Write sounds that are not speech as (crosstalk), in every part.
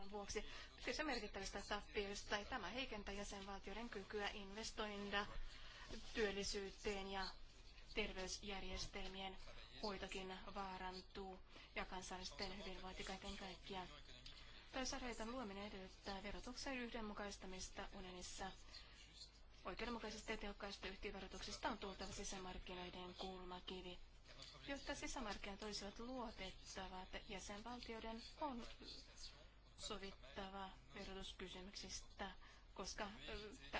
hinnan vuoksi. Kyse merkittävistä tappioista tai tämä heikentää jäsenvaltioiden kykyä investoida työllisyyteen ja terveysjärjestelmien hoitokin vaarantuu ja kansallisten hyvinvointi kaiken kaikkiaan. Pöysäreitan luominen edellyttää verotuksen yhdenmukaistamista unenissa. Oikeudenmukaisesta ja tehokkaista yhtiöverotuksesta on tultava sisämarkkinoiden kulmakivi. Jotta sisämarkkinat olisivat luotettavat, jäsenvaltioiden on sovittava verotus kysymyksistä, koska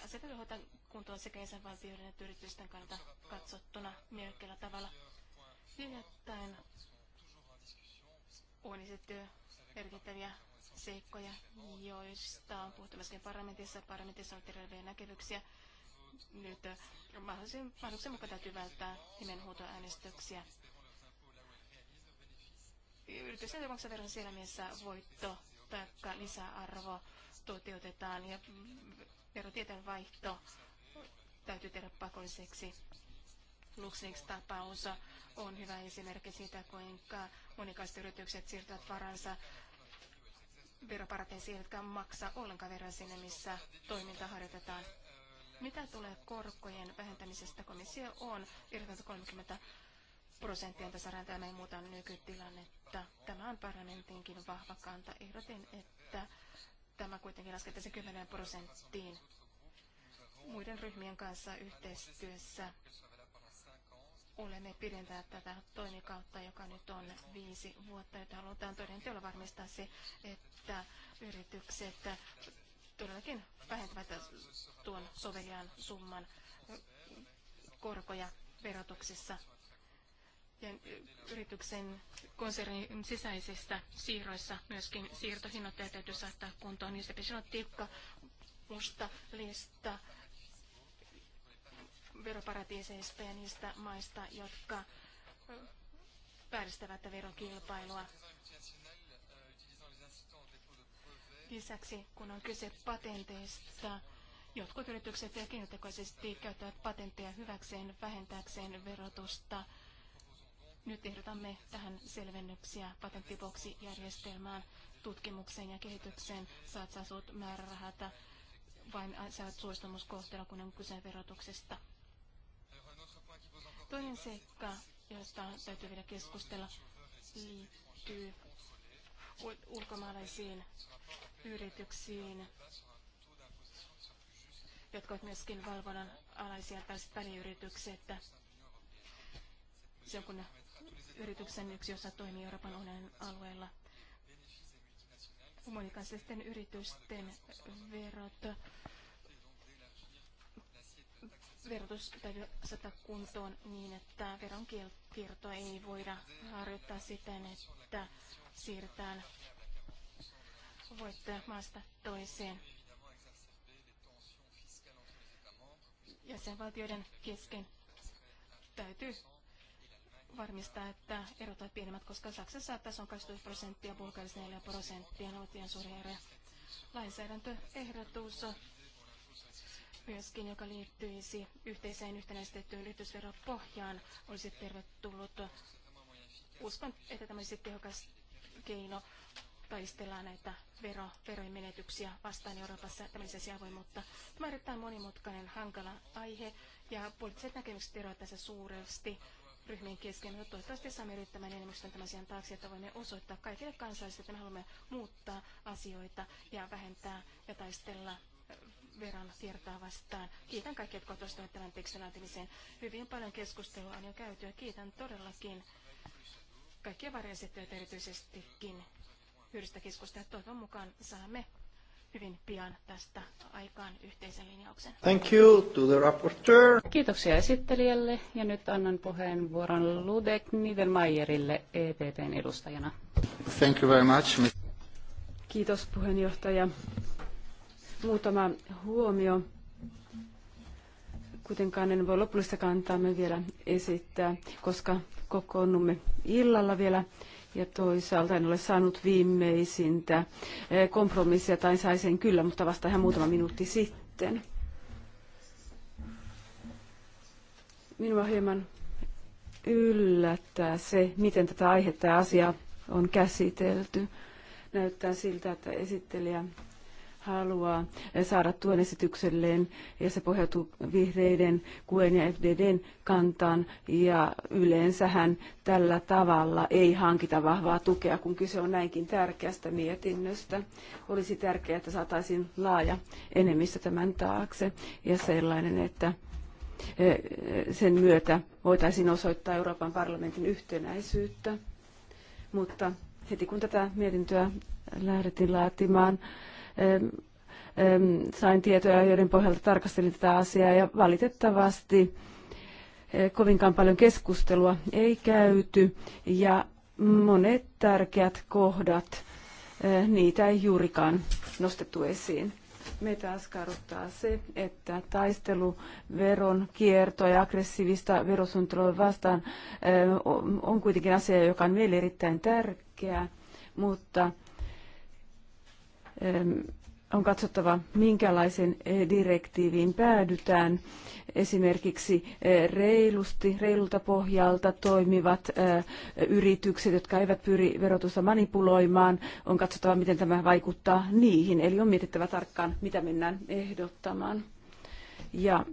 se täytyy hoitaa kuntoon sekä jäsenvaltioiden että yritysten kannalta katsottuna mielekkäällä tavalla. Hiljattain on esitetty merkittäviä seikkoja, joista on puhuttu myöskin parlamentissa. Parlamentissa on erilaisia näkemyksiä. Nyt mahdollisen, mukaan täytyy välttää nimenhuutoäänestyksiä. Yritysten maksaveron siellä mielessä voitto tai lisäarvo toteutetaan ja verotieteen vaihto täytyy tehdä pakolliseksi. LuxLeaks-tapaus on hyvä esimerkki siitä, kuinka monikaiset yritykset siirtävät varansa veroparatiisiin, jotka maksaa ollenkaan veroa sinne, missä toiminta harjoitetaan. Mitä tulee korkojen vähentämisestä, komissio on 30 prosenttien tasaran. Tämä ei muuta nykytilannetta. Tämä on parlamentinkin vahva kanta. Ehdotin, että tämä kuitenkin laskettaisiin 10 prosenttiin muiden ryhmien kanssa yhteistyössä. Olemme pidentää tätä toimikautta, joka nyt on viisi vuotta, jota halutaan todenteolla varmistaa se, että yritykset todellakin vähentävät tuon soveliaan summan korkoja verotuksessa ja yrityksen konsernin sisäisissä siirroissa myöskin siirtohinnoittaja täytyy saattaa kuntoon. se pitäisi olla tiukka musta lista veroparatiiseista ja niistä maista, jotka vääristävät verokilpailua. Lisäksi kun on kyse patenteista, jotkut yritykset ja keinotekoisesti käyttävät patentteja hyväkseen vähentääkseen verotusta nyt ehdotamme tähän selvennyksiä patenttiboksijärjestelmään, tutkimukseen ja kehitykseen saat suut määrärahata vain saat suostumuskohtelua, kun on kyse verotuksesta. Toinen seikka, josta täytyy vielä keskustella, liittyy ulkomaalaisiin yrityksiin, jotka ovat myöskin valvonnan alaisia tai väliyritykset. Se on kun yrityksen yksi osa toimii Euroopan unionin alueella. Monikansallisten yritysten verot, verotus täytyy saada kuntoon niin, että veronkiertoa ei voida harjoittaa siten, että siirtään voittoja maasta toiseen. Jäsenvaltioiden kesken täytyy varmistaa, että erot ovat pienemmät, koska Saksassa tässä on 12 prosenttia, Bulgarissa 4 prosenttia, ne ovat suuri ero. Lainsäädäntöehdotus myöskin, joka liittyisi yhteiseen yhtenäistettyyn yritysveropohjaan, olisi tervetullut. Uskon, että tämä olisi tehokas keino taistella näitä vero, verojen menetyksiä vastaan Euroopassa tämmöisiä avoimuutta. Tämä on erittäin monimutkainen, hankala aihe ja poliittiset näkemykset eroavat tässä suuresti ryhmien kesken, mutta toivottavasti saamme yrittämään enemmistön tämän asian taakse, että voimme osoittaa kaikille kansalaisille, että me haluamme muuttaa asioita ja vähentää ja taistella äh, veran kiertaa vastaan. Kiitän kaikkia, jotka osallistuivat tämän tekstin laatimiseen. Hyvin paljon keskustelua on jo käyty ja kiitän todellakin kaikkia varjensijoittajia erityisestikin hyödystä keskustelua. Toivon mukaan saamme hyvin pian tästä aikaan yhteisen linjauksen. Thank you to the rapporteur. Kiitoksia esittelijälle ja nyt annan puheenvuoron Ludek Niedermayerille EPPn edustajana. Thank you very much. Kiitos puheenjohtaja. Muutama huomio. Kuitenkaan en voi lopullista me vielä esittää, koska kokoonnumme illalla vielä ja toisaalta en ole saanut viimeisintä eh, kompromissia, tai saisin sen kyllä, mutta vasta ihan muutama minuutti sitten. Minua hieman yllättää se, miten tätä aihetta ja asiaa on käsitelty. Näyttää siltä, että esittelijä haluaa saada tuen esitykselleen ja se pohjautuu vihreiden, kuen ja FDDn kantaan ja yleensähän tällä tavalla ei hankita vahvaa tukea, kun kyse on näinkin tärkeästä mietinnöstä. Olisi tärkeää, että saataisiin laaja enemmistö tämän taakse ja sellainen, että e, sen myötä voitaisiin osoittaa Euroopan parlamentin yhtenäisyyttä. Mutta heti kun tätä mietintöä lähdettiin laatimaan, sain tietoja, joiden pohjalta tarkastelin tätä asiaa ja valitettavasti kovinkaan paljon keskustelua ei käyty ja monet tärkeät kohdat, niitä ei juurikaan nostettu esiin. Meitä askarruttaa se, että taistelu veron kierto ja aggressiivista verosuunnittelua vastaan on kuitenkin asia, joka on meille erittäin tärkeä, mutta on katsottava, minkälaisen e, direktiiviin päädytään. Esimerkiksi e, reilusti, reilulta pohjalta toimivat e, yritykset, jotka eivät pyri verotusta manipuloimaan, on katsottava, miten tämä vaikuttaa niihin. Eli on mietittävä tarkkaan, mitä mennään ehdottamaan. Ja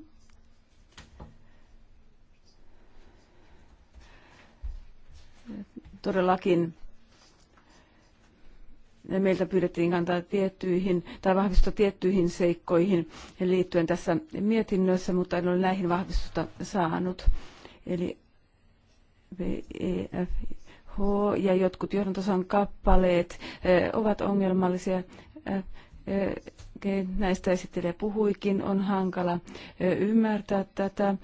todellakin meiltä pyydettiin kantaa tiettyihin tai vahvistusta tiettyihin seikkoihin liittyen tässä mietinnössä, mutta en ole näihin vahvistusta saanut. Eli VEFH ja jotkut johdantosan kappaleet eh, ovat ongelmallisia näistä esittelijä puhuikin, on hankala ymmärtää tätä,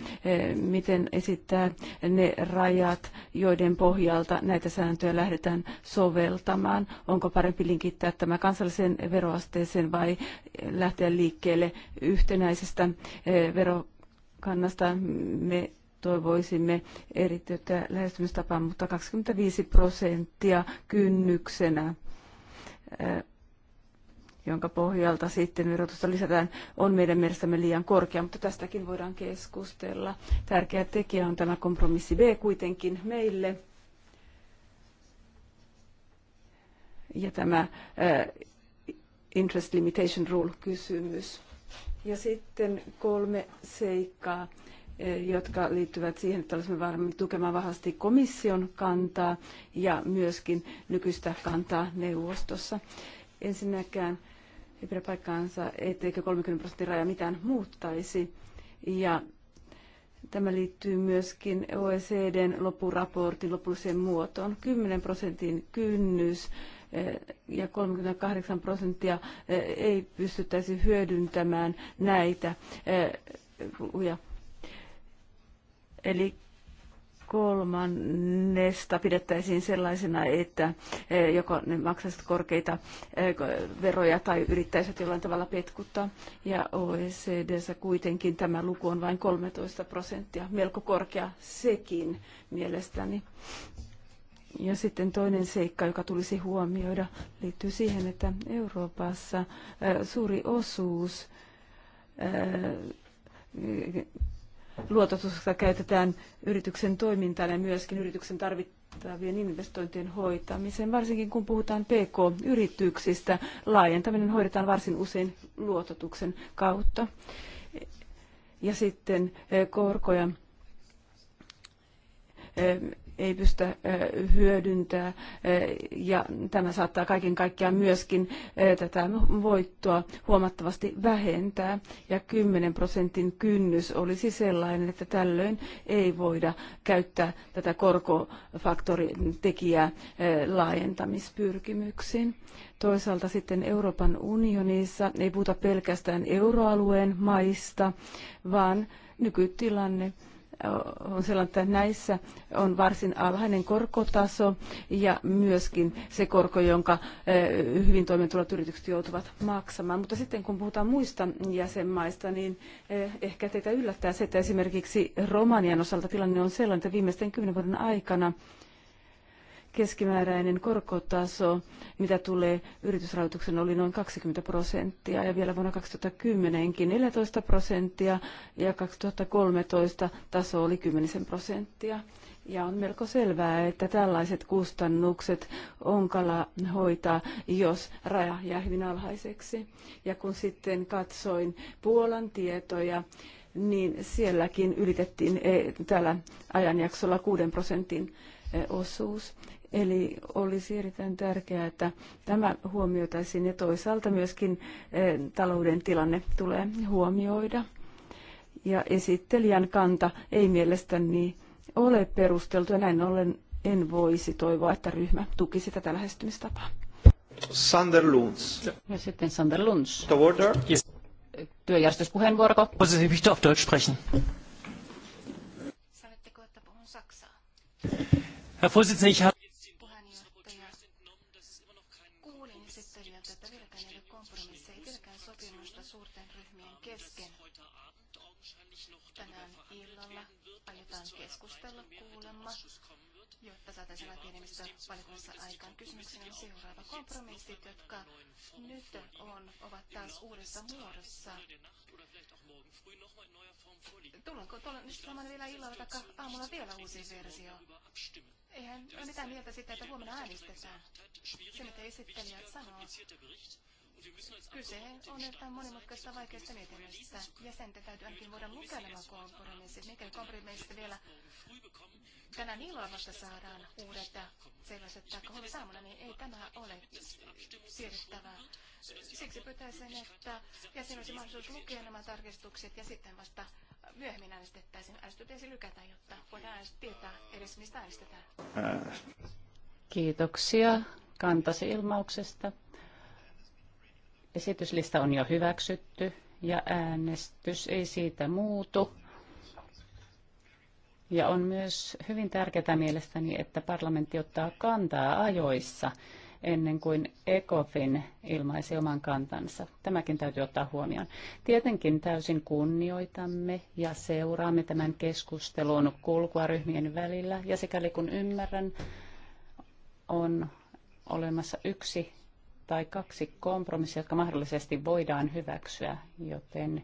miten esittää ne rajat, joiden pohjalta näitä sääntöjä lähdetään soveltamaan. Onko parempi linkittää tämä kansalliseen veroasteeseen vai lähteä liikkeelle yhtenäisestä verokannasta? Me toivoisimme erityyttä lähestymistapaa, mutta 25 prosenttia kynnyksenä jonka pohjalta sitten verotusta lisätään, on meidän mielestämme liian korkea, mutta tästäkin voidaan keskustella. Tärkeä tekijä on tämä kompromissi B kuitenkin meille. Ja tämä eh, interest limitation rule-kysymys. Ja sitten kolme seikkaa, eh, jotka liittyvät siihen, että olisimme varmasti tukemaan vahvasti komission kantaa ja myöskin nykyistä kantaa neuvostossa. Ensinnäkään ei pidä paikkaansa, etteikö 30 prosentin raja mitään muuttaisi. Ja tämä liittyy myöskin OECDn loppuraportin lopulliseen muotoon. 10 prosentin kynnys eh, ja 38 prosenttia eh, ei pystyttäisi hyödyntämään näitä eh, Eli kolmannesta pidettäisiin sellaisena, että e, joko ne maksaisivat korkeita e, veroja tai yrittäisivät jollain tavalla petkuttaa. Ja OECDssä kuitenkin tämä luku on vain 13 prosenttia, melko korkea sekin mielestäni. Ja sitten toinen seikka, joka tulisi huomioida, liittyy siihen, että Euroopassa e, suuri osuus luototusta käytetään yrityksen toimintaan ja myöskin yrityksen tarvittavien investointien hoitamiseen, varsinkin kun puhutaan PK-yrityksistä. Laajentaminen hoidetaan varsin usein luototuksen kautta. Ja sitten eh, korkoja eh, ei pystytä hyödyntämään ja tämä saattaa kaiken kaikkiaan myöskin tätä voittoa huomattavasti vähentää ja 10 prosentin kynnys olisi sellainen, että tällöin ei voida käyttää tätä korkofaktoritekijää laajentamispyrkimyksiin. Toisaalta sitten Euroopan unionissa ei puhuta pelkästään euroalueen maista, vaan nykytilanne on sellainen, että näissä on varsin alhainen korkotaso ja myöskin se korko, jonka eh, hyvin toimeentulevat yritykset joutuvat maksamaan. Mutta sitten kun puhutaan muista jäsenmaista, niin eh, ehkä teitä yllättää se, että esimerkiksi Romanian osalta tilanne on sellainen, että viimeisten kymmenen vuoden aikana keskimääräinen korkotaso, mitä tulee yritysrahoituksen, oli noin 20 prosenttia ja vielä vuonna 2010kin 14 prosenttia ja 2013 taso oli 10 prosenttia. Ja on melko selvää, että tällaiset kustannukset on kala hoitaa, jos raja jää hyvin alhaiseksi. Ja kun sitten katsoin Puolan tietoja, niin sielläkin ylitettiin eh, tällä ajanjaksolla 6 prosentin eh, osuus. Eli olisi erittäin tärkeää, että tämä huomioitaisiin ja toisaalta myöskin eh, talouden tilanne tulee huomioida. Ja esittelijän kanta ei mielestäni ole perusteltu ja näin ollen en voisi toivoa, että ryhmä tukisi tätä lähestymistapaa. Sander Lunds. Ja sitten Sander Lunds. The order. Yes. Työjärjestyspuheenvuoro. Voisi bitte auf Deutsch sprechen. Sanotteko, että puhun saksaa? Herr Vorsitzender, ich habe... saataisiin läpi enemmistö valiokunnassa aikaan. Kysymyksenä on seuraava. Kompromissit, jotka nyt on, ovat taas uudessa muodossa. Tullaanko tuolla nyt saman vielä illalla tai aamulla vielä uusi versio? Eihän ole mitään mieltä sitä, että huomenna äänestetään. Se, mitä esittelijät sanoo. Kyse on että monimutkaista vaikeasta mietinnöstä. Jäsenten täytyy ainakin voida lukea nämä kompromissit. Mikäli kompromissit vielä tänään illanossa saadaan uudet sellaiset, tai huomisaamuna, niin ei tämä ole siirrettävää. Siksi pyytäisin, että jäsen olisi mahdollisuus lukea nämä tarkistukset ja sitten vasta myöhemmin äänestettäisiin. Äänestyteisi lykätä, jotta voidaan tietää edes mistä äänestetään. Kiitoksia kantasi ilmauksesta. Esityslista on jo hyväksytty ja äänestys ei siitä muutu. Ja on myös hyvin tärkeää mielestäni, että parlamentti ottaa kantaa ajoissa ennen kuin ECOFIN ilmaisi oman kantansa. Tämäkin täytyy ottaa huomioon. Tietenkin täysin kunnioitamme ja seuraamme tämän keskustelun kulkua ryhmien välillä. Ja sikäli kun ymmärrän, on olemassa yksi tai kaksi kompromissia, jotka mahdollisesti voidaan hyväksyä, joten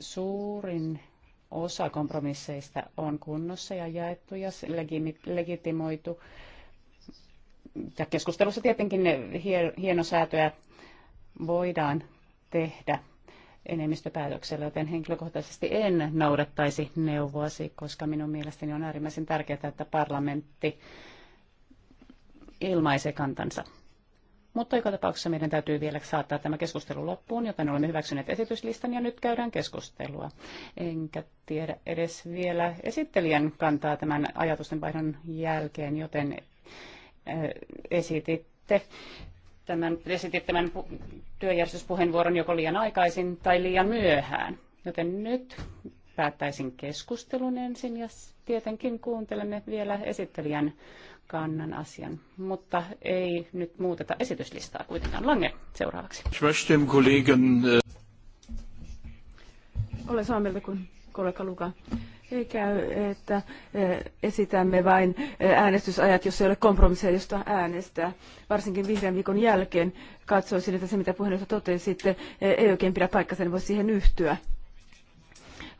suurin osa kompromisseista on kunnossa ja jaettu ja legitimoitu. Ja keskustelussa tietenkin ne hienosäätöjä voidaan tehdä enemmistöpäätöksellä, joten henkilökohtaisesti en noudattaisi neuvoasi, koska minun mielestäni on äärimmäisen tärkeää, että parlamentti ilmaisee kantansa. Mutta joka tapauksessa meidän täytyy vielä saattaa tämä keskustelu loppuun, joten olemme hyväksyneet esityslistan ja nyt käydään keskustelua. Enkä tiedä edes vielä esittelijän kantaa tämän ajatustenvaihdon jälkeen, joten äh, esititte tämän, esitit tämän työjärjestyspuheenvuoron joko liian aikaisin tai liian myöhään. Joten nyt päättäisin keskustelun ensin ja tietenkin kuuntelemme vielä esittelijän kannan asian. Mutta ei nyt muuteta esityslistaa kuitenkaan. Lange seuraavaksi. Äh, Olen samaa mieltä kuin kollega Luka. Ei käy, että äh, esitämme vain äh, äänestysajat, jos ei ole kompromisseja, josta äänestää. Varsinkin vihreän viikon jälkeen katsoisin, että se mitä puheenjohtaja totesi, ei oikein pidä paikkansa, niin voi siihen yhtyä.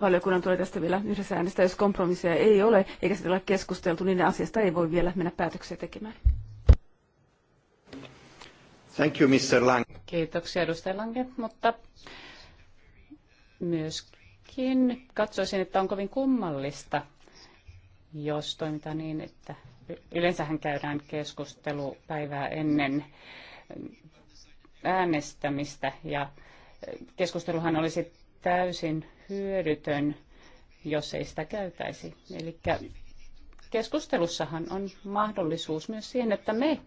Valiokunnan tulee tästä vielä yhdessä äänestää. jos kompromisseja ei ole eikä sitä ole keskusteltu, niin asiasta ei voi vielä mennä päätöksiä tekemään. Thank you, Mr. Lange. Kiitoksia, edustaja Lange, mutta myöskin katsoisin, että on kovin kummallista, jos toimitaan niin, että yleensähän käydään keskustelu päivää ennen äänestämistä ja keskusteluhan olisi täysin hyödytön, jos ei sitä käytäisi. Eli keskustelussahan on mahdollisuus myös siihen, että me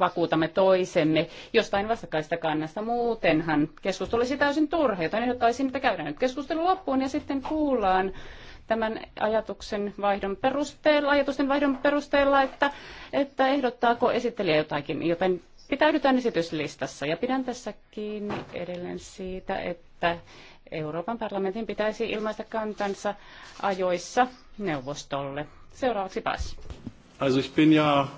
vakuutamme toisemme jostain vastakkaista kannasta. Muutenhan keskustelu olisi täysin turha, joten ehdottaisin, että käydään nyt keskustelu loppuun ja sitten kuullaan tämän ajatuksen vaihdon perusteella, ajatusten vaihdon perusteella, että, että ehdottaako esittelijä jotakin, joten pitäydytään esityslistassa. Ja pidän tässä kiinni edelleen siitä, että Euroopan parlamentin pitäisi ilmaista kantansa ajoissa neuvostolle. Seuraavaksi Bas. Also ich bin ja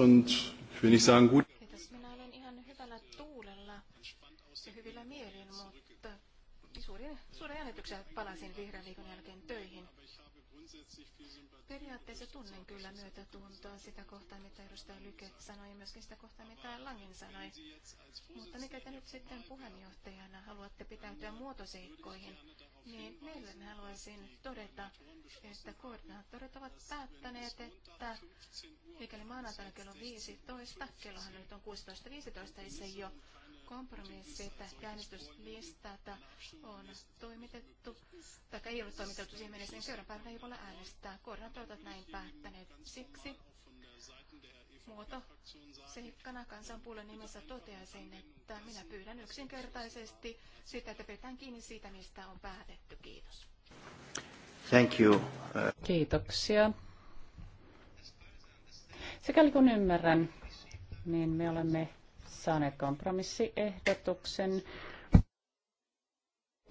und ich will nicht sagen gut. periaatteessa tunnen kyllä myötätuntoa sitä kohtaan, mitä edustaja Lyke sanoi ja myöskin sitä kohtaan, mitä Langen sanoi. Mutta mikä te nyt sitten puheenjohtajana haluatte pitäytyä muotoseikkoihin, niin meille haluaisin todeta, että koordinaattorit ovat päättäneet, että mikäli maanantaina kello 15, kellohan nyt on 16.15 se jo, Kompromissi että äänestyslistata on toimitettu, tai ei ole toimitettu siihen mennessä, niin seuraavan päivänä ei voi äänestää. Koordinaatorit ovat näin päättäneet. Siksi muoto seikkana kansanpuolen nimessä toteaisin, että minä pyydän yksinkertaisesti sitä, että pidetään kiinni siitä, mistä on päätetty. Kiitos. Thank you. Kiitoksia. Sikäli kun ymmärrän, niin me olemme saaneet kompromissiehdotuksen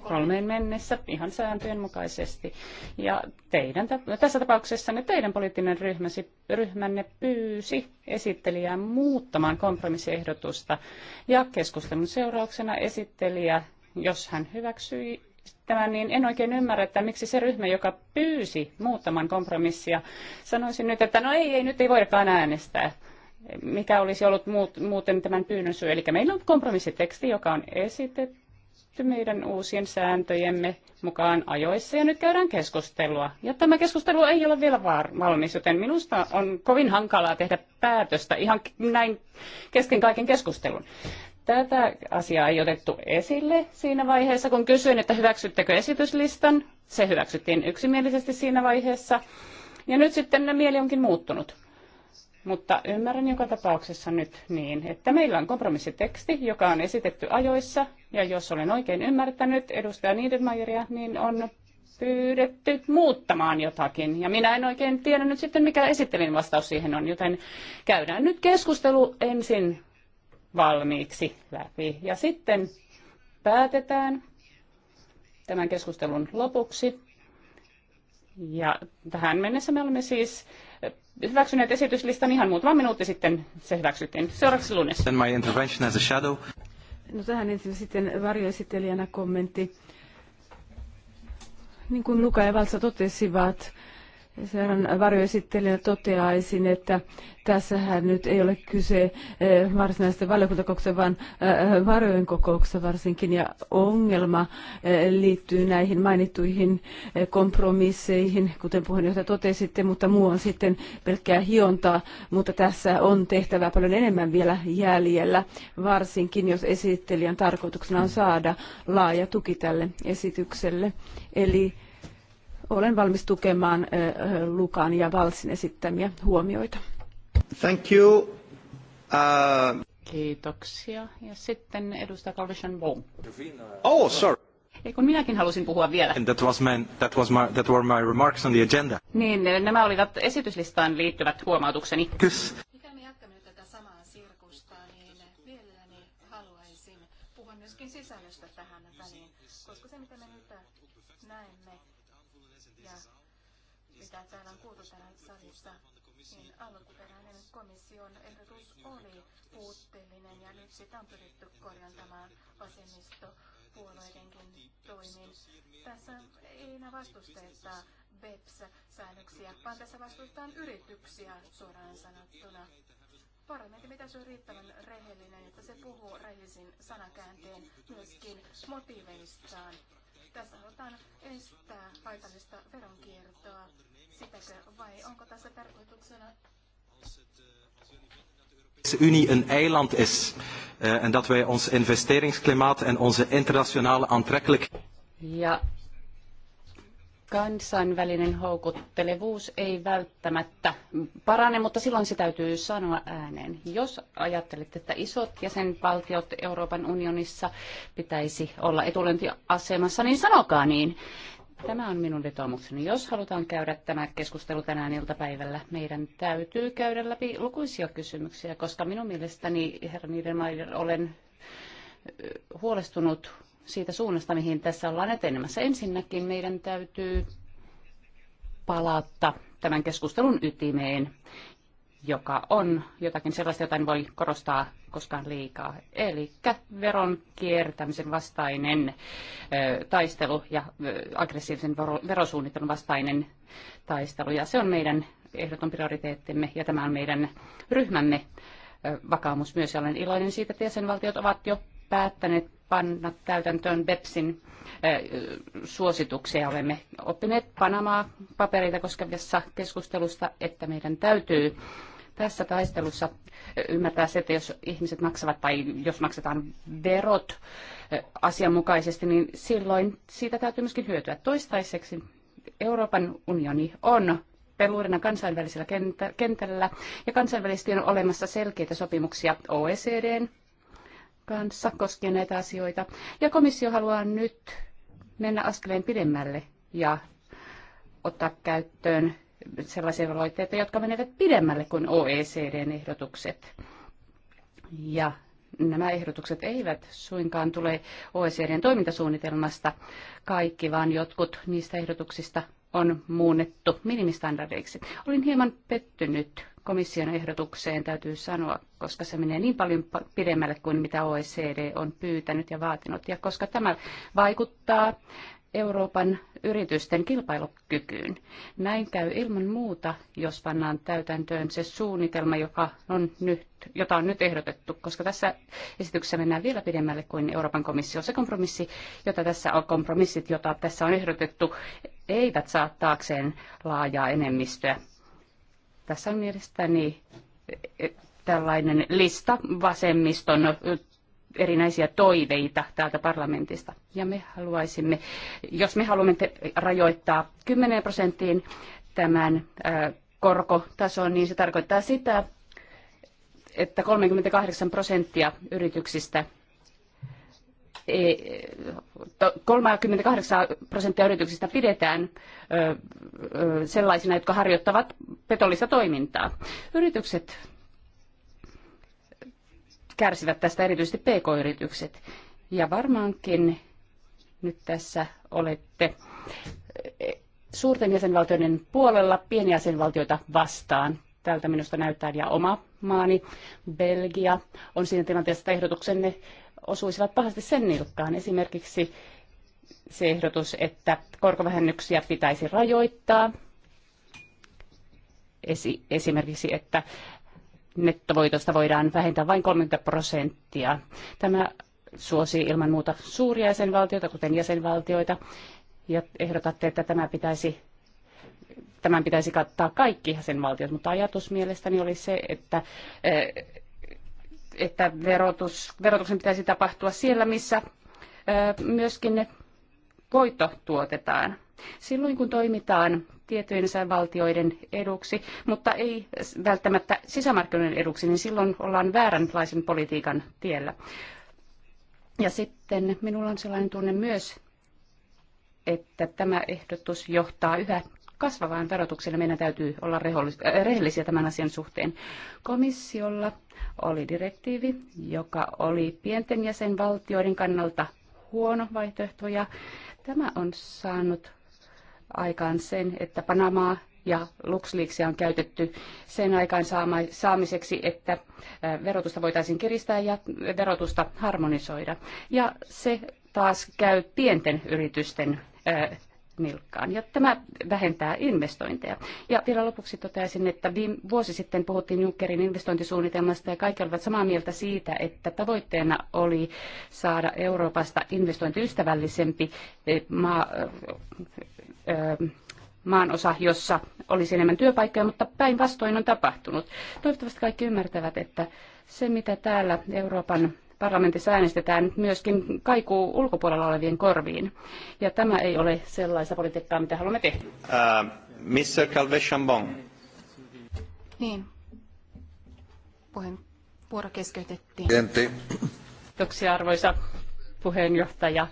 kolmeen mennessä ihan sääntöjen mukaisesti. Ja teidän, tässä tapauksessa ne teidän poliittinen ryhmäsi, ryhmänne pyysi esittelijää muuttamaan kompromissiehdotusta. Ja keskustelun seurauksena esittelijä, jos hän hyväksyi tämän, niin en oikein ymmärrä, että miksi se ryhmä, joka pyysi muuttamaan kompromissia, sanoisi nyt, että no ei, ei, nyt ei voidakaan äänestää mikä olisi ollut muuten tämän pyynnön syy. Eli meillä on kompromissiteksti, joka on esitetty meidän uusien sääntöjemme mukaan ajoissa, ja nyt käydään keskustelua. Ja tämä keskustelu ei ole vielä valmis, joten minusta on kovin hankalaa tehdä päätöstä ihan näin kesken kaiken keskustelun. Tätä asiaa ei otettu esille siinä vaiheessa, kun kysyin, että hyväksyttekö esityslistan. Se hyväksyttiin yksimielisesti siinä vaiheessa. Ja nyt sitten mieli onkin muuttunut mutta ymmärrän joka tapauksessa nyt niin, että meillä on kompromissiteksti, joka on esitetty ajoissa, ja jos olen oikein ymmärtänyt edustaja Niedermayeria, niin on pyydetty muuttamaan jotakin. Ja minä en oikein tiedä nyt sitten, mikä esittelin vastaus siihen on, joten käydään nyt keskustelu ensin valmiiksi läpi. Ja sitten päätetään tämän keskustelun lopuksi. Ja tähän mennessä me olemme siis hyväksyneet esityslistan ihan muutama minuutti sitten. Se hyväksyttiin. Seuraavaksi Lunes. My intervention as a shadow. No tähän ensin sitten varjoesittelijänä kommentti. Niin kuin Luka ja Valsa totesivat, Seuraan varjoesittelijä toteaisin, että tässähän nyt ei ole kyse eh, varsinaisesta valiokuntakokouksesta, vaan eh, varjojen kokouksesta varsinkin. Ja ongelma eh, liittyy näihin mainittuihin kompromisseihin, kuten puheenjohtaja totesitte, mutta muu on sitten pelkkää hiontaa. Mutta tässä on tehtävää paljon enemmän vielä jäljellä, varsinkin jos esittelijän tarkoituksena on saada laaja tuki tälle esitykselle. Eli olen valmis tukemaan Lukan ja Valsin esittämiä huomioita. Thank you. Uh... Kiitoksia. Ja sitten edustaja Calvision Bong. Oh, sorry. Ei kun minäkin halusin puhua vielä. that, was my, that, was my, that were my remarks on the agenda. Niin, nämä olivat esityslistaan liittyvät huomautukseni. Kys. Sitä on pyritty korjantamaan vasemmistopuolueidenkin puolueidenkin toimin. Tässä ei enää vastusteta BEPS-säännöksiä, vaan tässä vastustetaan yrityksiä suoraan sanottuna. Parlamentti se on riittävän rehellinen, että se puhuu rehellisin sanakäänteen myöskin motiiveistaan. Tässä halutaan estää haitallista veronkiertoa. Sitäkö vai onko tässä tarkoituksena Unie een eiland is uh, en dat wij ons investeringsklimaat en onze internationale aantrekkelijkheid. Ja kansainvälinen houkuttelevuus ei välttämättä parane, mutta silloin se täytyy sanoa ääneen. Jos ajattelette, että isot jäsenvaltiot Euroopan unionissa pitäisi olla etulyöntiasemassa, niin sanokaa niin. Tämä on minun vetoomukseni. Jos halutaan käydä tämä keskustelu tänään iltapäivällä, meidän täytyy käydä läpi lukuisia kysymyksiä, koska minun mielestäni, herra Niedermayer, olen huolestunut siitä suunnasta, mihin tässä ollaan etenemässä. Ensinnäkin meidän täytyy palata tämän keskustelun ytimeen joka on jotakin sellaista, jota en voi korostaa koskaan liikaa. Eli veron kiertämisen vastainen ö, taistelu ja ö, aggressiivisen verosuunnittelun vastainen taistelu. Ja se on meidän ehdoton prioriteettimme ja tämä on meidän ryhmämme ö, vakaumus myös. Ja olen iloinen siitä, että jäsenvaltiot ovat jo päättäneet panna täytäntöön BEPSin suosituksia. Olemme oppineet Panamaa papereita koskevassa keskustelusta, että meidän täytyy tässä taistelussa ymmärtää se, että jos ihmiset maksavat tai jos maksetaan verot eh, asianmukaisesti, niin silloin siitä täytyy myöskin hyötyä. Toistaiseksi Euroopan unioni on peluurina kansainvälisellä kentällä ja kansainvälisesti on olemassa selkeitä sopimuksia OECDn kanssa koskien näitä asioita. Ja komissio haluaa nyt mennä askeleen pidemmälle ja ottaa käyttöön sellaisia velvoitteita, jotka menevät pidemmälle kuin OECDn ehdotukset. Ja nämä ehdotukset eivät suinkaan tule OECDn toimintasuunnitelmasta kaikki, vaan jotkut niistä ehdotuksista on muunnettu minimistandardeiksi. Olin hieman pettynyt komission ehdotukseen, täytyy sanoa, koska se menee niin paljon pidemmälle kuin mitä OECD on pyytänyt ja vaatinut. Ja koska tämä vaikuttaa Euroopan yritysten kilpailukykyyn. Näin käy ilman muuta, jos pannaan täytäntöön se suunnitelma, joka on nyt, jota on nyt ehdotettu, koska tässä esityksessä mennään vielä pidemmälle kuin Euroopan komissio. Se kompromissi, jota tässä on, kompromissit, jota tässä on ehdotettu, eivät saa taakseen laajaa enemmistöä. Tässä on mielestäni eh, eh, tällainen lista vasemmiston eh, erinäisiä toiveita täältä parlamentista. Ja me haluaisimme, jos me haluamme rajoittaa 10 prosenttiin tämän korkotason, niin se tarkoittaa sitä, että 38 prosenttia yrityksistä 38 e, prosenttia yrityksistä pidetään sellaisina, jotka harjoittavat petollista toimintaa. Yritykset kärsivät tästä erityisesti pk-yritykset. Ja varmaankin nyt tässä olette eh, suurten jäsenvaltioiden puolella pieniä jäsenvaltioita vastaan. Tältä minusta näyttää ja oma maani, Belgia, on siinä tilanteessa, että ehdotuksenne osuisivat pahasti sen nilkkaan. Esimerkiksi se ehdotus, että korkovähennyksiä pitäisi rajoittaa. esimerkiksi, että nettovoitosta voidaan vähentää vain 30 prosenttia. Tämä suosii ilman muuta suuria jäsenvaltioita, kuten jäsenvaltioita, ja ehdotatte, että tämä pitäisi, tämän pitäisi kattaa kaikki jäsenvaltiot, mutta ajatus mielestäni oli se, että eh, että verotus, verotuksen pitäisi tapahtua siellä, missä eh, myöskin ne voitto tuotetaan. Silloin kun toimitaan tietojensä valtioiden eduksi, mutta ei välttämättä sisämarkkinoiden eduksi, niin silloin ollaan vääränlaisen politiikan tiellä. Ja sitten minulla on sellainen tunne myös, että tämä ehdotus johtaa yhä kasvavaan ja Meidän täytyy olla äh, rehellisiä tämän asian suhteen. Komissiolla oli direktiivi, joka oli pienten jäsenvaltioiden kannalta huono vaihtoehto ja tämä on saanut aikaan sen, että Panamaa ja LuxLeaksia on käytetty sen aikaan saamiseksi, että verotusta voitaisiin kiristää ja verotusta harmonisoida. Ja se taas käy pienten yritysten nilkkaan. Ja tämä vähentää investointeja. Ja vielä lopuksi toteaisin, että viime vuosi sitten puhuttiin Junckerin investointisuunnitelmasta ja kaikki olivat samaa mieltä siitä, että tavoitteena oli saada Euroopasta investointiystävällisempi eh, maa, maanosa, jossa olisi enemmän työpaikkoja, mutta päinvastoin on tapahtunut. Toivottavasti kaikki ymmärtävät, että se mitä täällä Euroopan parlamentissa äänestetään myöskin kaikuu ulkopuolella olevien korviin. Ja tämä ei ole sellaista politiikkaa, mitä haluamme tehdä. Uh, ähm, Mr. calvé chambon Niin. vuoro keskeytettiin. Kiitoksia arvoisa puheenjohtaja.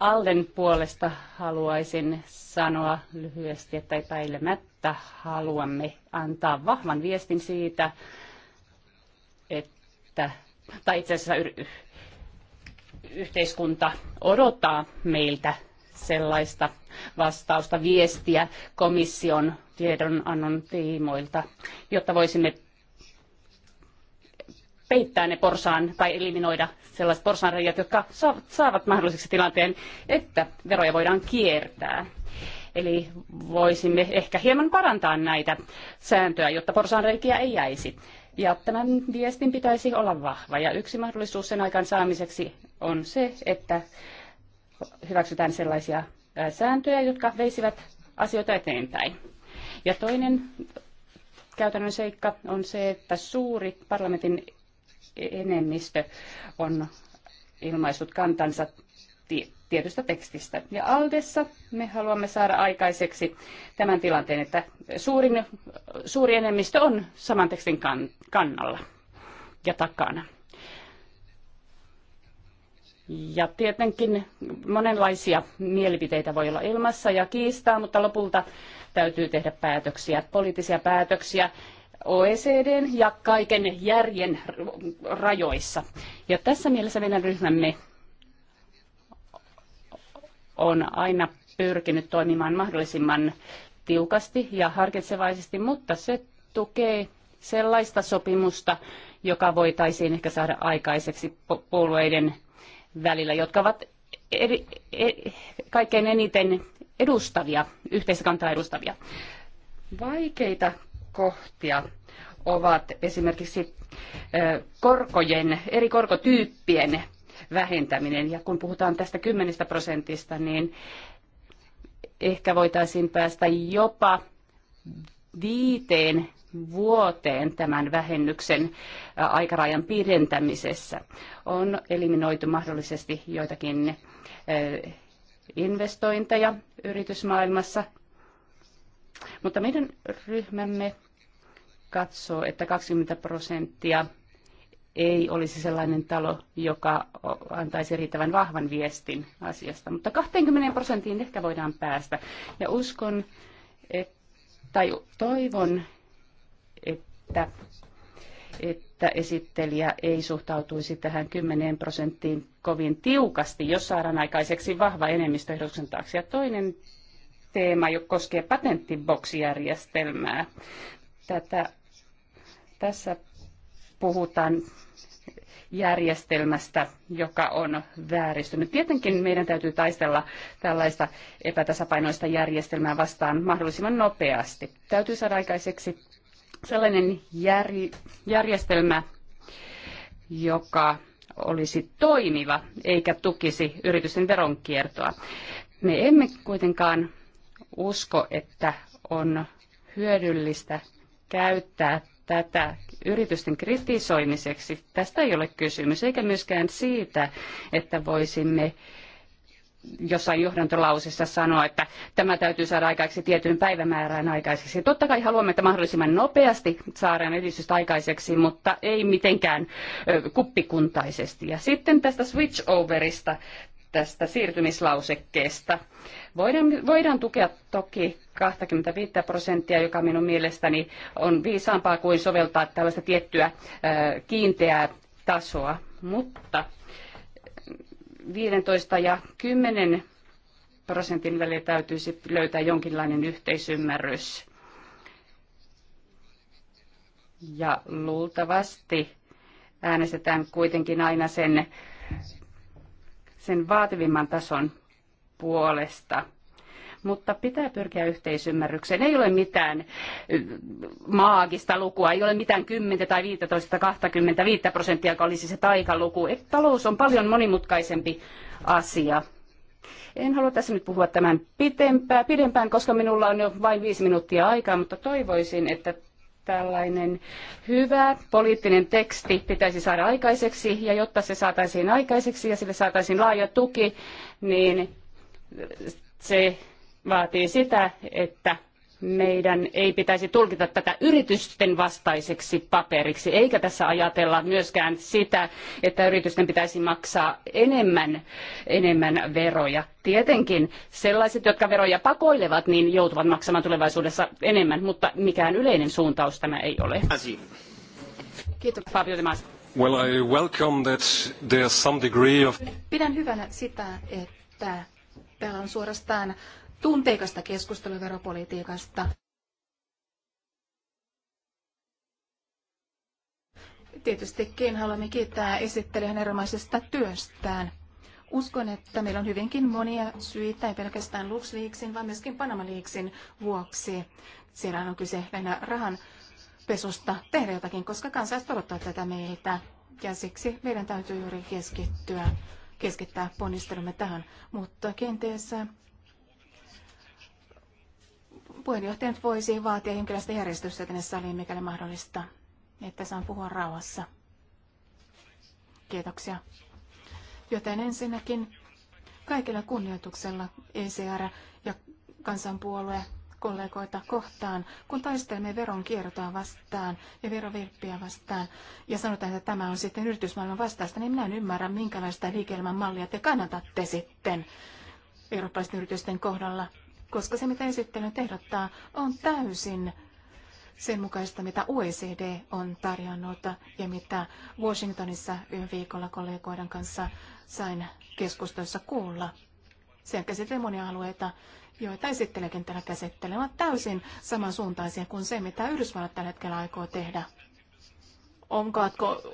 Alden puolesta haluaisin sanoa lyhyesti, että epäilemättä haluamme antaa vahvan viestin siitä, että, tai itse asiassa yr- yhteiskunta odottaa meiltä sellaista vastausta viestiä komission tiedonannon tiimoilta, jotta voisimme peittää ne porsaan tai eliminoida sellaiset porsaanreijät, jotka saavat mahdolliseksi tilanteen, että veroja voidaan kiertää. Eli voisimme ehkä hieman parantaa näitä sääntöjä, jotta porsaanreikiä ei jäisi. Ja tämän viestin pitäisi olla vahva. Ja yksi mahdollisuus sen aikaan saamiseksi on se, että hyväksytään sellaisia sääntöjä, jotka veisivät asioita eteenpäin. Ja toinen käytännön seikka on se, että suuri parlamentin enemmistö on ilmaissut kantansa tietystä tekstistä. Ja Aldessa me haluamme saada aikaiseksi tämän tilanteen, että suurin, suuri enemmistö on saman tekstin kan, kannalla ja takana. Ja tietenkin monenlaisia mielipiteitä voi olla ilmassa ja kiistaa, mutta lopulta täytyy tehdä päätöksiä, poliittisia päätöksiä, OECDn ja kaiken järjen rajoissa. Ja tässä mielessä meidän ryhmämme on aina pyrkinyt toimimaan mahdollisimman tiukasti ja harkitsevaisesti, mutta se tukee sellaista sopimusta, joka voitaisiin ehkä saada aikaiseksi puolueiden välillä, jotka ovat eri, eri, kaikkein eniten edustavia, yhteiskantaa edustavia. Vaikeita kohtia ovat esimerkiksi korkojen, eri korkotyyppien vähentäminen. Ja kun puhutaan tästä 10 prosentista, niin ehkä voitaisiin päästä jopa viiteen vuoteen tämän vähennyksen aikarajan pidentämisessä. On eliminoitu mahdollisesti joitakin investointeja yritysmaailmassa, mutta meidän ryhmämme katsoo, että 20 prosenttia ei olisi sellainen talo, joka antaisi riittävän vahvan viestin asiasta. Mutta 20 prosenttiin ehkä voidaan päästä. Ja uskon, et, tai toivon, että, että esittelijä ei suhtautuisi tähän 10 prosenttiin kovin tiukasti, jos saadaan aikaiseksi vahva enemmistöehdotuksen taakse. Ja toinen teema, joka koskee patenttiboksijärjestelmää. Tätä, tässä puhutaan järjestelmästä, joka on vääristynyt. Tietenkin meidän täytyy taistella tällaista epätasapainoista järjestelmää vastaan mahdollisimman nopeasti. Täytyy saada aikaiseksi sellainen jär, järjestelmä, joka olisi toimiva eikä tukisi yritysten veronkiertoa. Me emme kuitenkaan usko, että on hyödyllistä käyttää tätä yritysten kritisoimiseksi. Tästä ei ole kysymys, eikä myöskään siitä, että voisimme jossain johdantolausessa sanoa, että tämä täytyy saada aikaiseksi tietyn päivämäärään aikaiseksi. Totta kai haluamme, että mahdollisimman nopeasti saadaan edistystä aikaiseksi, mutta ei mitenkään kuppikuntaisesti. Ja sitten tästä switchoverista tästä siirtymislausekkeesta. Voidaan, voidaan tukea toki 25 prosenttia, joka minun mielestäni on viisaampaa kuin soveltaa tällaista tiettyä kiinteää tasoa, mutta 15 ja 10 prosentin välillä täytyisi löytää jonkinlainen yhteisymmärrys. Ja luultavasti äänestetään kuitenkin aina sen sen vaativimman tason puolesta. Mutta pitää pyrkiä yhteisymmärrykseen. Ei ole mitään maagista lukua, ei ole mitään 10 tai 15, 25 prosenttia, joka olisi se taikaluku. Et talous on paljon monimutkaisempi asia. En halua tässä nyt puhua tämän pidempään, pidempään, koska minulla on jo vain viisi minuuttia aikaa, mutta toivoisin, että tällainen hyvä poliittinen teksti pitäisi saada aikaiseksi ja jotta se saataisiin aikaiseksi ja sille saataisiin laaja tuki, niin se vaatii sitä, että meidän ei pitäisi tulkita tätä yritysten vastaiseksi paperiksi, eikä tässä ajatella myöskään sitä, että yritysten pitäisi maksaa enemmän, enemmän veroja. Tietenkin sellaiset, jotka veroja pakoilevat, niin joutuvat maksamaan tulevaisuudessa enemmän, mutta mikään yleinen suuntaus tämä ei ole. Kiitos Fabio Well, I welcome that there's some degree of... Pidän hyvänä sitä, että täällä on suorastaan tunteikasta keskustelua veropolitiikasta. Tietystikin haluamme kiittää esittelijän eromaisesta työstään. Uskon, että meillä on hyvinkin monia syitä, ei pelkästään LuxLeaksin, vaan myöskin Panamaliiksin vuoksi. Siellä on kyse lähinnä rahan pesusta tehdä jotakin, koska kansalaiset odottavat tätä meiltä. Ja siksi meidän täytyy juuri keskittyä, keskittää ponnistelumme tähän. Mutta kenties puheenjohtaja nyt voisi vaatia jonkinlaista järjestystä tänne saliin, mikäli mahdollista, että saan puhua rauhassa. Kiitoksia. Joten ensinnäkin kaikilla kunnioituksella ECR ja kansanpuolue kollegoita kohtaan, kun taistelemme veron kiertoa vastaan ja verovilppiä vastaan, ja sanotaan, että tämä on sitten yritysmaailman vastaista, niin minä en ymmärrä, minkälaista liike mallia te kannatatte sitten eurooppalaisten yritysten kohdalla koska se, mitä esittely ehdottaa, on täysin sen mukaista, mitä OECD on tarjonnut ja mitä Washingtonissa yhden viikolla kollegoiden kanssa sain keskustelussa kuulla. Sen käsittelee monia alueita, joita esittelekin tällä käsittelee, ovat täysin samansuuntaisia kuin se, mitä Yhdysvallat tällä hetkellä aikoo tehdä. Onko,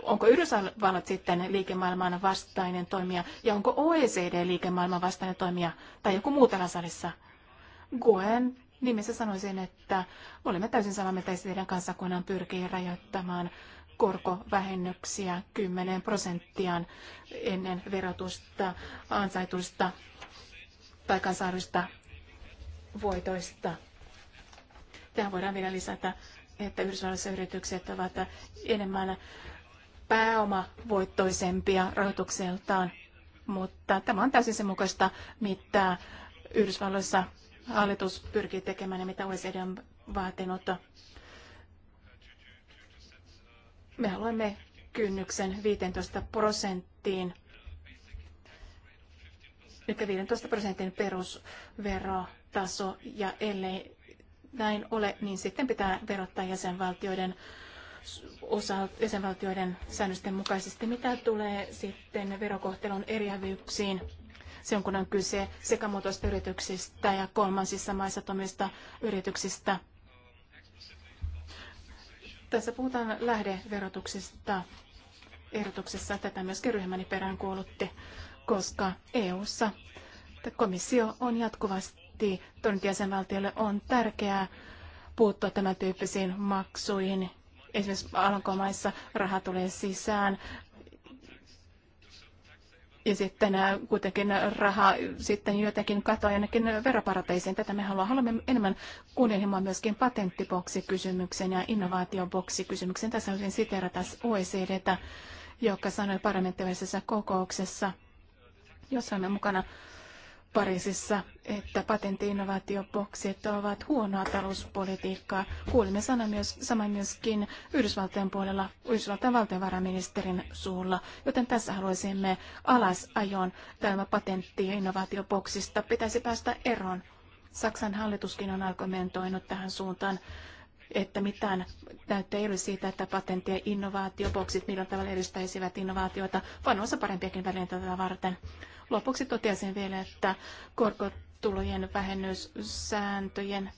onko Yhdysvallat sitten liikemaailman vastainen toimija ja onko OECD liikemaailman vastainen toimija tai joku muu täällä salissa? Guen nimessä sanoisin, että olemme täysin samaa mieltä teidän kanssa, kunhan pyrkii rajoittamaan korkovähennyksiä 10 prosenttia ennen verotusta ansaituista tai kansainvälistä voitoista. Tähän voidaan vielä lisätä, että Yhdysvalloissa yritykset ovat enemmän pääomavoittoisempia rahoitukseltaan, mutta tämä on täysin sen mukaista, mitä Yhdysvalloissa Hallitus pyrkii tekemään mitä OECD on vaatinut. Me haluamme kynnyksen 15 prosenttiin, eli 15 prosentin perusverotaso, ja ellei näin ole, niin sitten pitää verottaa jäsenvaltioiden osa jäsenvaltioiden säännösten mukaisesti. Mitä tulee sitten verokohtelun eriävyyksiin? silloin kun on kyse sekä yrityksistä ja kolmansissa maissa toimista yrityksistä. Tässä puhutaan lähdeverotuksesta ehdotuksessa. Tätä myöskin ryhmäni perään kuulutti, koska EU-ssa komissio on jatkuvasti todennut jäsenvaltiolle on tärkeää puuttua tämän tyyppisiin maksuihin esimerkiksi Alankomaissa raha tulee sisään ja sitten äh, kuitenkin raha sitten jotenkin katoaa jonnekin veroparateisiin. Tätä me haluamme. Haluamme enemmän kunnianhimoa myöskin patenttiboksikysymyksen ja innovaatioboksikysymyksen. Tässä olisin siterata OECDtä, joka sanoi parlamenttiväisessä kokouksessa, jossa olemme mukana Pariisissa, että patentti-innovaatioboksit ovat huonoa talouspolitiikkaa. Kuulimme sana myös, saman myöskin Yhdysvaltain puolella, Yhdysvaltain valtiovarainministerin suulla, joten tässä haluaisimme alasajon tämä patentti-innovaatioboksista. Pitäisi päästä eroon. Saksan hallituskin on argumentoinut tähän suuntaan että mitään näyttöä ei ole siitä, että patentti- ja innovaatioboksit millään tavalla edistäisivät innovaatioita, vaan osa parempiakin välineitä tätä varten. Lopuksi toteaisin vielä, että korkotulojen vähennyssääntöjen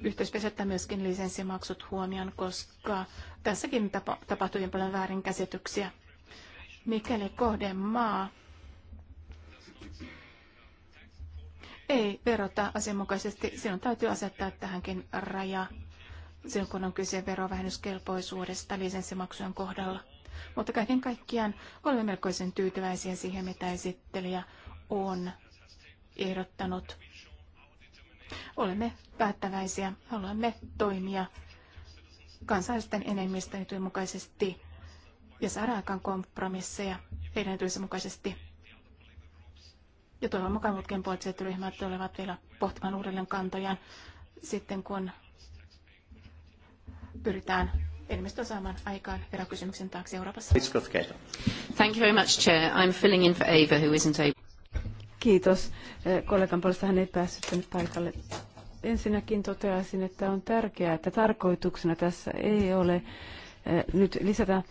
yhteispesettä myöskin lisenssimaksut huomioon, koska tässäkin tapahtui paljon väärinkäsityksiä. Mikäli kohdemaa ei verota asianmukaisesti, sinun täytyy asettaa tähänkin raja silloin, kun on kyse verovähennyskelpoisuudesta lisenssimaksujen kohdalla. Mutta kaiken kaikkiaan olemme melkoisen tyytyväisiä siihen, mitä esittelijä on ehdottanut. Olemme päättäväisiä, haluamme toimia kansallisten enemmistön mukaisesti ja saada aikaan kompromisseja heidän etujensa mukaisesti. Ja toivon mukaan muutkin poliittiset ryhmät tulevat vielä pohtimaan uudelleen kantojaan sitten, kun pyritään enemmistö saamaan aikaan verokysymyksen taakse Euroopassa. Thank you very much, Chair. I'm filling in for Ava, who isn't able. Kiitos. Eh, kollegan puolesta hän ei päässyt tänne paikalle. Ensinnäkin toteaisin, että on tärkeää, että tarkoituksena tässä ei ole nyt lisätä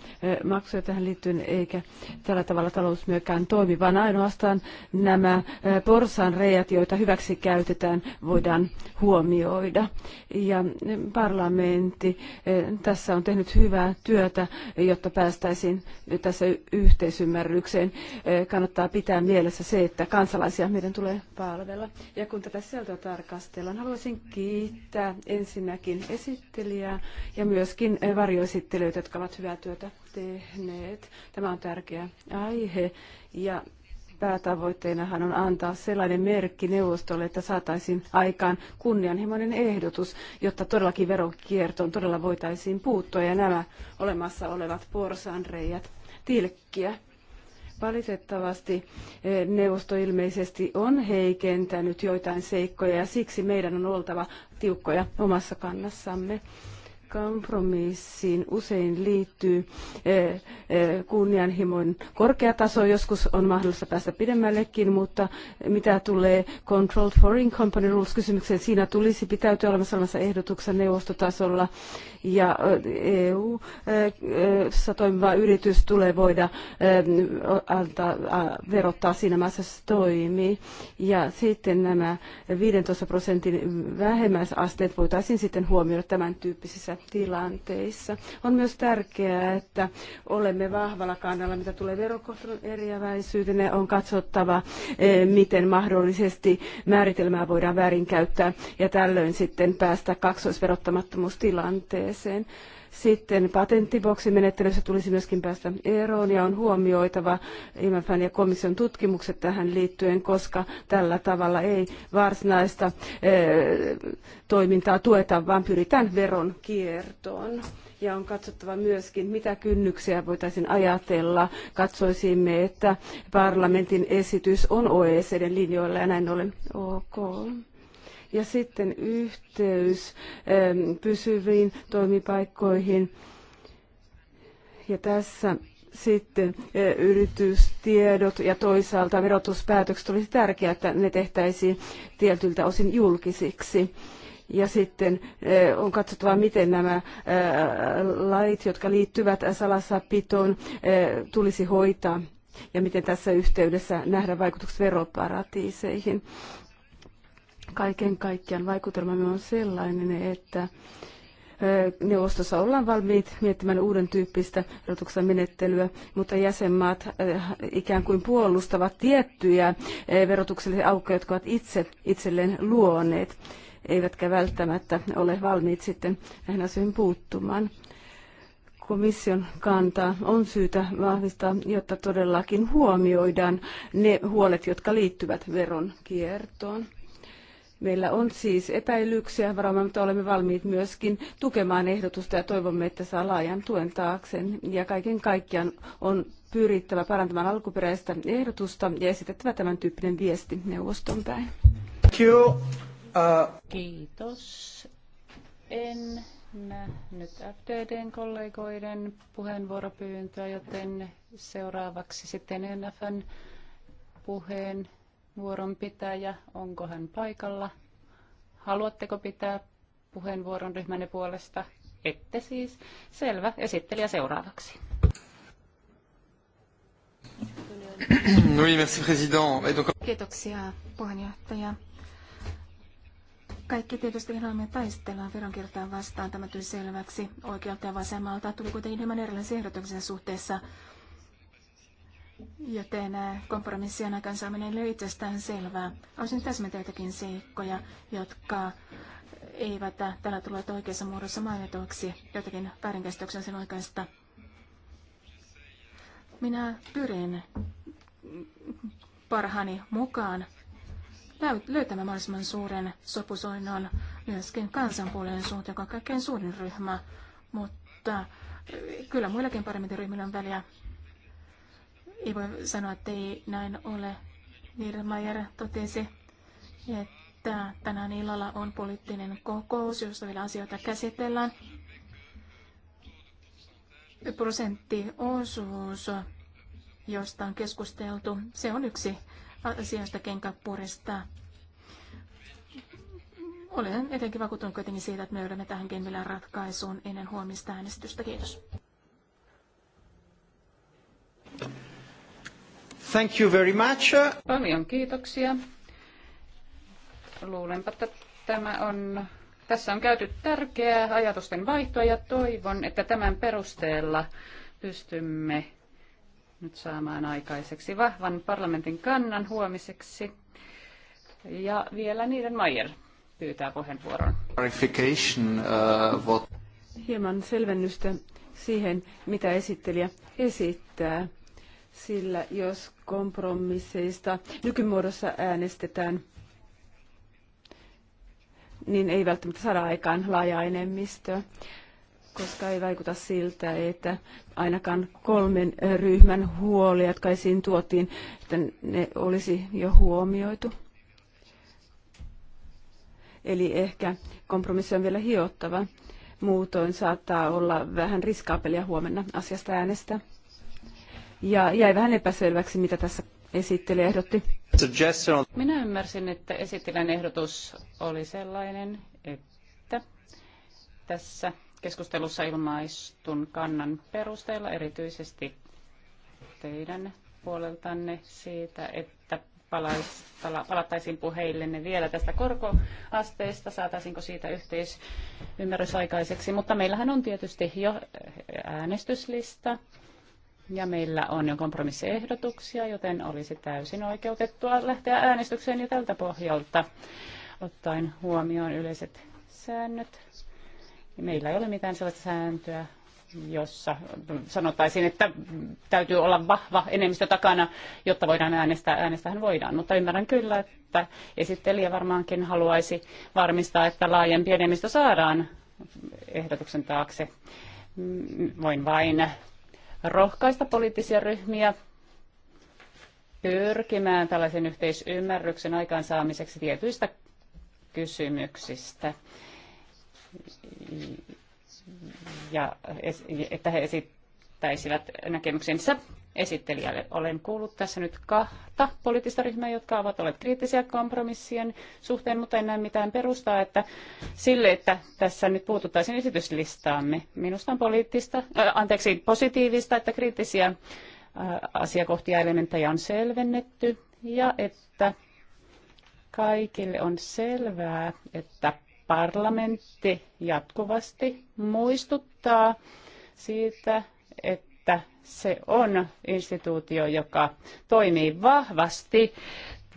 maksuja tähän liittyen, eikä tällä tavalla talous myöskään toimi, vaan ainoastaan nämä porsaanreijät, joita hyväksi käytetään, voidaan huomioida. Ja parlamentti tässä on tehnyt hyvää työtä, jotta päästäisiin tässä yhteisymmärrykseen. Kannattaa pitää mielessä se, että kansalaisia meidän tulee palvella. Ja kun tätä sieltä tarkastellaan, haluaisin kiittää ensinnäkin esittelijää ja myöskin varjoesittelijää näyttelijöitä, jotka ovat hyvää työtä tehneet. Tämä on tärkeä aihe ja päätavoitteenahan on antaa sellainen merkki neuvostolle, että saataisiin aikaan kunnianhimoinen ehdotus, jotta todellakin veronkiertoon todella voitaisiin puuttua ja nämä olemassa olevat porsanreijat tilkkiä. Valitettavasti eh, neuvosto ilmeisesti on heikentänyt joitain seikkoja ja siksi meidän on oltava tiukkoja omassa kannassamme kompromissiin usein liittyy eh, eh, kunnianhimon korkea taso. Joskus on mahdollista päästä pidemmällekin, mutta mitä tulee Controlled Foreign Company Rules kysymykseen, siinä tulisi pitäytyä olemassa olemassa ehdotuksen neuvostotasolla. Ja EU eh, e toimiva yritys tulee voida antaa, verottaa siinä maassa, se toimii. Ja sitten nämä 15 prosentin vähemmäisasteet voitaisiin sitten huomioida tämän tyyppisissä tilanteissa. On myös tärkeää, että olemme vahvalla kannalla, mitä tulee verokohtelun eriäväisyyteen. On katsottava, eh, miten mahdollisesti määritelmää voidaan väärinkäyttää ja tällöin sitten päästä kaksoisverottamattomuustilanteeseen. Sitten patenttiboksimenettelyssä tulisi myöskin päästä eroon ja on huomioitava IMFn ja komission tutkimukset tähän liittyen, koska tällä tavalla ei varsinaista eh, toimintaa tueta, vaan pyritään veron kiertoon ja on katsottava myöskin, mitä kynnyksiä voitaisiin ajatella. Katsoisimme, että parlamentin esitys on OECDn linjoilla ja näin ollen ok. Ja sitten yhteys ähm, pysyviin toimipaikkoihin. Ja tässä sitten äh, yritystiedot ja toisaalta verotuspäätökset olisi tärkeää, että ne tehtäisiin tietyltä osin julkisiksi. Ja sitten äh, on katsottava, miten nämä äh, lait, jotka liittyvät salassapitoon, tulisi hoitaa ja miten tässä yhteydessä nähdä vaikutukset veroparatiiseihin. Kaiken kaikkiaan vaikutelmamme on sellainen, että neuvostossa ollaan valmiit miettimään uuden tyyppistä verotuksen menettelyä, mutta jäsenmaat ikään kuin puolustavat tiettyjä verotuksellisia aukkoja, jotka ovat itse itselleen luoneet, eivätkä välttämättä ole valmiit sitten näihin asioihin puuttumaan. Komission kantaa on syytä vahvistaa, jotta todellakin huomioidaan ne huolet, jotka liittyvät veron kiertoon. Meillä on siis epäilyksiä varmaan, mutta olemme valmiit myöskin tukemaan ehdotusta ja toivomme, että saa laajan tuen taakseen. Ja kaiken kaikkiaan on pyrittävä parantamaan alkuperäistä ehdotusta ja esitettävä tämän tyyppinen viesti neuvoston päin. Uh, Kiitos. En nähnyt FTDn kollegoiden puheenvuoropyyntöä, joten seuraavaksi sitten NFN puheen vuoronpitäjä. Onko hän paikalla? Haluatteko pitää puheenvuoron ryhmänne puolesta? Ette siis. Selvä. Esittelijä seuraavaksi. Kiitoksia, puheenjohtaja. Kaikki tietysti haluamme taistellaan veronkiertoa vastaan, tämä tuli selväksi. Oikealta ja vasemmalta tuli kuitenkin hieman erilaisia ehdotuksia suhteessa joten äh, kompromissien aikaansaaminen oli itsestään selvää. Olisin täsmätä jotakin seikkoja, jotka eivät äh, tällä tule oikeassa muodossa mainituksi, jotakin väärinkäsityksen sen oikeasta. Minä pyrin parhaani mukaan löytämään mahdollisimman suuren sopusoinnon myöskin kansanpuolen suuntaan, joka on kaikkein suurin ryhmä, mutta äh, kyllä muillakin parlamentin ryhmillä on väliä ei voi sanoa, että ei näin ole. Niedermayer totesi, että tänään illalla on poliittinen kokous, jossa vielä asioita käsitellään. Prosenttiosuus, josta on keskusteltu, se on yksi asioista kenkäpurista. Olen etenkin vakuuttunut kuitenkin siitä, että me löydämme tähän vielä ratkaisuun ennen huomista äänestystä. Kiitos. Thank you very much. Paljon kiitoksia. Luulenpa, että tämä on, tässä on käyty tärkeää ajatusten vaihtoa ja toivon, että tämän perusteella pystymme nyt saamaan aikaiseksi vahvan parlamentin kannan huomiseksi. Ja vielä niiden Mayer pyytää puheenvuoron. Uh, Hieman selvennystä siihen, mitä esittelijä esittää sillä jos kompromisseista nykymuodossa äänestetään, niin ei välttämättä saada aikaan laaja enemmistöä, koska ei vaikuta siltä, että ainakaan kolmen ryhmän huoli, jotka esiin tuotiin, että ne olisi jo huomioitu. Eli ehkä kompromissi on vielä hiottava. Muutoin saattaa olla vähän riskaapelia huomenna asiasta äänestää ja jäi vähän epäselväksi, mitä tässä esittelijä ehdotti. Minä ymmärsin, että esittelijän ehdotus oli sellainen, että tässä keskustelussa ilmaistun kannan perusteella erityisesti teidän puoleltanne siitä, että palais, pala, palattaisiin puheillenne vielä tästä korkoasteesta, saataisiinko siitä yhteisymmärrys aikaiseksi. Mutta meillähän on tietysti jo äänestyslista ja meillä on jo kompromissiehdotuksia, joten olisi täysin oikeutettua lähteä äänestykseen jo tältä pohjalta, ottaen huomioon yleiset säännöt. Meillä ei ole mitään sellaista sääntöä, jossa sanottaisiin, että täytyy olla vahva enemmistö takana, jotta voidaan äänestää. Äänestähän voidaan, mutta ymmärrän kyllä, että esittelijä varmaankin haluaisi varmistaa, että laajempi enemmistö saadaan ehdotuksen taakse. Mm, voin vain rohkaista poliittisia ryhmiä pyrkimään tällaisen yhteisymmärryksen aikaansaamiseksi tietyistä kysymyksistä. Ja että he esittäisivät näkemyksensä esittelijälle. Olen kuullut tässä nyt kahta poliittista ryhmää, jotka ovat olleet kriittisiä kompromissien suhteen, mutta en näe mitään perustaa että sille, että tässä nyt puututtaisiin esityslistaamme. Minusta on poliittista, äh, anteeksi, positiivista, että kriittisiä äh, asiakohtia ja elementtejä on selvennetty ja että kaikille on selvää, että parlamentti jatkuvasti muistuttaa siitä, että että se on instituutio, joka toimii vahvasti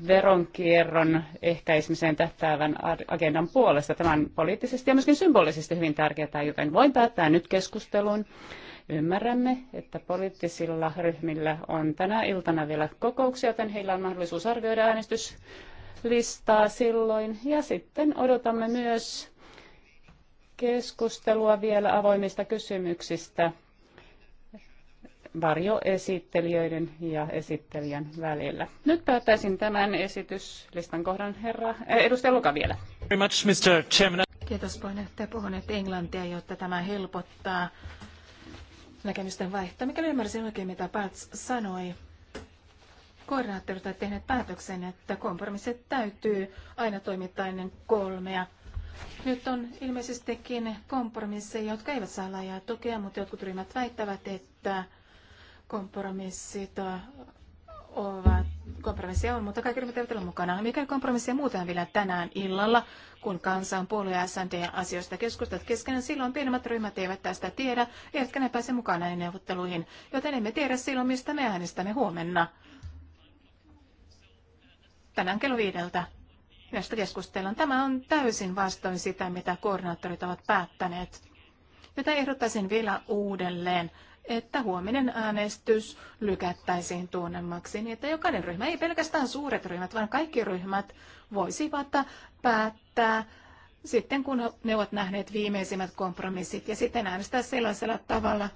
veronkierron ehkäisemiseen tähtäävän agendan puolesta. Tämä on poliittisesti ja myöskin symbolisesti hyvin tärkeää, joten voin päättää nyt keskustelun. Ymmärrämme, että poliittisilla ryhmillä on tänä iltana vielä kokouksia, joten heillä on mahdollisuus arvioida äänestyslistaa silloin. Ja sitten odotamme myös keskustelua vielä avoimista kysymyksistä varjoesittelijöiden ja esittelijän välillä. Nyt päättäisin tämän esityslistan kohdan herra, eh, edustaja Luka vielä. Kiitos puheenjohtaja. puhuneet nyt englantia, jotta tämä helpottaa näkemysten vaihtoa. Mikäli ymmärsin oikein, mitä Pats sanoi, koordinaattorit ovat tehneet päätöksen, että kompromissit täytyy aina toimittaa ennen kolmea. Nyt on ilmeisestikin kompromisseja, jotka eivät saa laajaa tukea, mutta jotkut ryhmät väittävät, että kompromissit äh, ovat, kompromisseja on, mutta kaikki ryhmät eivät ole mukana. Mikä kompromissia muuten vielä tänään illalla, kun kansa on puolue SND asioista keskustelut keskenään, silloin pienemmät ryhmät eivät tästä tiedä, eivätkä ne pääse mukaan näihin neuvotteluihin, joten emme tiedä silloin, mistä me äänestämme huomenna. Tänään kello viideltä näistä keskustellaan. Tämä on täysin vastoin sitä, mitä koordinaattorit ovat päättäneet. Joten ehdottaisin vielä uudelleen että huominen äänestys lykättäisiin tuonemmaksi, niin että jokainen ryhmä, ei pelkästään suuret ryhmät, vaan kaikki ryhmät voisivat päättää sitten, kun ne ovat nähneet viimeisimmät kompromissit, ja sitten äänestää sellaisella tavalla,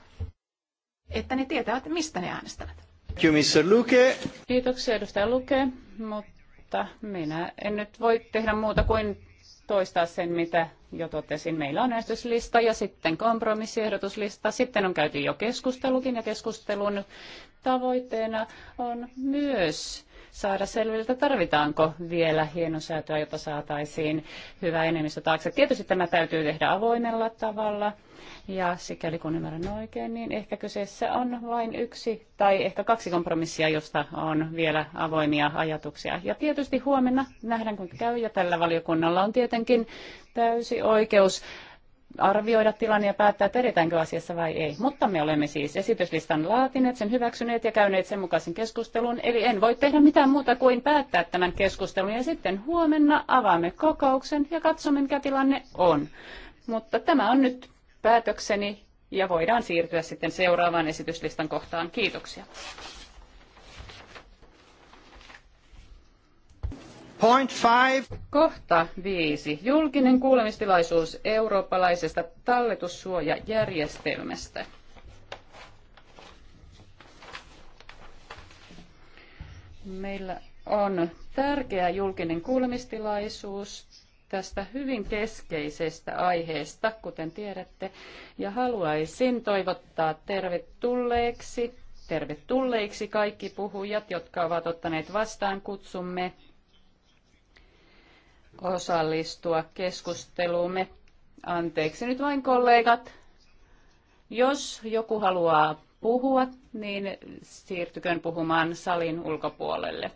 että ne tietävät, mistä ne äänestävät. Kiitoksia edustaja Luke, mutta minä en nyt voi tehdä muuta kuin toistaa sen, mitä jo totesin. Meillä on äänestyslista ja sitten kompromissiehdotuslista. Sitten on käyty jo keskustelukin ja keskustelun tavoitteena on myös saada selville, että tarvitaanko vielä hienosäätöä, jota saataisiin hyvä enemmistö taakse. Tietysti tämä täytyy tehdä avoimella tavalla, ja sikäli kun ymmärrän oikein, niin ehkä kyseessä on vain yksi tai ehkä kaksi kompromissia, josta on vielä avoimia ajatuksia. Ja tietysti huomenna nähdään, kun käy, ja tällä valiokunnalla on tietenkin täysi oikeus arvioida tilanne ja päättää, että edetäänkö asiassa vai ei. Mutta me olemme siis esityslistan laatineet, sen hyväksyneet ja käyneet sen mukaisen keskustelun. Eli en voi tehdä mitään muuta kuin päättää tämän keskustelun. Ja sitten huomenna avaamme kokouksen ja katsomme, mikä tilanne on. Mutta tämä on nyt päätökseni ja voidaan siirtyä sitten seuraavaan esityslistan kohtaan. Kiitoksia. Point five. Kohta viisi. Julkinen kuulemistilaisuus eurooppalaisesta talletussuojajärjestelmästä. Meillä on tärkeä julkinen kuulemistilaisuus tästä hyvin keskeisestä aiheesta, kuten tiedätte, ja haluaisin toivottaa tervetulleeksi, tervetulleiksi kaikki puhujat, jotka ovat ottaneet vastaan kutsumme osallistua keskusteluumme. Anteeksi nyt vain kollegat. Jos joku haluaa puhua, niin siirtyköön puhumaan salin ulkopuolelle.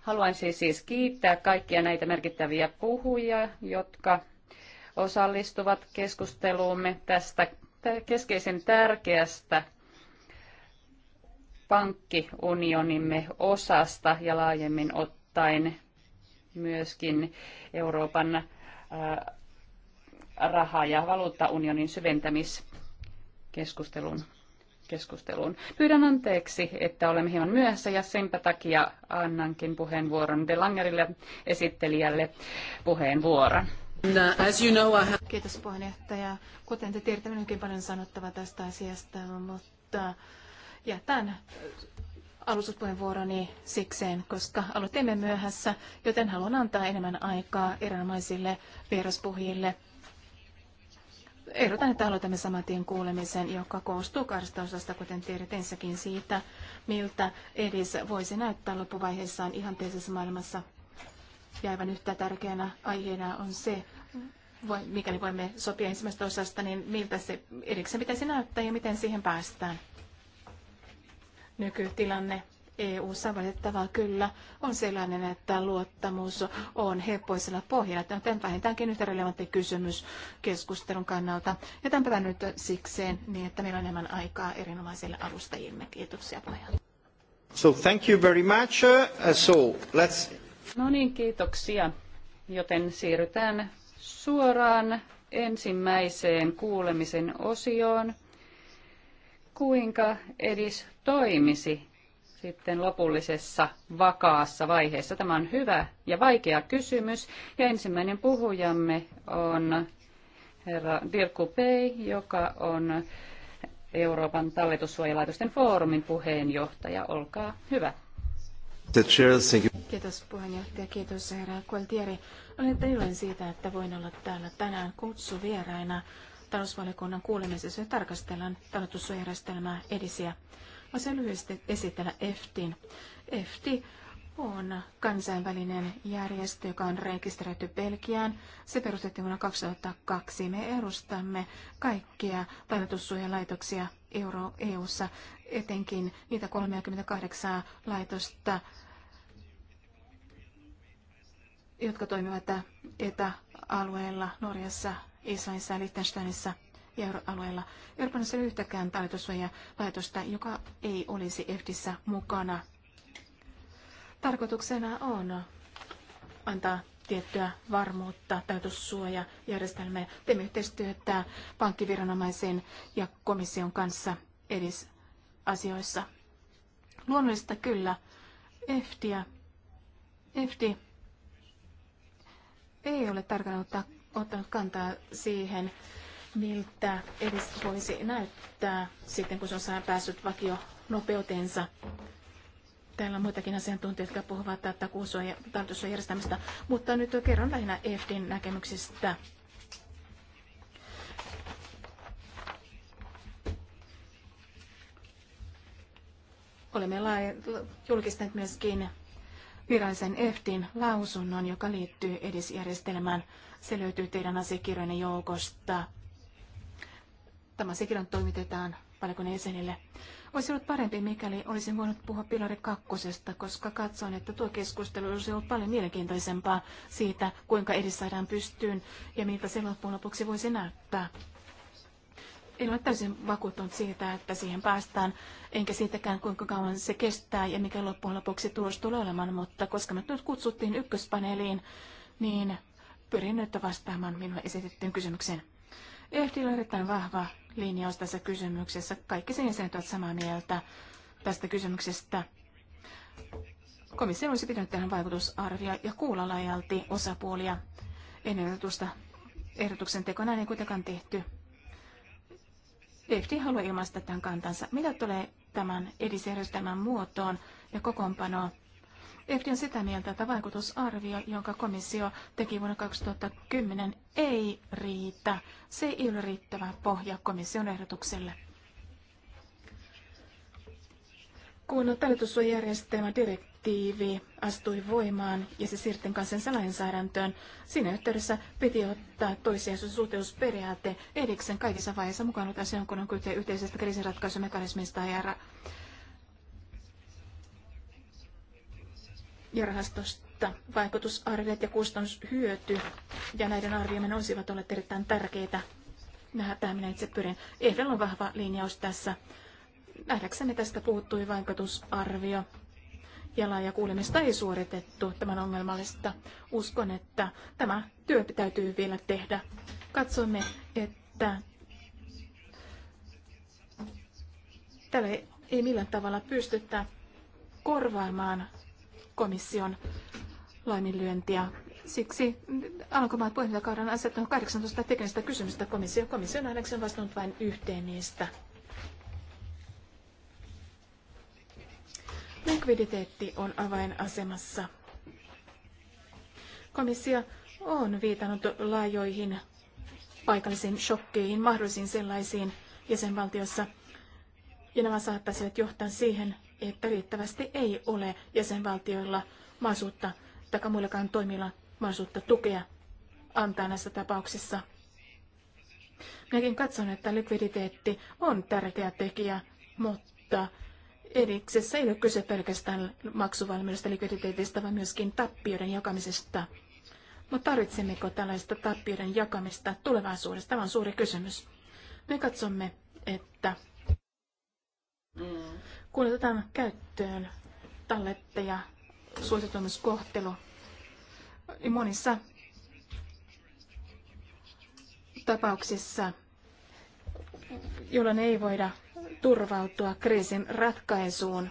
Haluan siis, siis kiittää kaikkia näitä merkittäviä puhujia, jotka osallistuvat keskusteluumme tästä keskeisen tärkeästä pankkiunionimme osasta ja laajemmin ottaen myöskin Euroopan äh, raha- ja valuuttaunionin syventämiskeskustelun keskusteluun. Pyydän anteeksi, että olemme hieman myöhässä ja senpä takia annankin puheenvuoron De Langerille esittelijälle puheenvuoron. Uh, as you know, I have... Kiitos puheenjohtaja. Kuten te tiedätte, minunkin paljon sanottavaa tästä asiasta, mutta jätän alustuspuheenvuoroni sikseen, koska aloitimme myöhässä, joten haluan antaa enemmän aikaa erämaisille vieraspuhijille. Ehdotan, että aloitamme saman tien kuulemisen, joka koostuu kahdesta osasta, kuten tiedät ensäkin siitä, miltä edes voisi näyttää loppuvaiheessaan ihanteisessa maailmassa. Ja aivan yhtä tärkeänä aiheena on se, voi, mikäli voimme sopia ensimmäisestä osasta, niin miltä se erikseen pitäisi näyttää ja miten siihen päästään nykytilanne EU-ssa valitettavaa kyllä on sellainen, että luottamus on heppoisella pohjalla. Tämä on vähintäänkin yhtä relevantti kysymys keskustelun kannalta. Ja tämänpä nyt sikseen niin, että meillä on enemmän aikaa erinomaisille avustajille. Kiitoksia paljon. So thank you very much. Uh, so let's... No niin, kiitoksia. Joten siirrytään suoraan ensimmäiseen kuulemisen osioon kuinka edis toimisi sitten lopullisessa vakaassa vaiheessa? Tämä on hyvä ja vaikea kysymys. Ja ensimmäinen puhujamme on herra Dirk Pei, joka on Euroopan talletussuojalaitosten foorumin puheenjohtaja. Olkaa hyvä. Kiitos puheenjohtaja, kiitos herra Gualtieri. Olen iloinen siitä, että voin olla täällä tänään kutsuvieraina talousvaliokunnan kuulemisessa tarkastellaan talletussuojajärjestelmää edisiä. Mä sen lyhyesti esitellä EFTin. EFTI on kansainvälinen järjestö, joka on rekisteröity Belgiaan. Se perustettiin vuonna 2002. Me edustamme kaikkia talletussuojalaitoksia Euro eu etenkin niitä 38 laitosta, jotka toimivat etäalueella Norjassa, Islannissa, Liechtensteinissa ja euroalueella. Euroopan ei ole yhtäkään talletussuojalaitosta, joka ei olisi EFDissä mukana. Tarkoituksena on antaa tiettyä varmuutta, talletussuojajärjestelmään. Teemme yhteistyötä pankkiviranomaisen ja komission kanssa edis asioissa. Luonnollista kyllä, EFTIä, EFTI ei ole tarkoittanut ottanut kantaa siihen, miltä edes voisi näyttää sitten, kun se on päässyt vakio nopeutensa. Täällä on muitakin asiantuntijoita, jotka puhuvat tarkoitussuojan järjestämistä, mutta nyt kerron lähinnä EFDin näkemyksistä. Olemme julkistaneet myöskin virallisen EFTin lausunnon, joka liittyy edisjärjestelmään. Se löytyy teidän asiakirjojen joukosta. Tämä asiakirja toimitetaan valiokunnan jäsenille. Olisi ollut parempi, mikäli olisin voinut puhua Pilari kakkosesta, koska katsoin, että tuo keskustelu olisi ollut paljon mielenkiintoisempaa siitä, kuinka edes saadaan pystyyn ja miltä se loppujen lopuksi voisi näyttää en ole täysin vakuuttunut siitä, että siihen päästään, enkä siitäkään kuinka kauan se kestää ja mikä loppujen lopuksi tulos tulee olemaan, mutta koska me nyt kutsuttiin ykköspaneeliin, niin pyrin nyt vastaamaan minulle esitettyyn kysymykseen. Ehti on erittäin vahva linjaus tässä kysymyksessä. Kaikki sen jäsenet ovat samaa mieltä tästä kysymyksestä. Komissio olisi pitänyt tehdä vaikutusarvio ja kuulla laajalti osapuolia ennen ehdotuksen tekona ei kuitenkaan tehty. EFD haluaa ilmaista tämän kantansa. Mitä tulee tämän edisjärjestelmän muotoon ja kokoonpanoon? EFD on sitä mieltä, että vaikutusarvio, jonka komissio teki vuonna 2010, ei riitä. Se ei ole riittävä pohja komission ehdotukselle. Kun direktiivi astui voimaan ja se siirtyi kansalliseen lainsäädäntöön, siinä yhteydessä piti ottaa toissijaisuusuuteusperiaate erikseen kaikissa vaiheissa mukaan ottaa sen, kun on kyse yhteisestä kriisiratkaisumekanismista ja, ra- ja rahastosta. Vaikutusarviot ja kustannushyöty ja näiden arvioiminen olisivat olleet erittäin tärkeitä. Nähdään, minä itse pyrin. Ehdolla on vahva linjaus tässä nähdäkseni tästä puuttui vaikutusarvio. Jala ja kuulemista ei suoritettu tämän ongelmallista. Uskon, että tämä työ täytyy vielä tehdä. Katsomme, että tällä ei millään tavalla pystytä korvaamaan komission laiminlyöntiä. Siksi Alankomaat puheenjohtajakauden asettanut 18 teknistä kysymystä komissio. Komissio on vain yhteen niistä. Likviditeetti on avainasemassa. Komissio on viitannut laajoihin paikallisiin shokkeihin, mahdollisiin sellaisiin jäsenvaltiossa, ja nämä saattaisivat johtaa siihen, että riittävästi ei ole jäsenvaltioilla mahdollisuutta tai muillakaan toimilla mahdollisuutta tukea antaa näissä tapauksissa. Minäkin katson, että likviditeetti on tärkeä tekijä, mutta Eriksessä ei ole kyse pelkästään maksuvalmiudesta, likviditeetistä, vaan myöskin tappioiden jakamisesta. Mutta tarvitsemmeko tällaista tappioiden jakamista tulevaisuudessa? Tämä on suuri kysymys. Me katsomme, että kun otetaan käyttöön talletteja, ja niin monissa tapauksissa, jolloin ei voida turvautua kriisin ratkaisuun.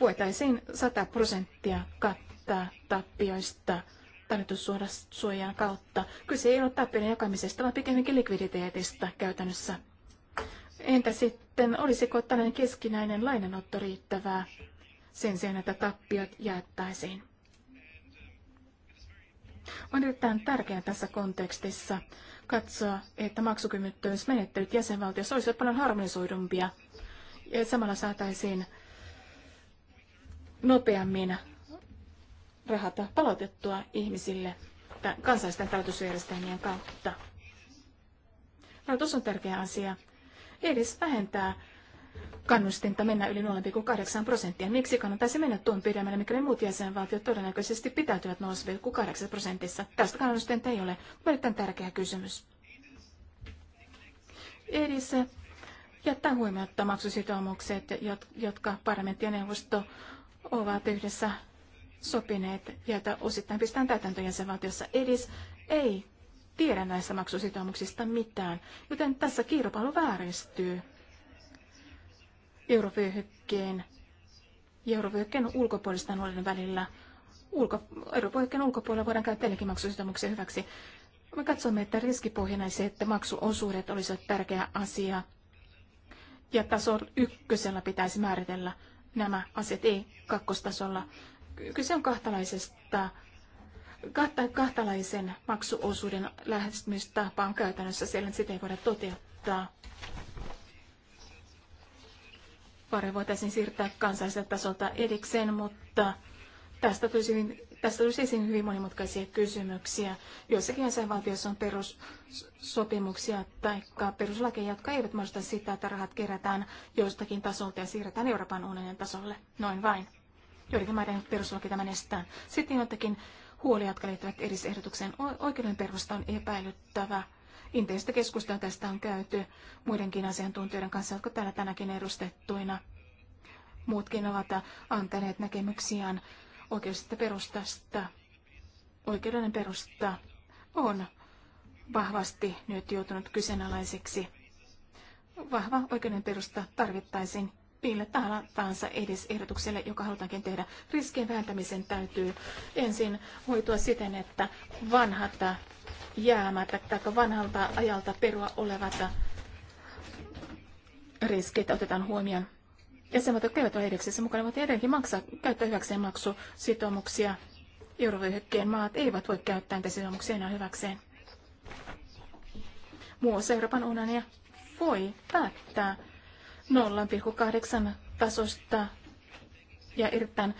Voitaisiin 100 prosenttia kattaa tappioista talletussuojan kautta. Kyse ei ole tappioiden jakamisesta, vaan pikemminkin likviditeetistä käytännössä. Entä sitten, olisiko tällainen keskinäinen lainanotto riittävää sen sijaan, että tappiot jaettaisiin? On erittäin tärkeää tässä kontekstissa katsoa, että maksukyvyttömyysmenettelyt jäsenvaltiossa olisivat paljon harmonisoidumpia ja samalla saataisiin nopeammin rahata palautettua ihmisille kansallisten talotusjärjestelmien kautta. Rahoitus on tärkeä asia. Edes vähentää kannustinta mennä yli 0,8 prosenttia. Miksi kannattaisi mennä tuon pidemmälle, mikäli muut jäsenvaltiot todennäköisesti pitäytyvät 0,8 prosentissa? Tästä kannustinta ei ole. Erittäin tärkeä kysymys. Edissä jättää huomiota maksusitoumukset, jotka parlamentti ja neuvosto ovat yhdessä sopineet, joita osittain pistetään täytäntöön jäsenvaltiossa. Edis ei tiedä näistä maksusitoumuksista mitään, joten tässä kilpailu vääristyy eurovyöhykkeen ja eurovyöhykkeen ulkopuolisten alueiden välillä. Ulko, eurovyöhykkeen ulkopuolella voidaan käyttää maksusitoumuksia hyväksi. Me katsomme, että riskipohjanaiset maksuosuudet olisivat tärkeä asia. Ja taso ykkösellä pitäisi määritellä nämä asiat, ei kakkostasolla. Kyse on kahtalaisesta kahtalaisen maksuosuuden lähestymistapaan käytännössä, siellä sitä ei voida toteuttaa. Pari voitaisiin siirtää kansalliselta tasolta edikseen, mutta tästä tulisi hyvin Tästä tulisi esiin hyvin monimutkaisia kysymyksiä. Joissakin jäsenvaltioissa on perussopimuksia tai peruslakeja, jotka eivät mahdollista sitä, että rahat kerätään joistakin tasolta ja siirretään Euroopan unionin tasolle. Noin vain. Joidenkin maiden peruslaki tämän estää. Sitten joitakin huolia, jotka liittyvät erisehdotukseen. Oikeuden perusta on epäilyttävä Intensiivistä keskustelua tästä on käyty muidenkin asiantuntijoiden kanssa, jotka täällä tänäkin edustettuina. Muutkin ovat antaneet näkemyksiään oikeudesta perustasta. Oikeudellinen perusta on vahvasti nyt joutunut kyseenalaiseksi. Vahva oikeuden perusta tarvittaisiin, mille tahansa edes ehdotukselle, joka halutaankin tehdä. Riskien vääntämisen täytyy ensin hoitua siten, että vanhat jäämät tai vanhalta ajalta perua olevat riskit otetaan huomioon. Jäsenvaltiot eivät ole edeksissä mukana, mutta edelleenkin maksaa, käyttää hyväkseen maksusitoumuksia. Eurovyöhykkeen maat eivät voi käyttää näitä sitoumuksia enää hyväkseen. Muu Euroopan unionia voi päättää 0,8 tasosta ja erittäin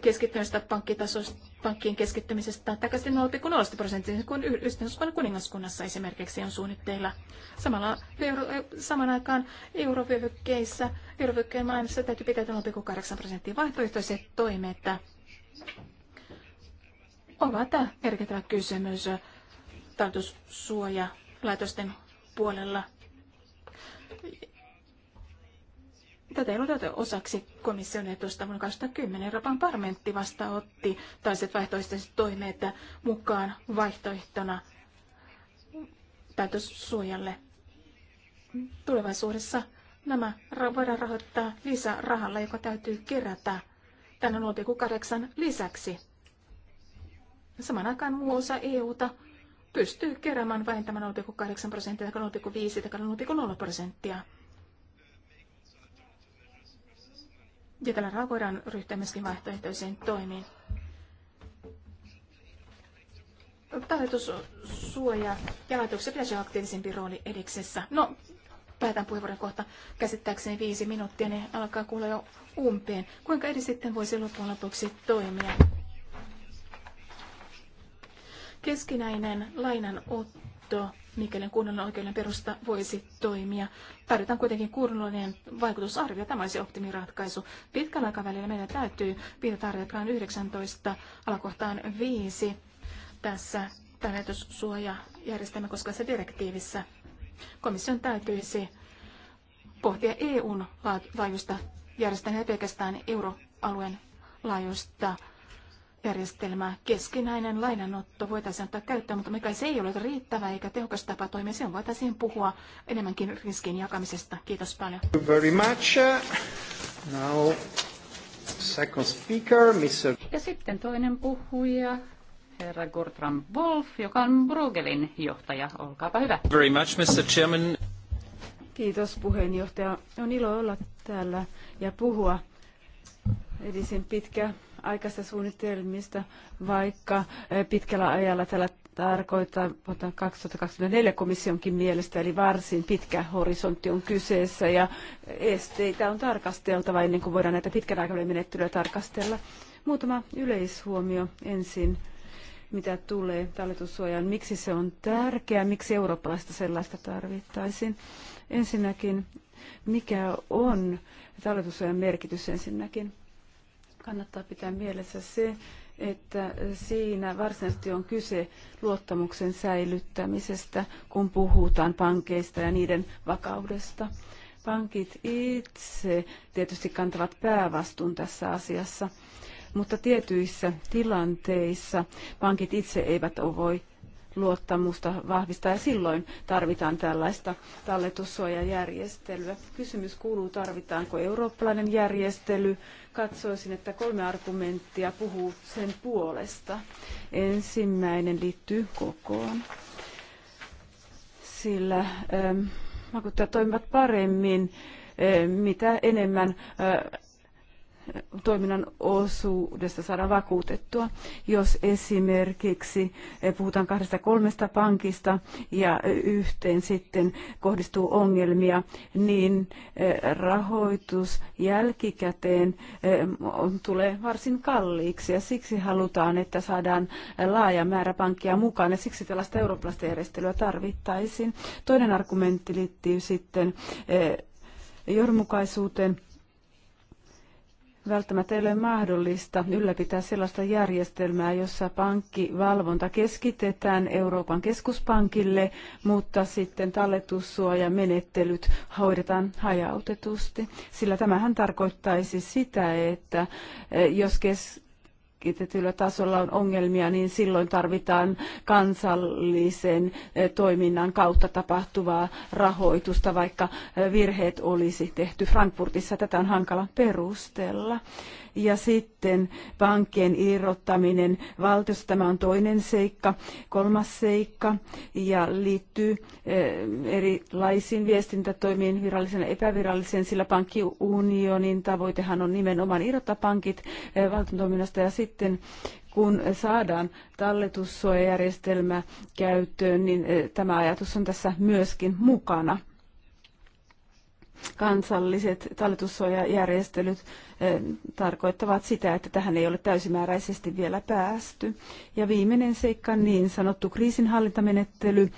keskittymistä pankkitasosta pankkien keskittymisestä takaisin 0,0 prosenttia, kun Yhdistysvallan kuningaskunnassa esimerkiksi on suunnitteilla. Samalla, euro, e- saman aikaan eurovyöhykkeissä, eurovyöhykkeen maailmassa täytyy pitää 0,8 prosenttia vaihtoehtoiset toimet ovat merkittävä kysymys talletussuoja laitosten puolella. Tätä ei ole osaksi komission etusta vuonna 2010. Euroopan parlamentti vasta otti taiset vaihtoehtoiset toimeet mukaan vaihtoehtona päätössuojalle Tulevaisuudessa nämä voidaan rahoittaa lisärahalla, joka täytyy kerätä tänne 0,8 lisäksi. Saman aikaan muu osa EUta pystyy keräämään vähintään 0,8 prosenttia, 0,5 tai 0,0 prosenttia. Ja tällä rahalla voidaan ryhtyä myöskin vaihtoehtoisiin toimiin. Talletus, suojaa ja laitoksen pitäisi olla aktiivisempi rooli ediksessä. No, päätän puheenvuoron kohta käsittääkseni viisi minuuttia, niin alkaa kuulla jo umpeen. Kuinka edes sitten voisi loppujen lopuksi toimia? Keskinäinen lainanotto mikäli kunnallinen oikeuden perusta voisi toimia. Tarvitaan kuitenkin kunnallinen vaikutusarvio. Tämä olisi optimiratkaisu. Pitkällä aikavälillä meidän täytyy viitata artiklaan 19 alakohtaan 5 tässä suojajärjestelmä, koska se direktiivissä komission täytyisi pohtia EUn laajuista järjestelmää pelkästään euroalueen laajuista järjestelmä, keskinäinen lainanotto voitaisiin ottaa käyttöön, mutta mikä se ei ole riittävä eikä tehokas tapa toimia, sen voitaisiin puhua enemmänkin riskin jakamisesta. Kiitos paljon. Very much. Now, second speaker, Mr. Ja sitten toinen puhuja, herra Gortram Wolf, joka on Bruegelin johtaja. Olkaapa hyvä. Very much, Mr. Chairman. Kiitos puheenjohtaja. On ilo olla täällä ja puhua. Edisin pitkä aikaisista suunnitelmista, vaikka eh, pitkällä ajalla tällä tarkoittaa 2024 komissionkin mielestä, eli varsin pitkä horisontti on kyseessä ja esteitä on tarkasteltava ennen kuin voidaan näitä pitkän aikavälin menettelyä tarkastella. Muutama yleishuomio ensin mitä tulee talletussuojaan, miksi se on tärkeää, miksi eurooppalaista sellaista tarvittaisiin. Ensinnäkin, mikä on talletussuojan merkitys ensinnäkin? Kannattaa pitää mielessä se, että siinä varsinaisesti on kyse luottamuksen säilyttämisestä, kun puhutaan pankeista ja niiden vakaudesta. Pankit itse tietysti kantavat päävastuun tässä asiassa, mutta tietyissä tilanteissa pankit itse eivät voi luottamusta vahvistaa ja silloin tarvitaan tällaista talletussuojajärjestelyä. Kysymys kuuluu, tarvitaanko eurooppalainen järjestely katsoisin, että kolme argumenttia puhuu sen puolesta. Ensimmäinen liittyy kokoon, sillä ähm, vakuuttajat toimivat paremmin, äh, mitä enemmän äh, toiminnan osuudesta saada vakuutettua. Jos esimerkiksi puhutaan kahdesta kolmesta pankista ja yhteen sitten kohdistuu ongelmia, niin eh, rahoitus jälkikäteen eh, tulee varsin kalliiksi ja siksi halutaan, että saadaan laaja määrä pankkia mukaan ja siksi tällaista eurooppalaista järjestelyä tarvittaisiin. Toinen argumentti liittyy sitten eh, johdonmukaisuuteen välttämättä ei ole mahdollista ylläpitää sellaista järjestelmää, jossa pankkivalvonta keskitetään Euroopan keskuspankille, mutta sitten talletussuojamenettelyt hoidetaan hajautetusti. Sillä tämähän tarkoittaisi sitä, että eh, jos kes- keskitetyllä tasolla on ongelmia, niin silloin tarvitaan kansallisen eh, toiminnan kautta tapahtuvaa rahoitusta, vaikka eh, virheet olisi tehty Frankfurtissa. Tätä on hankala perustella. Ja sitten pankkien irrottaminen valtiosta, tämä on toinen seikka, kolmas seikka ja liittyy eh, erilaisiin viestintätoimiin virallisen ja epävirallisen, sillä pankkiunionin tavoitehan on nimenomaan irrottaa pankit eh, valtiontoiminnasta ja sitten kun saadaan talletussuojajärjestelmä käyttöön, niin eh, tämä ajatus on tässä myöskin mukana kansalliset talletussuojajärjestelyt eh, tarkoittavat sitä, että tähän ei ole täysimääräisesti vielä päästy. Ja viimeinen seikka, niin sanottu kriisinhallintamenettely.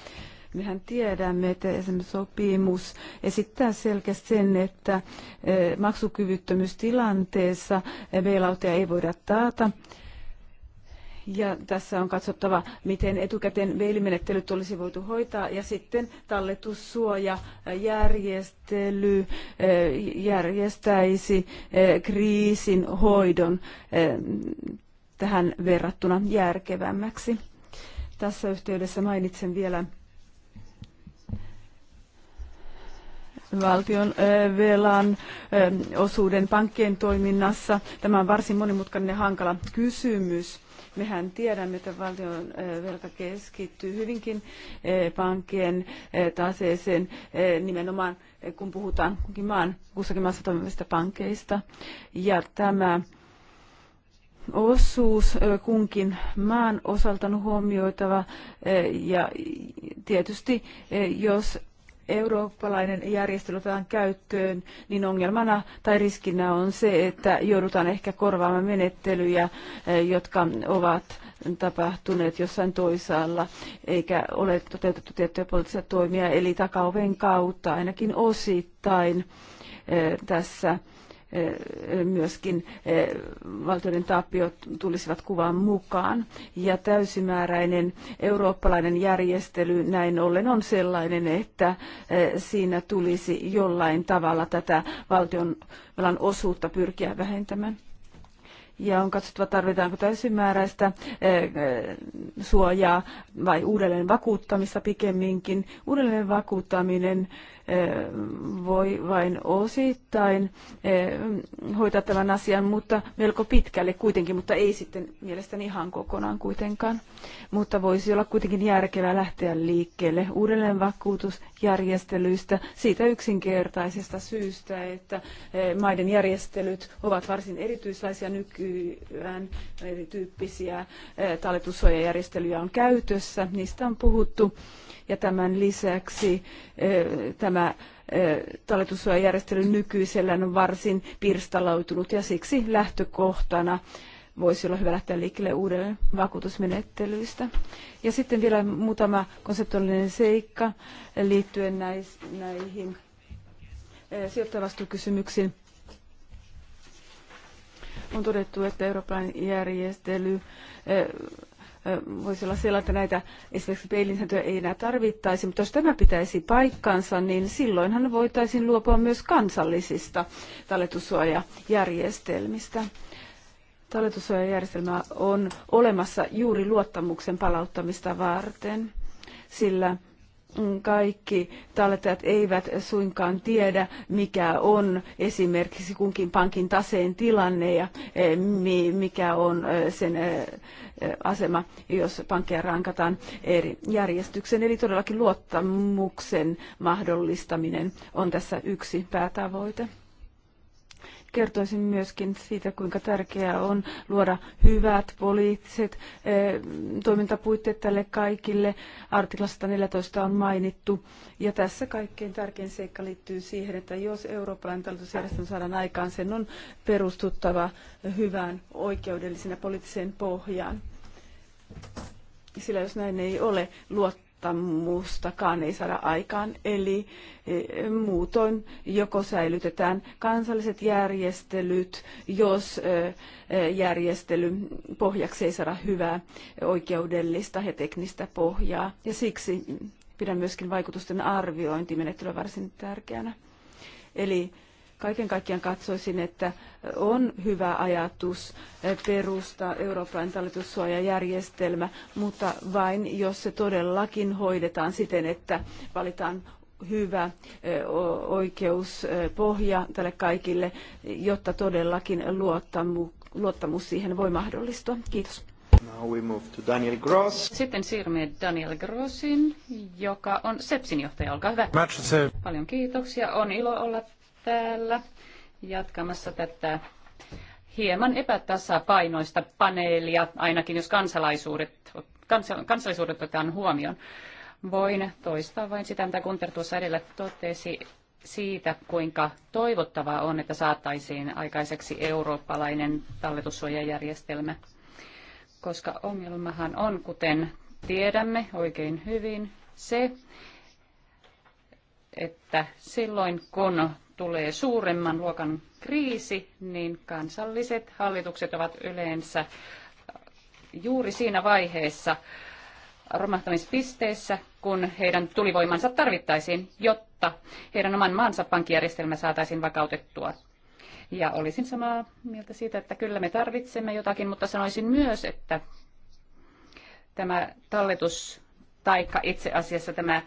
Mehän tiedämme, että esimerkiksi sopimus esittää selkeästi sen, että eh, maksukyvyttömyystilanteessa eh, bailoutia ei voida taata ja tässä on katsottava, miten etukäteen veilimenettelyt olisi voitu hoitaa. Ja sitten järjestely, eh, järjestäisi eh, kriisin hoidon eh, tähän verrattuna järkevämmäksi. Tässä yhteydessä mainitsen vielä valtion velan osuuden pankkien toiminnassa. Tämä on varsin monimutkainen ja hankala kysymys Mehän tiedämme, että valtion velka keskittyy hyvinkin pankkien taseeseen nimenomaan, kun puhutaan kukin maan, kussakin maassa toimivista pankeista. Ja tämä osuus kunkin maan osalta on huomioitava ja tietysti jos eurooppalainen järjestely otetaan käyttöön, niin ongelmana tai riskinä on se, että joudutaan ehkä korvaamaan menettelyjä, eh, jotka ovat tapahtuneet jossain toisaalla, eikä ole toteutettu tiettyjä poliittisia toimia, eli takaoven kautta ainakin osittain eh, tässä myöskin valtioiden tappiot tulisivat kuvan mukaan. Ja täysimääräinen eurooppalainen järjestely näin ollen on sellainen, että siinä tulisi jollain tavalla tätä valtion osuutta pyrkiä vähentämään ja on katsottava, tarvitaanko täysimääräistä suojaa vai uudelleen vakuuttamista pikemminkin. Uudelleen vakuuttaminen voi vain osittain hoitaa tämän asian, mutta melko pitkälle kuitenkin, mutta ei sitten mielestäni ihan kokonaan kuitenkaan. Mutta voisi olla kuitenkin järkevää lähteä liikkeelle uudelleen vakuutusjärjestelyistä siitä yksinkertaisesta syystä, että maiden järjestelyt ovat varsin erityislaisia nykyään, erityyppisiä talletussuojajärjestelyjä on käytössä, niistä on puhuttu ja tämän lisäksi eh, tämä eh, talletussuojajärjestely nykyisellään on varsin pirstaloitunut ja siksi lähtökohtana voisi olla hyvä lähteä liikkeelle uudelleen vakuutusmenettelyistä. Ja sitten vielä muutama konseptuaalinen seikka liittyen näihin eh, sijoittajavastuukysymyksiin. On todettu, että eurooppalainen järjestely voisi olla sillä, että näitä esimerkiksi peilisääntöjä ei enää tarvittaisi, mutta jos tämä pitäisi paikkansa, niin silloinhan voitaisiin luopua myös kansallisista talletussuojajärjestelmistä. Talletussuojajärjestelmä on olemassa juuri luottamuksen palauttamista varten, sillä kaikki tallettajat eivät suinkaan tiedä, mikä on esimerkiksi kunkin pankin taseen tilanne ja eh, mikä on eh, sen eh, asema, jos pankkeja rankataan eri järjestyksen. Eli todellakin luottamuksen mahdollistaminen on tässä yksi päätavoite kertoisin myöskin siitä, kuinka tärkeää on luoda hyvät poliittiset eh, toimintapuitteet tälle kaikille. Artiklasta 14 on mainittu. Ja tässä kaikkein tärkein seikka liittyy siihen, että jos eurooppalainen talletusjärjestelmä saadaan aikaan, sen on perustuttava hyvään oikeudelliseen ja poliittiseen pohjaan. Sillä jos näin ei ole, luot luottamustakaan ei saada aikaan. Eli eh, muutoin joko säilytetään kansalliset järjestelyt, jos eh, eh, järjestely pohjaksi ei saada hyvää oikeudellista ja teknistä pohjaa. Ja siksi pidän myöskin vaikutusten arviointimenettelyä varsin tärkeänä. Eli Kaiken kaikkiaan katsoisin, että on hyvä ajatus eh, perustaa Euroopan talletussuojajärjestelmä, mutta vain jos se todellakin hoidetaan siten, että valitaan hyvä eh, oikeuspohja eh, tälle kaikille, jotta todellakin luottamus siihen voi mahdollistua. Kiitos. Daniel Gross. Sitten siirrymme Daniel Grossin, joka on SEPSin johtaja. Olkaa hyvä. Paljon kiitoksia. On ilo olla täällä jatkamassa tätä hieman epätasapainoista paneelia, ainakin jos kansalaisuudet, kansalaisuudet otetaan huomioon. Voin toistaa vain sitä, mitä Kunter tuossa edellä totesi siitä, kuinka toivottavaa on, että saataisiin aikaiseksi eurooppalainen talletussuojajärjestelmä, koska ongelmahan on, kuten tiedämme oikein hyvin, se, että silloin kun tulee suuremman luokan kriisi, niin kansalliset hallitukset ovat yleensä juuri siinä vaiheessa romahtamispisteessä, kun heidän tulivoimansa tarvittaisiin, jotta heidän oman maansa pankkijärjestelmä saataisiin vakautettua. Ja olisin samaa mieltä siitä, että kyllä me tarvitsemme jotakin, mutta sanoisin myös, että tämä talletus taikka itse asiassa tämä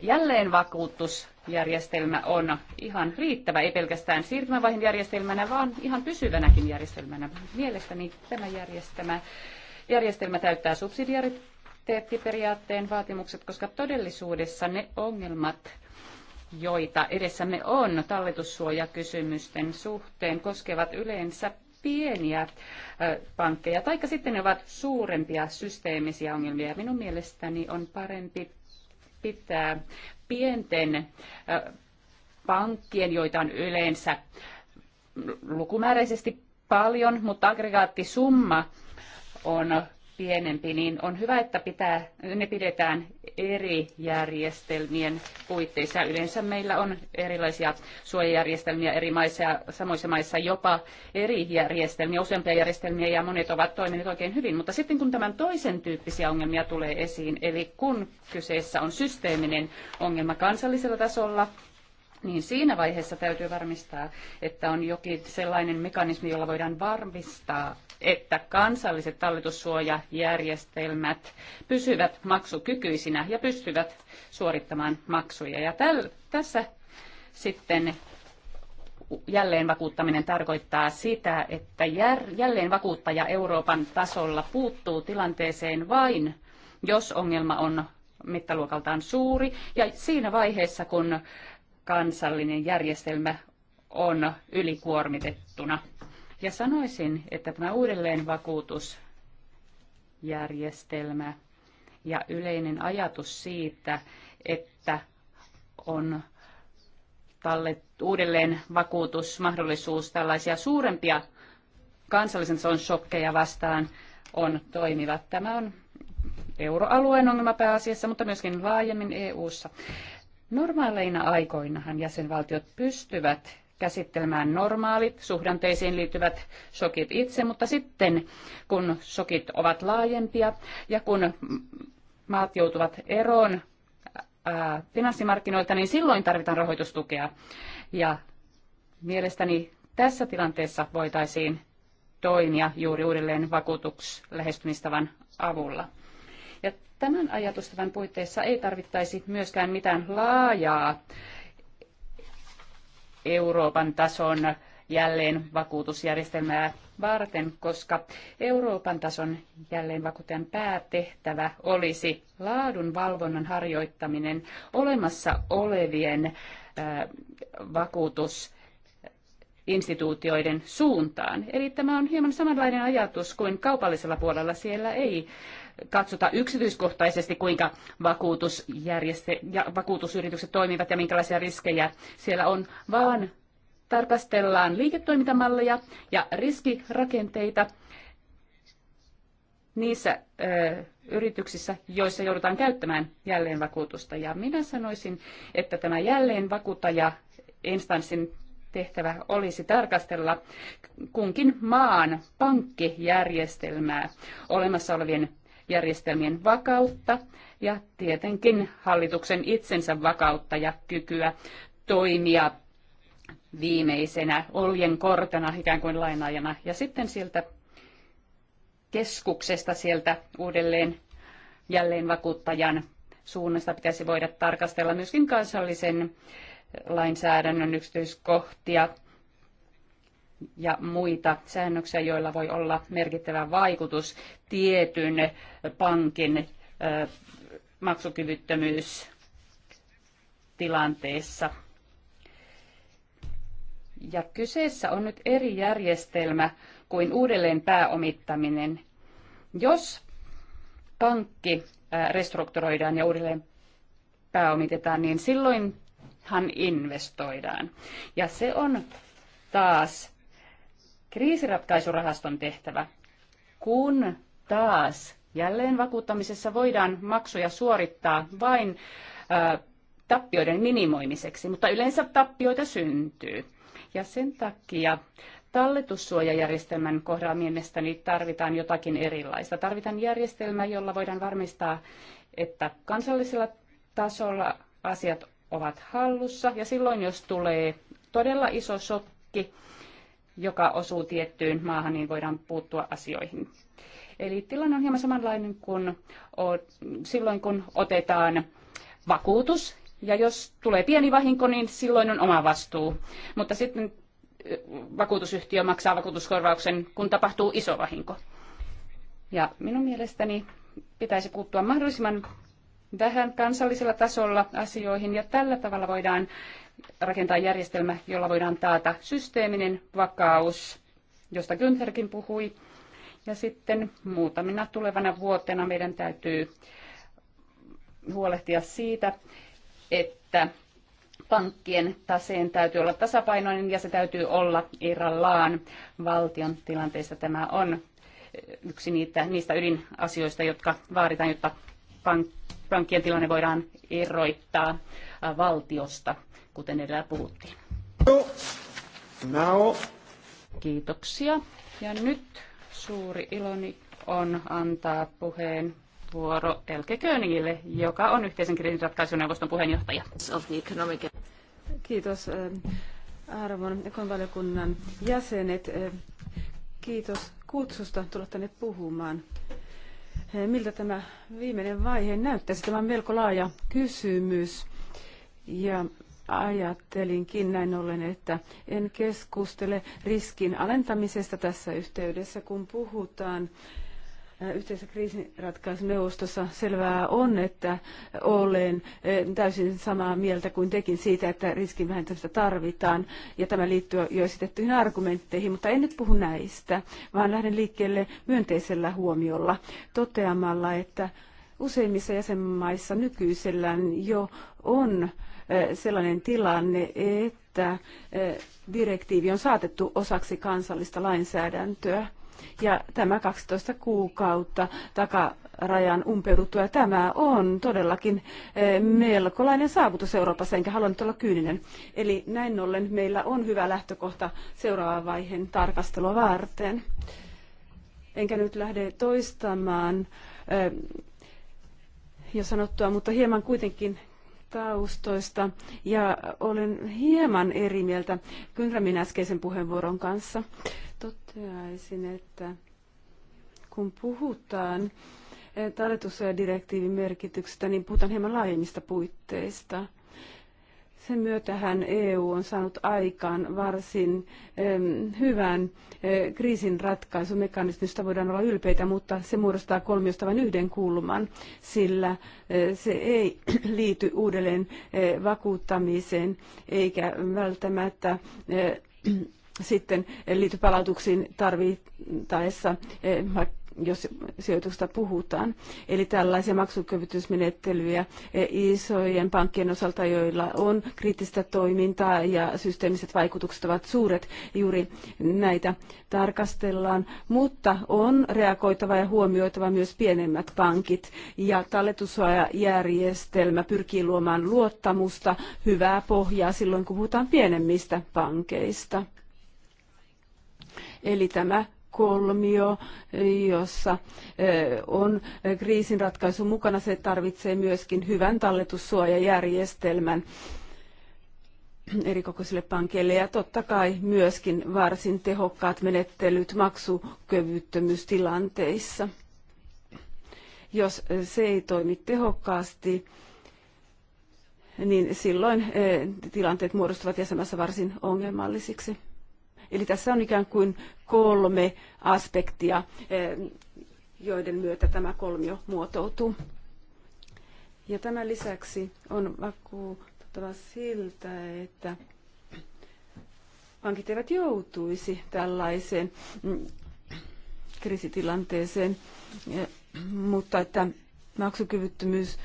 jälleenvakuutusjärjestelmä on ihan riittävä, ei pelkästään siirtymävaiheen järjestelmänä, vaan ihan pysyvänäkin järjestelmänä. Mielestäni tämä järjestelmä, järjestelmä täyttää subsidiariteettiperiaatteen vaatimukset, koska todellisuudessa ne ongelmat, joita edessämme on talletussuojakysymysten suhteen, koskevat yleensä pieniä äh, pankkeja, taikka sitten ne ovat suurempia systeemisiä ongelmia. minun mielestäni on parempi pitää pienten äh, pankkien, joita on yleensä lukumääräisesti paljon, mutta aggregaattisumma on pienempi, niin on hyvä, että pitää, ne pidetään eri järjestelmien puitteissa. Yleensä meillä on erilaisia suojajärjestelmiä eri maissa ja samoissa maissa jopa eri järjestelmiä, useampia järjestelmiä ja monet ovat toimineet oikein hyvin. Mutta sitten kun tämän toisen tyyppisiä ongelmia tulee esiin, eli kun kyseessä on systeeminen ongelma kansallisella tasolla, niin siinä vaiheessa täytyy varmistaa, että on jokin sellainen mekanismi, jolla voidaan varmistaa, että kansalliset talletussuojajärjestelmät pysyvät maksukykyisinä ja pystyvät suorittamaan maksuja. Ja täl, tässä sitten jälleen vakuuttaminen tarkoittaa sitä, että jär, jälleen vakuuttaja Euroopan tasolla puuttuu tilanteeseen vain, jos ongelma on mittaluokaltaan suuri. Ja siinä vaiheessa, kun kansallinen järjestelmä on ylikuormitettuna. Ja sanoisin, että tämä uudelleenvakuutusjärjestelmä ja yleinen ajatus siitä, että on uudelleen vakuutusmahdollisuus tällaisia suurempia kansallisen son shokkeja vastaan on toimiva. Tämä on euroalueen ongelma pääasiassa, mutta myöskin laajemmin EU-ssa. Normaaleina aikoinahan jäsenvaltiot pystyvät käsittelemään normaalit suhdanteisiin liittyvät sokit itse, mutta sitten kun sokit ovat laajempia ja kun maat joutuvat eroon ää, finanssimarkkinoilta, niin silloin tarvitaan rahoitustukea. Ja mielestäni tässä tilanteessa voitaisiin toimia juuri uudelleen vakuutuslähestymistavan avulla. Tämän ajatustavan puitteissa ei tarvittaisi myöskään mitään laajaa Euroopan tason jälleen vakuutusjärjestelmää varten, koska Euroopan tason jälleen vakuutajan päätehtävä olisi laadun valvonnan harjoittaminen olemassa olevien vakuutusinstituutioiden suuntaan. Eli tämä on hieman samanlainen ajatus kuin kaupallisella puolella. Siellä ei katsota yksityiskohtaisesti, kuinka ja vakuutusyritykset toimivat ja minkälaisia riskejä siellä on, vaan tarkastellaan liiketoimintamalleja ja riskirakenteita niissä ö, yrityksissä, joissa joudutaan käyttämään jälleenvakuutusta. Ja minä sanoisin, että tämä jälleenvakuuttaja instanssin tehtävä olisi tarkastella kunkin maan pankkijärjestelmää olemassa olevien järjestelmien vakautta ja tietenkin hallituksen itsensä vakautta ja kykyä toimia viimeisenä oljen kortena ikään kuin lainaajana. Ja sitten sieltä keskuksesta sieltä uudelleen jälleen vakuuttajan suunnasta pitäisi voida tarkastella myöskin kansallisen lainsäädännön yksityiskohtia ja muita säännöksiä, joilla voi olla merkittävä vaikutus tietyn pankin maksukyvyttömyystilanteessa. Ja kyseessä on nyt eri järjestelmä kuin uudelleen pääomittaminen. Jos pankki restrukturoidaan ja uudelleen pääomitetaan, niin silloinhan investoidaan. Ja se on taas kriisiratkaisurahaston tehtävä, kun taas jälleen vakuuttamisessa voidaan maksuja suorittaa vain ää, tappioiden minimoimiseksi, mutta yleensä tappioita syntyy. Ja sen takia talletussuojajärjestelmän kohdalla mielestäni tarvitaan jotakin erilaista. Tarvitaan järjestelmä, jolla voidaan varmistaa, että kansallisella tasolla asiat ovat hallussa ja silloin, jos tulee todella iso sokki, joka osuu tiettyyn maahan, niin voidaan puuttua asioihin. Eli tilanne on hieman samanlainen kuin silloin, kun otetaan vakuutus. Ja jos tulee pieni vahinko, niin silloin on oma vastuu. Mutta sitten vakuutusyhtiö maksaa vakuutuskorvauksen, kun tapahtuu iso vahinko. Ja minun mielestäni pitäisi puuttua mahdollisimman tähän kansallisella tasolla asioihin ja tällä tavalla voidaan rakentaa järjestelmä, jolla voidaan taata systeeminen vakaus, josta Güntherkin puhui. Ja sitten muutamina tulevana vuotena meidän täytyy huolehtia siitä, että pankkien taseen täytyy olla tasapainoinen ja se täytyy olla irrallaan valtion tilanteessa. Tämä on yksi niitä, niistä ydinasioista, jotka vaaditaan, jotta pankkien tilanne voidaan eroittaa äh, valtiosta, kuten edellä puhuttiin. Now. Kiitoksia. Ja nyt suuri iloni on antaa puheen vuoro Elke Königille, joka on yhteisen kriisinratkaisuneuvoston puheenjohtaja. Kiitos äh, arvon valiokunnan jäsenet. Äh, kiitos kutsusta tulla tänne puhumaan Eh, miltä tämä viimeinen vaihe näyttäisi. Tämä on melko laaja kysymys ja ajattelinkin näin ollen, että en keskustele riskin alentamisesta tässä yhteydessä, kun puhutaan yhteisessä kriisinratkaisuneuvostossa selvää on, että olen täysin samaa mieltä kuin tekin siitä, että riskin vähentämistä tarvitaan. Ja tämä liittyy jo esitettyihin argumentteihin, mutta en nyt puhu näistä, vaan lähden liikkeelle myönteisellä huomiolla toteamalla, että useimmissa jäsenmaissa nykyisellään jo on sellainen tilanne, että direktiivi on saatettu osaksi kansallista lainsäädäntöä ja tämä 12 kuukautta takarajan umpeuduttua, tämä on todellakin eh, melkolainen saavutus Euroopassa, enkä halua nyt olla kyyninen. Eli näin ollen meillä on hyvä lähtökohta seuraavan vaiheen tarkastelua varten. Enkä nyt lähde toistamaan eh, jo sanottua, mutta hieman kuitenkin taustoista ja olen hieman eri mieltä Kynrämin äskeisen puheenvuoron kanssa. Toteaisin, että kun puhutaan eh, talletussuojadirektiivin merkityksestä, niin puhutaan hieman laajemmista puitteista – sen myötähän EU on saanut aikaan varsin hyvän eh, kriisinratkaisumekanismin, josta voidaan olla ylpeitä, mutta se muodostaa kolmiosta vain yhden kulman, sillä eh, se ei (clears throat) liity uudelleen eh, vakuuttamiseen eikä välttämättä (clears throat) sitten liity palautuksiin tarvittaessa, vaikka jos sijoituksesta puhutaan. Eli tällaisia maksukyvytysmenettelyjä eh, isojen pankkien osalta, joilla on kriittistä toimintaa ja systeemiset vaikutukset ovat suuret, juuri näitä tarkastellaan. Mutta on reagoitava ja huomioitava myös pienemmät pankit ja talletussuojajärjestelmä pyrkii luomaan luottamusta, hyvää pohjaa silloin, kun puhutaan pienemmistä pankeista. Eli tämä kolmio, jossa eh, on eh, kriisinratkaisu mukana. Se tarvitsee myöskin hyvän talletussuojajärjestelmän erikokoisille pankeille ja totta kai myöskin varsin tehokkaat menettelyt maksukyvyttömyystilanteissa. Jos eh, se ei toimi tehokkaasti, niin silloin tilanteet muodostuvat jäsenmässä varsin ongelmallisiksi. Eli tässä on ikään kuin kolme aspektia, eh, joiden myötä tämä kolmio muotoutuu. Ja tämän lisäksi on vakuuttava siltä, että pankit eivät joutuisi tällaiseen mm, kriisitilanteeseen, mutta että maksukyvyttömyys,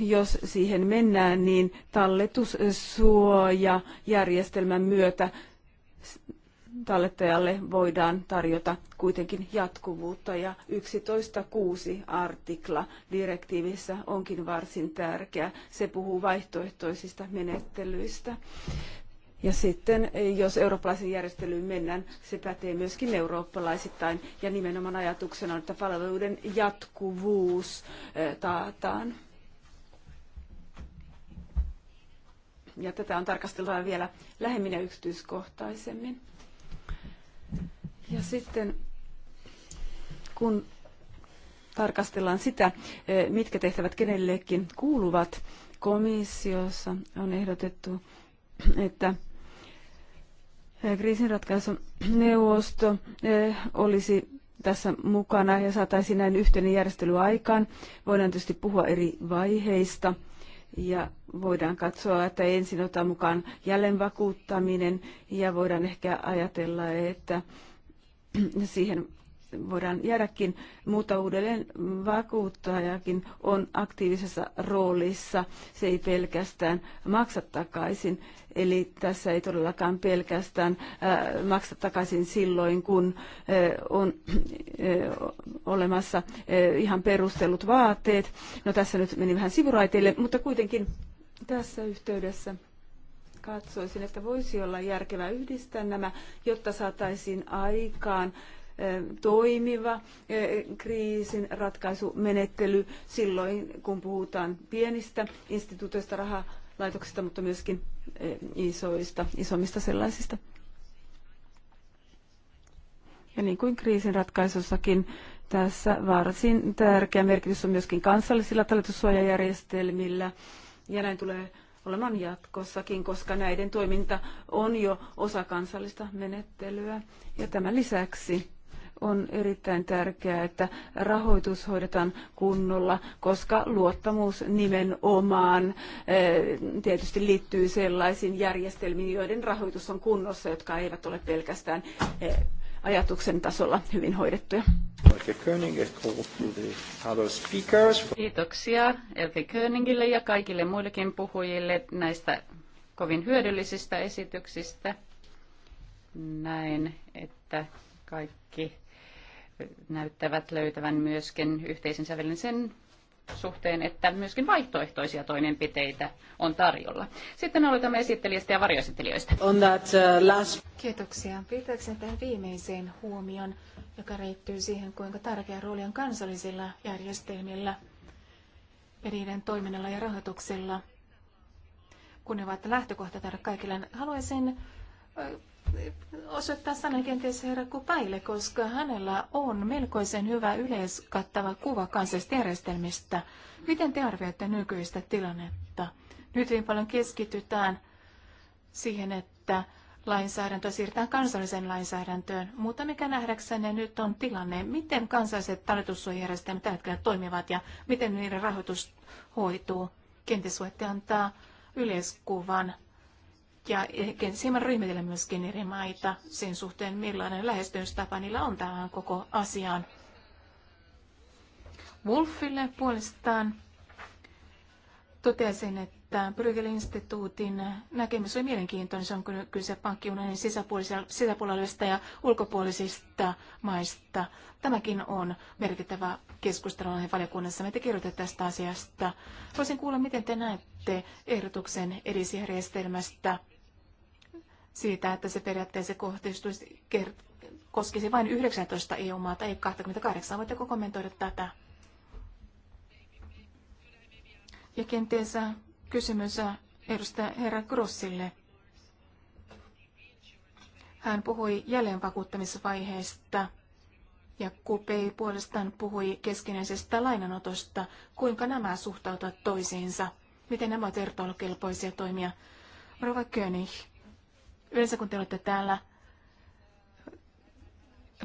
jos siihen mennään, niin talletussuojajärjestelmän myötä tallettajalle voidaan tarjota kuitenkin jatkuvuutta ja 11.6 artikla direktiivissä onkin varsin tärkeä. Se puhuu vaihtoehtoisista menettelyistä. Ja sitten, jos eurooppalaisen järjestelyyn mennään, se pätee myöskin eurooppalaisittain. Ja nimenomaan ajatuksena on, että palveluiden jatkuvuus eh, taataan. Ja tätä on tarkasteltava vielä lähemmin ja yksityiskohtaisemmin. Ja sitten kun tarkastellaan sitä, eh, mitkä tehtävät kenellekin kuuluvat, komissiossa on ehdotettu, että eh, kriisinratkaisuneuvosto eh, olisi tässä mukana ja saataisiin näin yhteinen järjestely aikaan. Voidaan tietysti puhua eri vaiheista ja voidaan katsoa, että ensin otetaan mukaan jälleenvakuuttaminen ja voidaan ehkä ajatella, että siihen voidaan jäädäkin, mutta uudelleen vakuuttajakin on aktiivisessa roolissa. Se ei pelkästään maksa takaisin, eli tässä ei todellakaan pelkästään äh, maksa takaisin silloin, kun äh, on äh, olemassa ihan perustellut vaateet. No tässä nyt meni vähän sivuraiteille, mutta kuitenkin tässä yhteydessä katsoisin, että voisi olla järkevää yhdistää nämä, jotta saataisiin aikaan eh, toimiva eh, kriisin ratkaisumenettely silloin, kun puhutaan pienistä instituutioista, rahalaitoksista, mutta myöskin eh, isoista, isommista sellaisista. Ja niin kuin kriisinratkaisussakin tässä varsin tärkeä merkitys on myöskin kansallisilla talletussuojajärjestelmillä. Ja näin tulee olemaan jatkossakin, koska näiden toiminta on jo osa kansallista menettelyä. Ja tämän lisäksi on erittäin tärkeää, että rahoitus hoidetaan kunnolla, koska luottamus nimenomaan eh, tietysti liittyy sellaisiin järjestelmiin, joiden rahoitus on kunnossa, jotka eivät ole pelkästään eh, ajatuksen tasolla hyvin hoidettuja. Kiitoksia Elke Königille ja kaikille muillekin puhujille näistä kovin hyödyllisistä esityksistä. Näin, että kaikki näyttävät löytävän myöskin yhteisen sävelin sen suhteen, että myöskin vaihtoehtoisia toimenpiteitä on tarjolla. Sitten aloitamme esittelijästä ja varjoesittelijöistä. On that, uh, last... Kiitoksia. Viitaisin tähän viimeiseen huomioon, joka reittyy siihen, kuinka tärkeä rooli on kansallisilla järjestelmillä ja niiden toiminnalla ja rahoituksella, kun ne ovat lähtökohta tälle kaikille. Haluaisin osoittaa sanan kenties herra Kupaille, koska hänellä on melkoisen hyvä yleiskattava kuva kansallisesta järjestelmistä. Miten te arvioitte nykyistä tilannetta? Nyt hyvin paljon keskitytään siihen, että lainsäädäntö siirretään kansalliseen lainsäädäntöön, mutta mikä nähdäksenne nyt on tilanne, miten kansalliset talletussuojajärjestelmät tällä hetkellä toimivat ja miten niiden rahoitus hoituu? Kenties voitte antaa yleiskuvan ja ehkä hieman ryhmitellä myöskin eri maita sen suhteen, millainen lähestymistapa niillä on tähän koko asiaan. Wolfille puolestaan totesin, että Brygel instituutin näkemys oli mielenkiintoinen. Se on kyse pankkiunionin sisäpuolisista ja ulkopuolisista maista. Tämäkin on merkittävä keskustelu valiokunnassa. Me te kirjoitatte tästä asiasta. Voisin kuulla, miten te näette ehdotuksen edisjärjestelmästä siitä, että se periaatteessa kohdistuisi, koskisi vain 19 EU-maata, ei 28. Voitteko kommentoida tätä? Ja kenties äh, kysymys äh, edustaja herra Grossille. Hän puhui jälleenvakuuttamisvaiheesta ja Kupei puolestaan puhui keskinäisestä lainanotosta. Kuinka nämä suhtautuvat toisiinsa? Miten nämä ovat vertailukelpoisia toimia? Rova König Yleensä kun te olette täällä,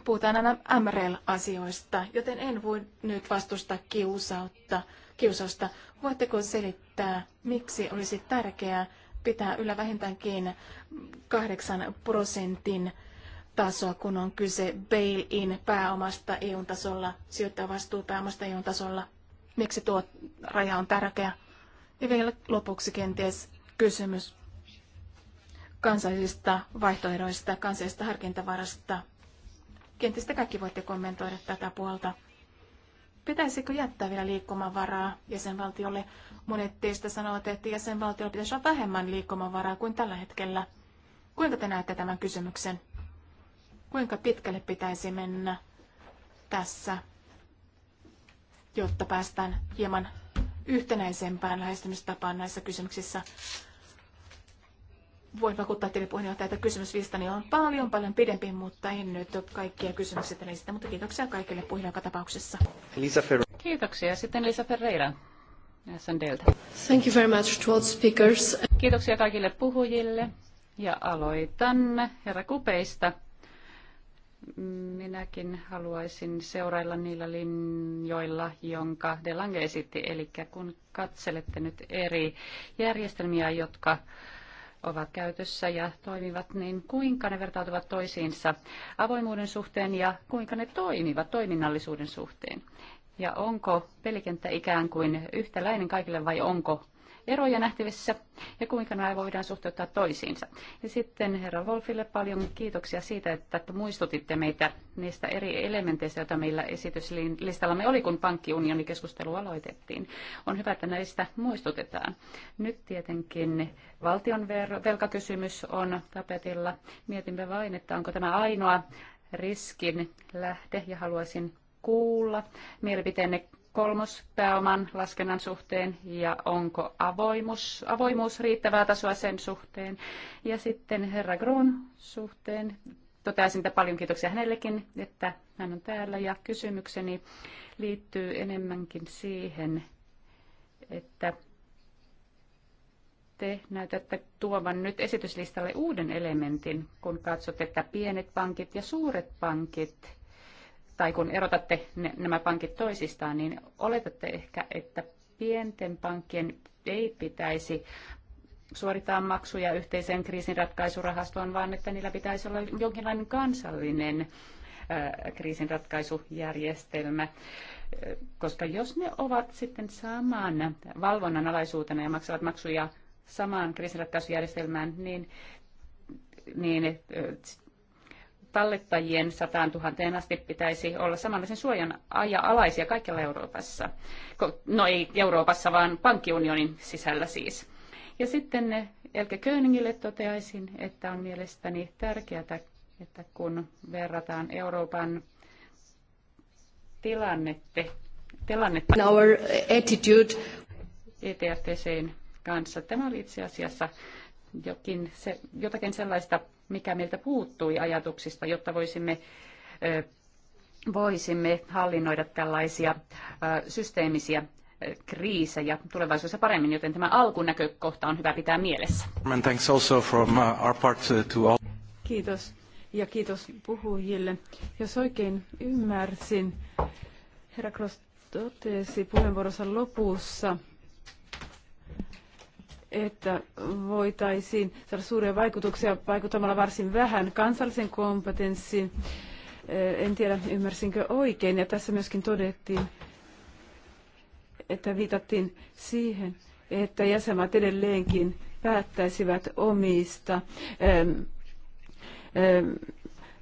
puhutaan aina MRL-asioista, joten en voi nyt vastustaa kiusautta, kiusausta. Voitteko selittää, miksi olisi tärkeää pitää yllä vähintäänkin 8 prosentin tasoa, kun on kyse bail-in pääomasta eu tasolla, sijoittaa vastuu pääomasta eu tasolla. Miksi tuo raja on tärkeä? Ja vielä lopuksi kenties kysymys kansallisista vaihtoehdoista, kansallisesta harkintavarasta. Kenties te kaikki voitte kommentoida tätä puolta. Pitäisikö jättää vielä liikkumavaraa jäsenvaltiolle? Monet teistä sanovat, että jäsenvaltiolla pitäisi olla vähemmän liikkumavaraa kuin tällä hetkellä. Kuinka te näette tämän kysymyksen? Kuinka pitkälle pitäisi mennä tässä, jotta päästään hieman yhtenäisempään lähestymistapaan näissä kysymyksissä? voin vakuuttaa teille puheenjohtaja, että kysymyslistani on paljon, paljon pidempi, mutta en nyt ole kaikkia kysymyksiä tänne sitä, mutta kiitoksia kaikille puhujille joka tapauksessa. Lisa Ferreira. Kiitoksia. Sitten Lisa Ferreira. SNDltä. Thank you very much to all speakers. Kiitoksia kaikille puhujille ja aloitan herra Kupeista. Minäkin haluaisin seurailla niillä linjoilla, jonka Delange esitti. Eli kun katselette nyt eri järjestelmiä, jotka ovat käytössä ja toimivat, niin kuinka ne vertautuvat toisiinsa avoimuuden suhteen ja kuinka ne toimivat toiminnallisuuden suhteen? Ja onko pelikenttä ikään kuin yhtäläinen kaikille vai onko eroja nähtävissä ja kuinka nämä voidaan suhteuttaa toisiinsa. Ja sitten herra Wolfille paljon kiitoksia siitä, että muistutitte meitä niistä eri elementeistä, joita meillä esityslistallamme oli, kun pankkiunionikeskustelu aloitettiin. On hyvä, että näistä muistutetaan. Nyt tietenkin valtion velkakysymys on tapetilla. Mietimme vain, että onko tämä ainoa riskin lähde ja haluaisin kuulla mielipiteenne pääoman laskennan suhteen ja onko avoimuus, avoimuus riittävää tasoa sen suhteen. Ja sitten herra Grun suhteen toteaisin, että paljon kiitoksia hänellekin, että hän on täällä ja kysymykseni liittyy enemmänkin siihen, että te näytätte tuovan nyt esityslistalle uuden elementin, kun katsot että pienet pankit ja suuret pankit tai kun erotatte ne, nämä pankit toisistaan, niin oletatte ehkä, että pienten pankkien ei pitäisi suorittaa maksuja yhteiseen kriisinratkaisurahastoon, vaan että niillä pitäisi olla jonkinlainen kansallinen äh, kriisinratkaisujärjestelmä, koska jos ne ovat sitten saman valvonnan alaisuutena ja maksavat maksuja samaan kriisinratkaisujärjestelmään, niin, niin äh, tallettajien 100 000 asti pitäisi olla samanlaisen suojan alaisia kaikkialla Euroopassa. No ei Euroopassa, vaan pankkiunionin sisällä siis. Ja sitten eh, Elke Köningille toteaisin, että on mielestäni tärkeää, että kun verrataan Euroopan tilannette, tilannetta Our attitude. ETFTCin kanssa. Tämä oli itse asiassa jokin, se, jotakin sellaista, mikä meiltä puuttui ajatuksista, jotta voisimme, voisimme hallinnoida tällaisia systeemisiä kriisejä tulevaisuudessa paremmin, joten tämä alkunäkökohta on hyvä pitää mielessä. Uh, kiitos ja kiitos puhujille. Jos oikein ymmärsin, herra Kros totesi puheenvuorossa lopussa, että voitaisiin saada suuria vaikutuksia vaikuttamalla varsin vähän kansallisen kompetenssiin. Eh, en tiedä, ymmärsinkö oikein. Ja tässä myöskin todettiin, että viitattiin siihen, että jäsenmaat edelleenkin päättäisivät omista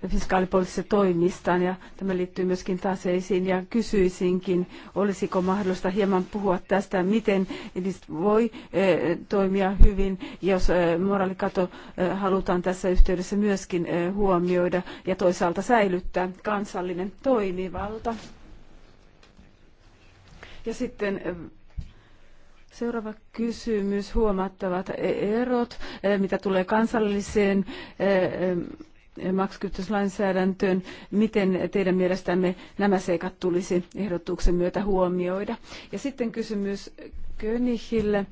fiskaalipoliittisista toimistaan ja tämä liittyy myöskin taseisiin ja kysyisinkin, olisiko mahdollista hieman puhua tästä, miten edist voi eh, toimia hyvin, jos eh, moraalikato eh, halutaan tässä yhteydessä myöskin huomioida ja toisaalta säilyttää kansallinen toimivalta. Ja sitten Seuraava kysymys. Huomattavat e- erot, mitä tulee kansalliseen maksukytöslainsäädäntöön. Miten teidän mielestämme nämä seikat tulisi ehdotuksen myötä huomioida? Ja sitten kysymys Könihille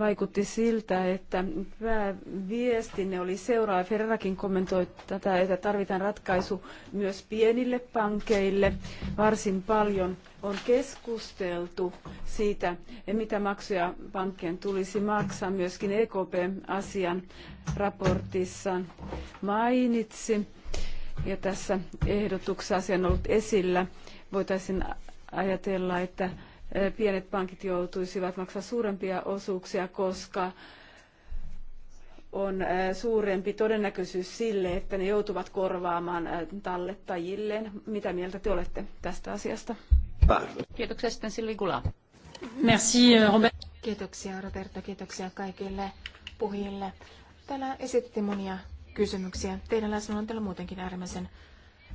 vaikutti siltä, että pääviestinne oli seuraava. Ferrakin kommentoi tätä, että tarvitaan ratkaisu myös pienille pankeille. Varsin paljon on keskusteltu siitä, mitä maksuja pankkien tulisi maksaa. Myöskin EKP-asian raportissa mainitsi. Ja tässä ehdotuksessa asia on ollut esillä. Voitaisiin ajatella, että pienet pankit joutuisivat maksamaan suurempia osuuksia, koska on suurempi todennäköisyys sille, että ne joutuvat korvaamaan tallettajilleen. Mitä mieltä te olette tästä asiasta? Kiitoksia sitten Silvi Gula. Merci, euh, Robert. Kiitoksia Roberto, kiitoksia kaikille puhujille. Täällä esitti monia kysymyksiä. Teidän läsnäolon on täällä muutenkin äärimmäisen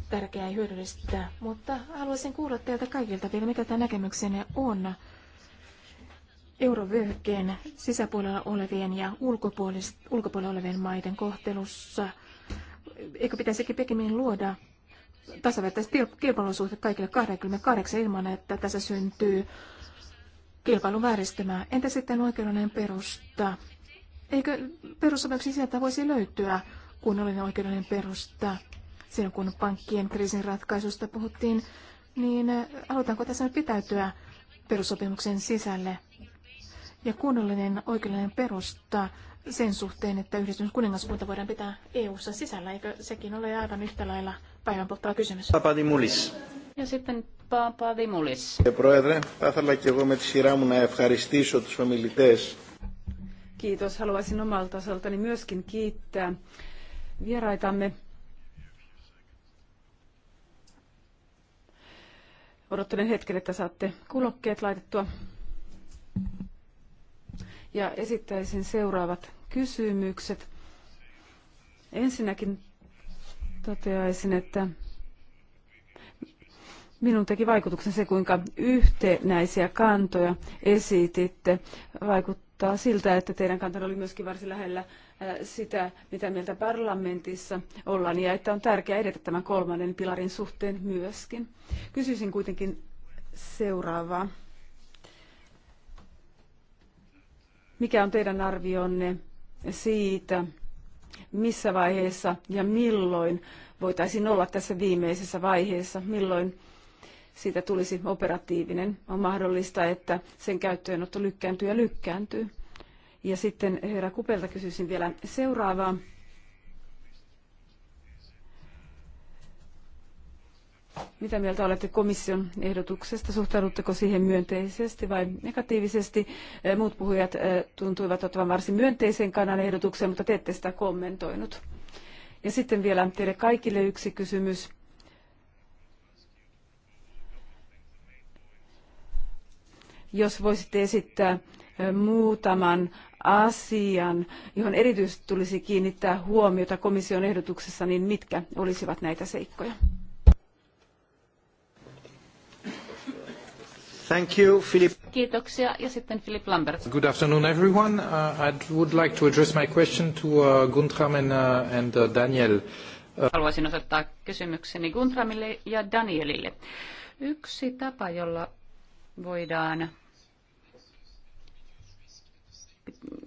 tärkeää ja hyödyllistä, mutta haluaisin kuulla teiltä kaikilta vielä, mitä tämä näkemyksenne on eurovyöhykkeen sisäpuolella olevien ja ulkopuolella olevien maiden kohtelussa. Eikö pitäisikin pekemmin luoda tasavertaiset kilpailusuhteet kaikille 28 ilman, että tässä syntyy kilpailun vääristymää. Entä sitten oikeudellinen perusta? Eikö perussopimuksen sieltä voisi löytyä kunnollinen oikeudellinen perusta? silloin kun pankkien kriisin ratkaisusta puhuttiin, niin äh, halutaanko tässä nyt pitäytyä perussopimuksen sisälle? Ja kunnollinen oikeudellinen perusta sen suhteen, että yhdistynyt kuningaskunta voidaan pitää EU-ssa sisällä, eikö sekin ole aivan yhtä lailla päivän pohtava kysymys? Papadimulis. Ja sitten Papadimulis. Πρόεδρε, θα ήθελα και me με τη σειρά μου Kiitos. Haluaisin omalta osaltani myöskin kiittää vieraitamme Odottelen hetken, että saatte kulokkeet laitettua. Ja esittäisin seuraavat kysymykset. Ensinnäkin toteaisin, että minun teki vaikutuksen se, kuinka yhtenäisiä kantoja esititte. Vaikuttaa siltä, että teidän kantanne oli myöskin varsin lähellä sitä, mitä mieltä parlamentissa ollaan, ja että on tärkeää edetä tämän kolmannen pilarin suhteen myöskin. Kysyisin kuitenkin seuraavaa. Mikä on teidän arvionne siitä, missä vaiheessa ja milloin voitaisiin olla tässä viimeisessä vaiheessa, milloin siitä tulisi operatiivinen. On mahdollista, että sen käyttöönotto lykkääntyy ja lykkääntyy. Ja sitten herra Kupelta kysyisin vielä seuraavaa. Mitä mieltä olette komission ehdotuksesta? Suhtaudutteko siihen myönteisesti vai negatiivisesti? Eh, muut puhujat eh, tuntuivat ottavan varsin myönteisen kannan ehdotukseen, mutta te ette sitä kommentoinut. Ja sitten vielä teille kaikille yksi kysymys. Jos voisitte esittää eh, muutaman asian, johon erityisesti tulisi kiinnittää huomiota komission ehdotuksessa, niin mitkä olisivat näitä seikkoja? Thank you, Philip. Kiitoksia. Ja sitten Philip Lambert. Good afternoon, everyone. Uh, I would like to address my question to uh, Guntram and, uh, and uh, Daniel. Uh, Haluaisin osoittaa kysymykseni Guntramille ja Danielille. Yksi tapa, jolla voidaan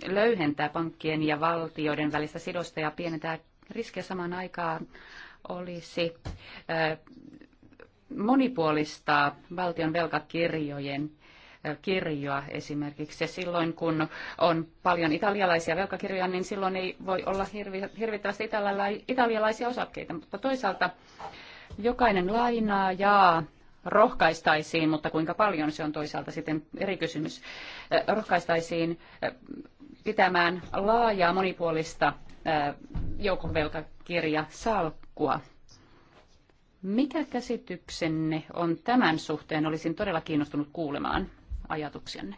löyhentää pankkien ja valtioiden välistä sidosta ja pienentää riskejä samaan aikaan olisi monipuolistaa valtion velkakirjojen kirjoa esimerkiksi. Ja silloin kun on paljon italialaisia velkakirjoja, niin silloin ei voi olla hirvittävästi italialaisia osakkeita. Mutta toisaalta jokainen lainaa ja rohkaistaisiin, mutta kuinka paljon se on toisaalta sitten eri kysymys, rohkaistaisiin pitämään laajaa monipuolista joukkovelkakirjasalkkua. Mikä käsityksenne on tämän suhteen? Olisin todella kiinnostunut kuulemaan ajatuksenne.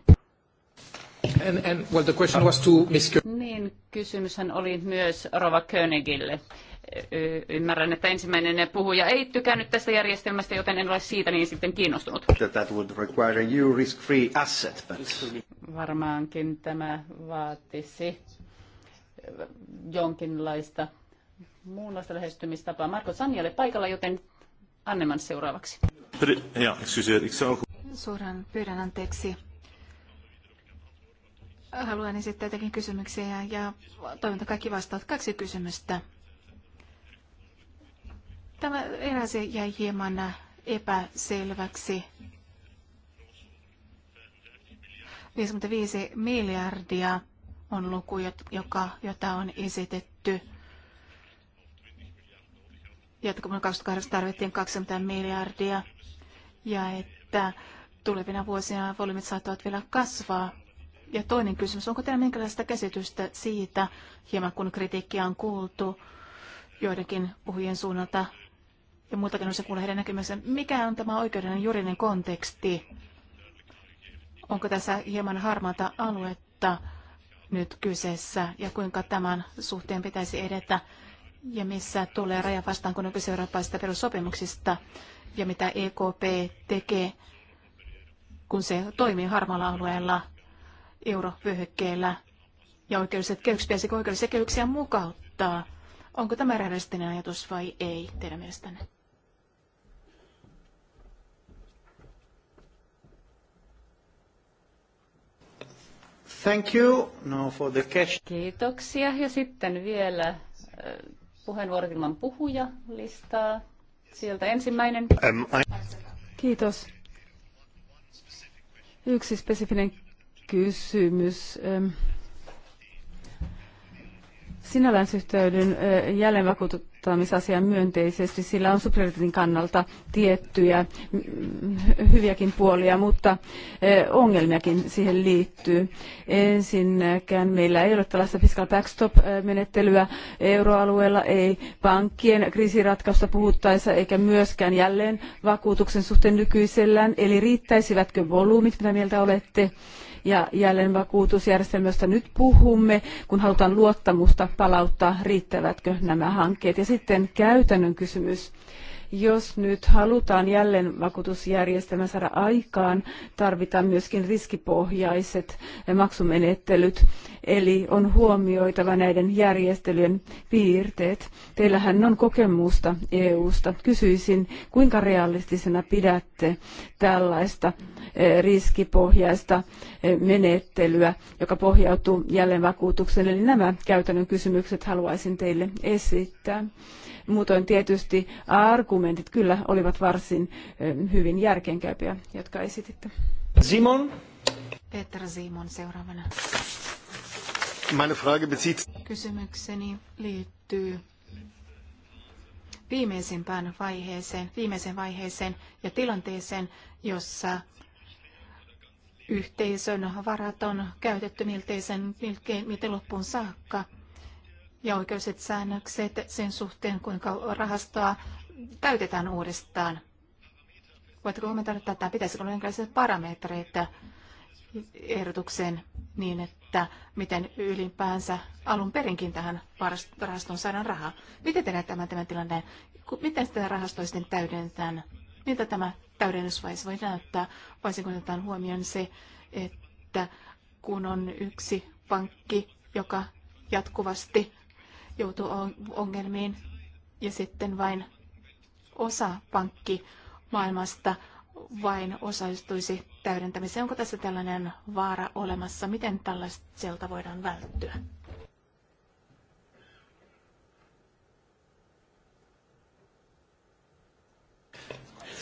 And, and, well, the question was to Niin, kysymyshän oli myös Rova Königille ymmärrän, että ensimmäinen puhuja ei tykännyt tästä järjestelmästä, joten en ole siitä niin sitten kiinnostunut. That would require a new risk-free asset, but... Varmaankin tämä vaatisi jonkinlaista muunlaista lähestymistapaa. Marko Sanjalle paikalla, joten Anneman seuraavaksi. Suoraan pyydän anteeksi. Haluan esittää jotakin kysymyksiä ja, ja toivon, kaikki vastaavat kaksi kysymystä. Tämä eräs jäi hieman epäselväksi. 55 miljardia on luku, joka, jota on esitetty. Ja että vuonna 2008 tarvittiin 20 miljardia ja että tulevina vuosina volyymit saattavat vielä kasvaa. Ja toinen kysymys, onko teillä minkälaista käsitystä siitä, hieman kun kritiikkiä on kuultu joidenkin puhujien suunnalta ja muiltakin se kuulla heidän näkymänsä. Mikä on tämä oikeudellinen juridinen konteksti? Onko tässä hieman harmaata aluetta nyt kyseessä ja kuinka tämän suhteen pitäisi edetä ja missä tulee raja vastaan kun nykyisen eurooppalaisista perussopimuksista ja mitä EKP tekee, kun se toimii harmaalla alueella eurovyöhykkeellä ja oikeudelliset kehykset, pitäisikö oikeudellisia kehyksiä mukauttaa? Onko tämä realistinen ajatus vai ei teidän mielestänne? Thank you. No, for the cash. Kiitoksia. Ja sitten vielä äh, puheenvuorotilman puhuja listaa. Sieltä ensimmäinen. Um, I... Kiitos. Yksi spesifinen kysymys. Ähm, sinällään syhtäydyn äh, jälleen ottamisasian myönteisesti. Sillä on subsidiariteetin kannalta tiettyjä mm, hyviäkin puolia, mutta e, ongelmiakin siihen liittyy. Ensinnäkään meillä ei ole tällaista fiscal backstop-menettelyä euroalueella, ei pankkien kriisiratkaista puhuttaessa eikä myöskään jälleen vakuutuksen suhteen nykyisellään. Eli riittäisivätkö volyymit, mitä mieltä olette? ja jälleen vakuutusjärjestelmästä nyt puhumme, kun halutaan luottamusta palauttaa, riittävätkö nämä hankkeet. Ja sitten käytännön kysymys. Jos nyt halutaan jälleen vakuutusjärjestelmä saada aikaan, tarvitaan myöskin riskipohjaiset maksumenettelyt, eli on huomioitava näiden järjestelyjen piirteet. Teillähän on kokemusta EU-sta. Kysyisin, kuinka realistisena pidätte tällaista eh, riskipohjaista eh, menettelyä, joka pohjautuu jälleen vakuutukseen. Eli nämä käytännön kysymykset haluaisin teille esittää. Muutoin tietysti argumentti argumentit kyllä olivat varsin hyvin järkeenkäypiä, jotka esititte. Simon. Peter Simon seuraavana. Meine Frage bezieht... Kysymykseni liittyy viimeisimpään vaiheeseen, viimeisen vaiheeseen ja tilanteeseen, jossa yhteisön varat on käytetty miltei sen miltei loppuun saakka. Ja oikeuset säännökset sen suhteen, kuinka rahastoa täytetään uudestaan? Voitteko kommentoida tätä? Pitäisikö olla jonkinlaisia parametreita ehdotukseen niin, että miten ylipäänsä alun perinkin tähän rahastoon saadaan rahaa? Miten tehdään tämän tämän tilanteen, Miten sitä rahastoa sitten täydennetään? Miltä tämä täydennysvaihe voi näyttää? Voisinko otetaan huomioon se, että kun on yksi pankki, joka jatkuvasti joutuu ongelmiin ja sitten vain osa pankkimaailmasta vain osallistuisi täydentämiseen. Onko tässä tällainen vaara olemassa? Miten tällaiselta voidaan välttyä?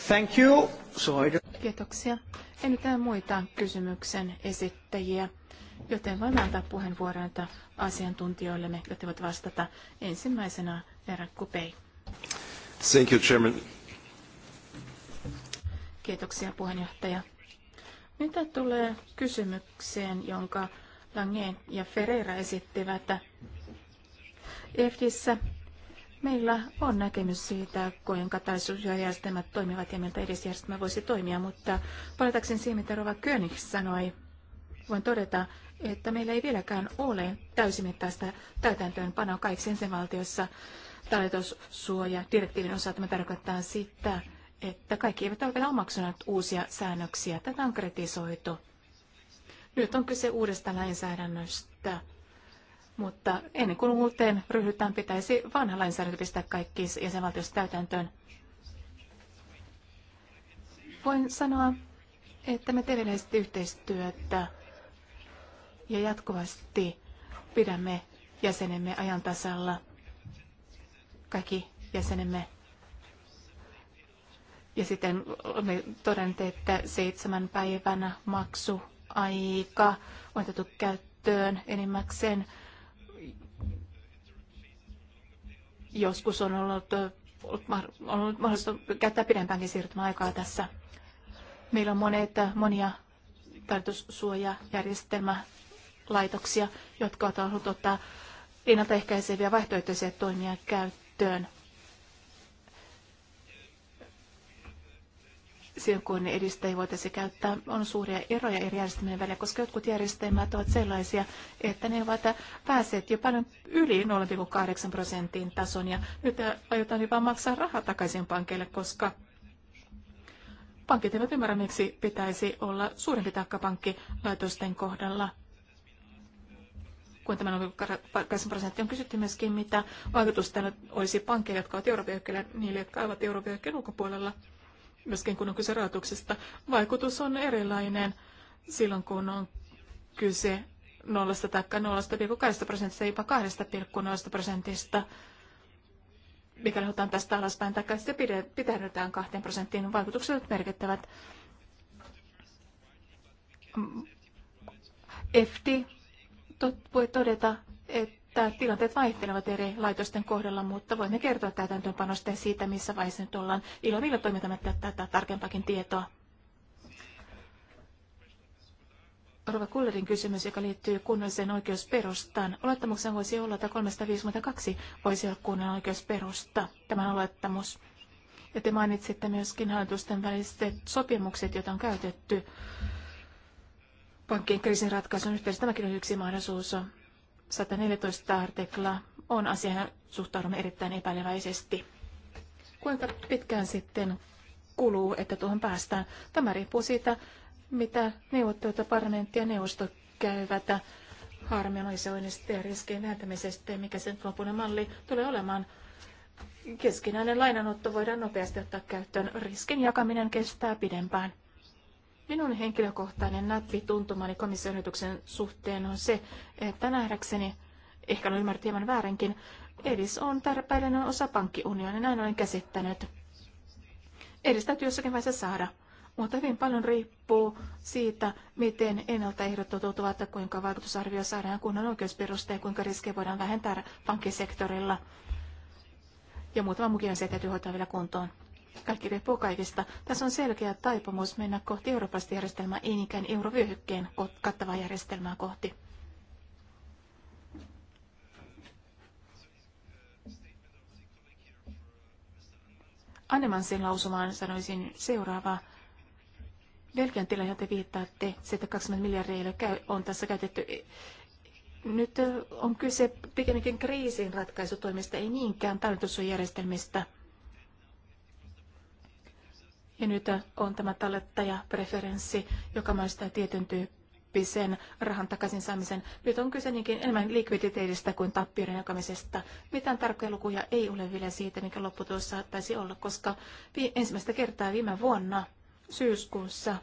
Thank you. Sorry. Kiitoksia. En mitään muita kysymyksen esittäjiä, joten voin antaa puheenvuoroita asiantuntijoillemme, jotta voivat vastata ensimmäisenä Erakku Pei. Thank you, Chairman. Kiitoksia puheenjohtaja. Mitä tulee kysymykseen, jonka Lange ja Ferreira esittivät, EFDissä meillä on näkemys siitä, kuinka taisuusjärjestelmät toimivat ja miltä edes järjestelmä voisi toimia, mutta palatakseni siihen, mitä Rova König sanoi, voin todeta, että meillä ei vieläkään ole täysimittaista täytäntöönpanoa kaikissa sen valtiossa talletussuoja direktiivin osalta me tarkoittaa sitä, että kaikki eivät ole vielä omaksuneet uusia säännöksiä. Tätä on kritisoitu. Nyt on kyse uudesta lainsäädännöstä, mutta ennen kuin uuteen ryhdytään, pitäisi vanha lainsäädäntö pistää kaikki jäsenvaltiossa täytäntöön. Voin sanoa, että me teemme yhteistyötä ja jatkuvasti pidämme jäsenemme ajan tasalla kaikki jäsenemme. Ja sitten me todenneet, että seitsemän päivän maksuaika on otettu käyttöön enimmäkseen. Joskus on ollut, on ollut mahdollista käyttää pidempäänkin siirtymäaikaa tässä. Meillä on monet, monia tarkoitussuojajärjestelmälaitoksia, jotka ovat halunneet ottaa ennaltaehkäiseviä vaihtoehtoisia toimia käyttöön käyttöön silloin, kun edistäjiä voitaisiin käyttää, on suuria eroja eri järjestelmien välillä, koska jotkut järjestelmät ovat sellaisia, että ne ovat päässeet jo paljon yli 0,8 prosentin tason, ja nyt aiotaan jopa maksaa rahaa takaisin pankeille, koska pankit eivät ymmärrä, miksi pitäisi olla suurempi taakka pankkilaitosten kohdalla kuin tämä 0,8 prosenttia on kysytty myöskin, mitä vaikutusta tällä olisi pankkeille, jotka ovat eurovyöhykkeellä, niille, jotka ovat eurovyöhykkeen ulkopuolella, myöskin kun on kyse rahoituksesta. Vaikutus on erilainen silloin, kun on kyse nollasta tai 0,2 prosentista, jopa 2,0 prosentista, mikäli halutaan tästä alaspäin, tai sitten pitäydytään 2 prosenttiin, niin vaikutukset ovat merkittävät. EFTI voi todeta, että tilanteet vaihtelevat eri laitosten kohdalla, mutta voimme kertoa täytäntöönpanosta ja siitä, missä vaiheessa nyt ollaan. Ilovilla toimitamme tätä tarkempakin tietoa. Rova Kullerin kysymys, joka liittyy kunnalliseen oikeusperustaan. Olettamuksen voisi olla, että 352 voisi olla kunnan oikeusperusta, tämä olettamus. Ja te mainitsitte myöskin hallitusten väliset sopimukset, joita on käytetty pankkien kriisin ratkaisun yhteydessä. Tämäkin on yksi mahdollisuus. 114 artikla on asiana suhtaudumme erittäin epäileväisesti. Kuinka pitkään sitten kuluu, että tuohon päästään? Tämä riippuu siitä, mitä neuvottelut parlamentti ja neuvosto käyvät harmonisoinnista ja riskien vähentämisestä mikä sen lopullinen malli tulee olemaan. Keskinäinen lainanotto voidaan nopeasti ottaa käyttöön. Riskin jakaminen kestää pidempään. Minun henkilökohtainen näppi tuntumani komission suhteen on se, että nähdäkseni, ehkä olen ymmärtänyt hieman väärinkin, Edis on tarpeellinen osa pankkiunionia, näin olen käsittänyt. Edis täytyy jossakin vaiheessa saada, mutta hyvin paljon riippuu siitä, miten ennaltaehdot toteutuvat, kuinka vaikutusarvio saadaan kunnan oikeusperuste ja kuinka riskejä voidaan vähentää pankkisektorilla. Ja muutama mukin asia täytyy hoitaa vielä kuntoon. Kaikki riippuu kaikista. Tässä on selkeä taipumus mennä kohti eurooppalaista järjestelmää, ei niinkään eurovyöhykkeen kattavaa järjestelmää kohti. Annemansin lausumaan sanoisin seuraavaa. Belgian tilanne, te viittaatte, että 20 miljardia on tässä käytetty. Nyt on kyse pikemminkin kriisin ratkaisutoimista, ei niinkään järjestelmistä. Ja nyt on tämä tallettajapreferenssi, joka mahdollistaa tietyn tyyppisen rahan takaisin saamisen. Nyt on kyse niinkin enemmän likviditeetistä kuin tappioiden jakamisesta. Mitään tarkkoja lukuja ei ole vielä siitä, mikä lopputulos saattaisi olla, koska ensimmäistä kertaa viime vuonna syyskuussa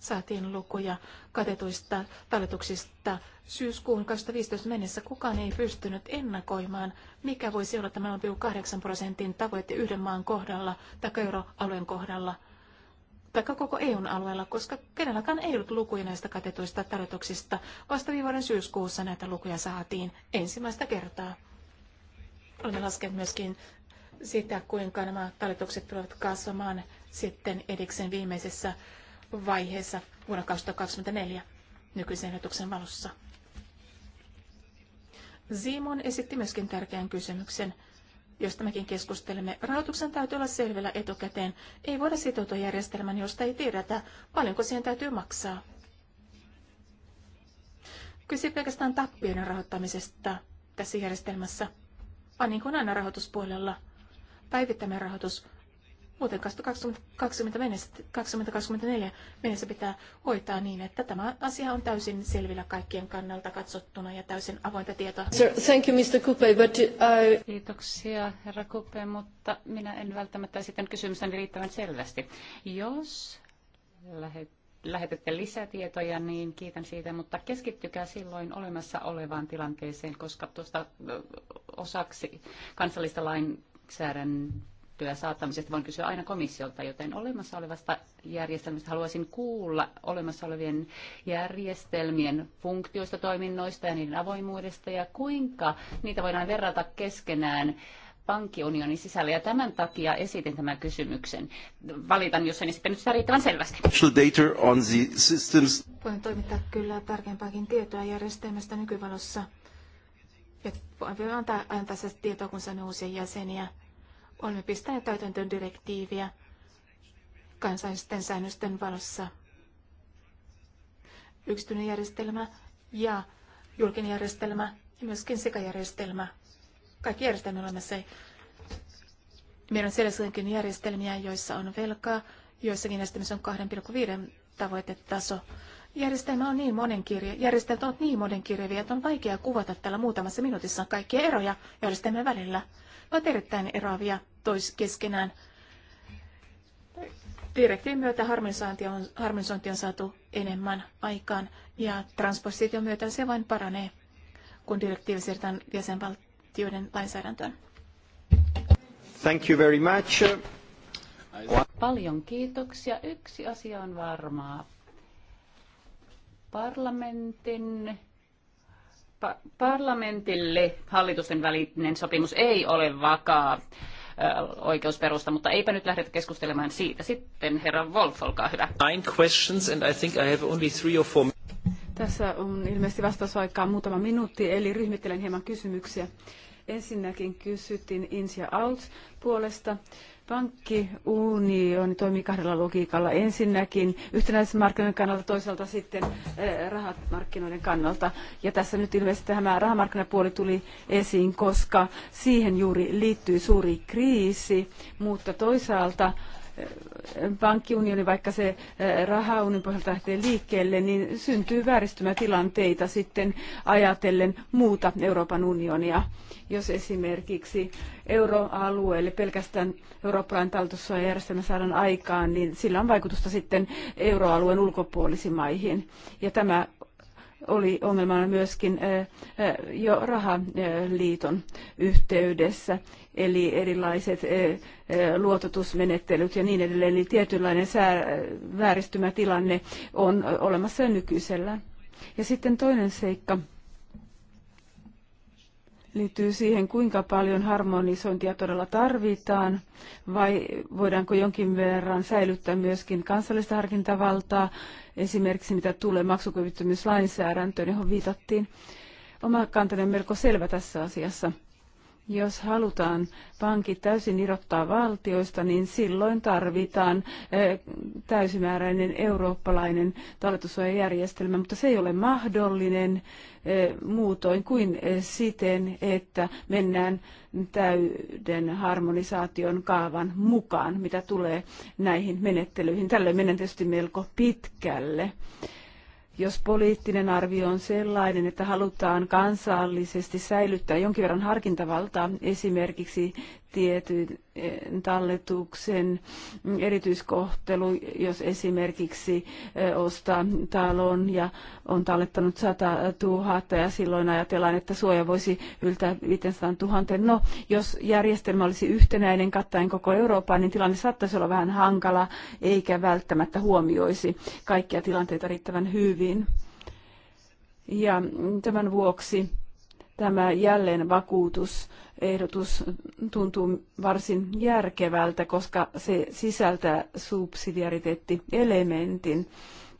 saatiin lukuja katetuista talletuksista syyskuun 2015 mennessä. Kukaan ei pystynyt ennakoimaan, mikä voisi olla tämä 0,8 prosentin tavoite yhden maan kohdalla tai euroalueen kohdalla – tai koko EUn alueella, koska kenelläkään ei ollut lukuja näistä katetuista tarjotuksista. Vasta viime vuoden syyskuussa näitä lukuja saatiin ensimmäistä kertaa. Olemme laskeneet myöskin sitä, kuinka nämä talletukset tulevat kasvamaan sitten ediksen viimeisessä vaiheessa vuonna 2024 nykyisen ehdotuksen valossa. Simon esitti myöskin tärkeän kysymyksen josta mekin keskustelemme. Rahoituksen täytyy olla selvillä etukäteen. Ei voida sitoutua järjestelmään, josta ei tiedetä, paljonko siihen täytyy maksaa. Kyse pelkästään tappioiden rahoittamisesta tässä järjestelmässä, vaan niin kuin aina rahoituspuolella. Päivittämään rahoitus Muuten 2020 mennessä, 2024 mennessä pitää hoitaa niin, että tämä asia on täysin selvillä kaikkien kannalta katsottuna ja täysin avointa tietoa. Sir, thank you, Mr. Coupe, but I... Kiitoksia, herra Coupe, mutta minä en välttämättä esitän kysymystäni niin riittävän selvästi. Jos lähet lähetätte lisätietoja, niin kiitän siitä, mutta keskittykää silloin olemassa olevaan tilanteeseen, koska tuosta osaksi kansallista lainsäädäntöä käyttöä saattamisesta vaan kysyä aina komissiolta, joten olemassa olevasta järjestelmästä haluaisin kuulla olemassa olevien järjestelmien funktioista, toiminnoista ja niiden avoimuudesta ja kuinka niitä voidaan verrata keskenään pankkiunionin sisällä ja tämän takia esitin tämän kysymyksen. Valitan, jos en esittänyt sitä riittävän selvästi. Voin toimittaa kyllä tarkempaakin tietoa järjestelmästä nykyvalossa. Ja voin antaa, antaa tietoa, kun sanoo uusia jäseniä. Olemme pistäneet täytäntöön direktiiviä kansallisten säännösten valossa. Yksityinen järjestelmä ja julkinen järjestelmä ja myöskin sekajärjestelmä. Kaikki järjestelmät olemme se. Meillä on sellaisiakin järjestelmiä, joissa on velkaa, joissakin järjestelmissä on 2,5 tavoitetaso. Järjestelmä on niin monen kirje, järjestelmät ovat niin monenkirjavia, että on vaikea kuvata tällä muutamassa minuutissa kaikkia eroja järjestelmän välillä ovat erittäin eroavia tois keskenään. Direktiivin myötä harmonisointi on, on saatu enemmän aikaan ja transpositio myötä se vain paranee, kun direktiivi siirretään jäsenvaltioiden lainsäädäntöön. Thank you very much. Paljon kiitoksia. Yksi asia on varmaa. Parlamentin parlamentille hallitusten välinen sopimus ei ole vakaa oikeusperusta, mutta eipä nyt lähdetä keskustelemaan siitä. Sitten herra Wolf, olkaa hyvä. Nine questions and I think I have only three or four... Tässä on ilmeisesti vastausaikaa muutama minuutti, eli ryhmittelen hieman kysymyksiä. Ensinnäkin kysyttiin Insia Out puolesta. Pankkiunioni toimii kahdella logiikalla. Ensinnäkin markkinoiden kannalta, toisaalta sitten eh, rahamarkkinoiden kannalta. Ja tässä nyt ilmeisesti tämä rahamarkkinapuoli tuli esiin, koska siihen juuri liittyy suuri kriisi, mutta toisaalta pankkiunioni, vaikka se eh, rahaunin pohjalta lähtee liikkeelle, niin syntyy vääristymätilanteita sitten ajatellen muuta Euroopan unionia. Jos esimerkiksi euroalueelle pelkästään eurooppalainen talletussuojajärjestelmä saadaan aikaan, niin sillä on vaikutusta sitten euroalueen ulkopuolisiin maihin. Ja tämä oli ongelmana myöskin eh, eh, jo rahaliiton yhteydessä eli erilaiset eh, eh, luototusmenettelyt ja niin edelleen. Eli tietynlainen sää, vääristymätilanne on olemassa jo nykyisellä. Ja sitten toinen seikka liittyy siihen, kuinka paljon harmonisointia todella tarvitaan, vai voidaanko jonkin verran säilyttää myöskin kansallista harkintavaltaa, esimerkiksi mitä tulee maksukyvyttömyyslainsäädäntöön, johon viitattiin. Oma kantani on melko selvä tässä asiassa. Jos halutaan pankit täysin irrottaa valtioista, niin silloin tarvitaan eh, täysimääräinen eurooppalainen talletussuojajärjestelmä, mutta se ei ole mahdollinen eh, muutoin kuin eh, siten, että mennään täyden harmonisaation kaavan mukaan, mitä tulee näihin menettelyihin. Tällöin menen tietysti melko pitkälle jos poliittinen arvio on sellainen, että halutaan kansallisesti säilyttää jonkin verran harkintavaltaa esimerkiksi tietyn eh, talletuksen mm, erityiskohtelu, jos esimerkiksi eh, ostaa talon ja on tallettanut 100 000 ja silloin ajatellaan, että suoja voisi yltää 500 000. No, jos järjestelmä olisi yhtenäinen kattaen koko Euroopan, niin tilanne saattaisi olla vähän hankala eikä välttämättä huomioisi kaikkia tilanteita riittävän hyvin. Ja tämän vuoksi tämä jälleen vakuutus ehdotus tuntuu varsin järkevältä, koska se sisältää subsidiariteettielementin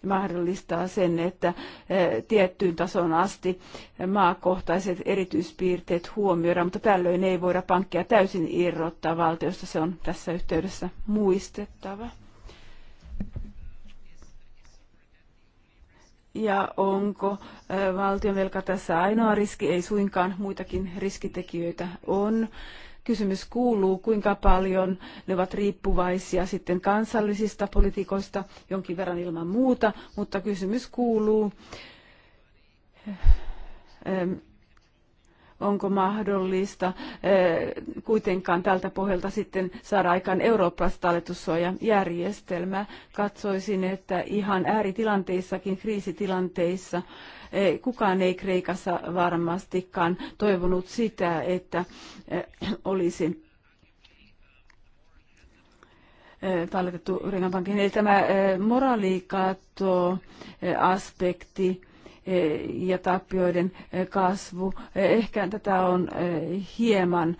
mahdollistaa sen, että eh, tiettyyn tason asti maakohtaiset erityispiirteet huomioidaan, mutta tällöin ei voida pankkia täysin irrottaa valtiosta. Se on tässä yhteydessä muistettava. ja onko valtionvelka tässä ainoa riski, ei suinkaan muitakin riskitekijöitä on. Kysymys kuuluu, kuinka paljon ne ovat riippuvaisia sitten kansallisista politiikoista jonkin verran ilman muuta, mutta kysymys kuuluu, onko mahdollista eh, kuitenkaan tältä pohjalta sitten saada aikaan eurooppalaista talletussuojajärjestelmää. Katsoisin, että ihan ääritilanteissakin, kriisitilanteissa, eh, kukaan ei Kreikassa varmastikaan toivonut sitä, että eh, olisi talletettu Rengan pankin. Eli tämä moraalikaatto aspekti ja tappioiden eh, kasvu. Eh, ehkä tätä on eh, hieman,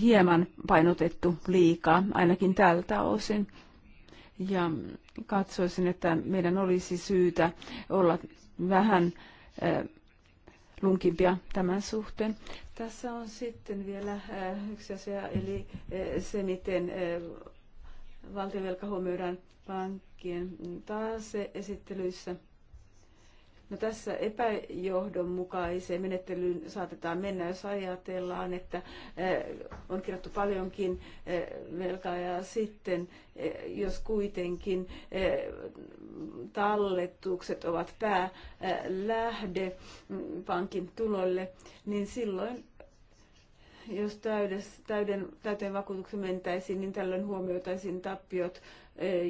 hieman painotettu liikaa, ainakin tältä osin. Ja katsoisin, että meidän olisi syytä olla vähän lunkimpia tämän suhteen. Tässä on sitten vielä yksi asia, eli se, miten valtionvelka huomioidaan pankkien taas esittelyissä No tässä epäjohdonmukaiseen menettelyyn saatetaan mennä, jos ajatellaan, että eh, on kirjattu paljonkin eh, velkaa ja sitten, eh, jos kuitenkin talletukset ovat päälähde mm, pankin tulolle, niin silloin jos täyden, täyden, täyteen vakuutuksen mentäisiin, niin tällöin huomioitaisiin tappiot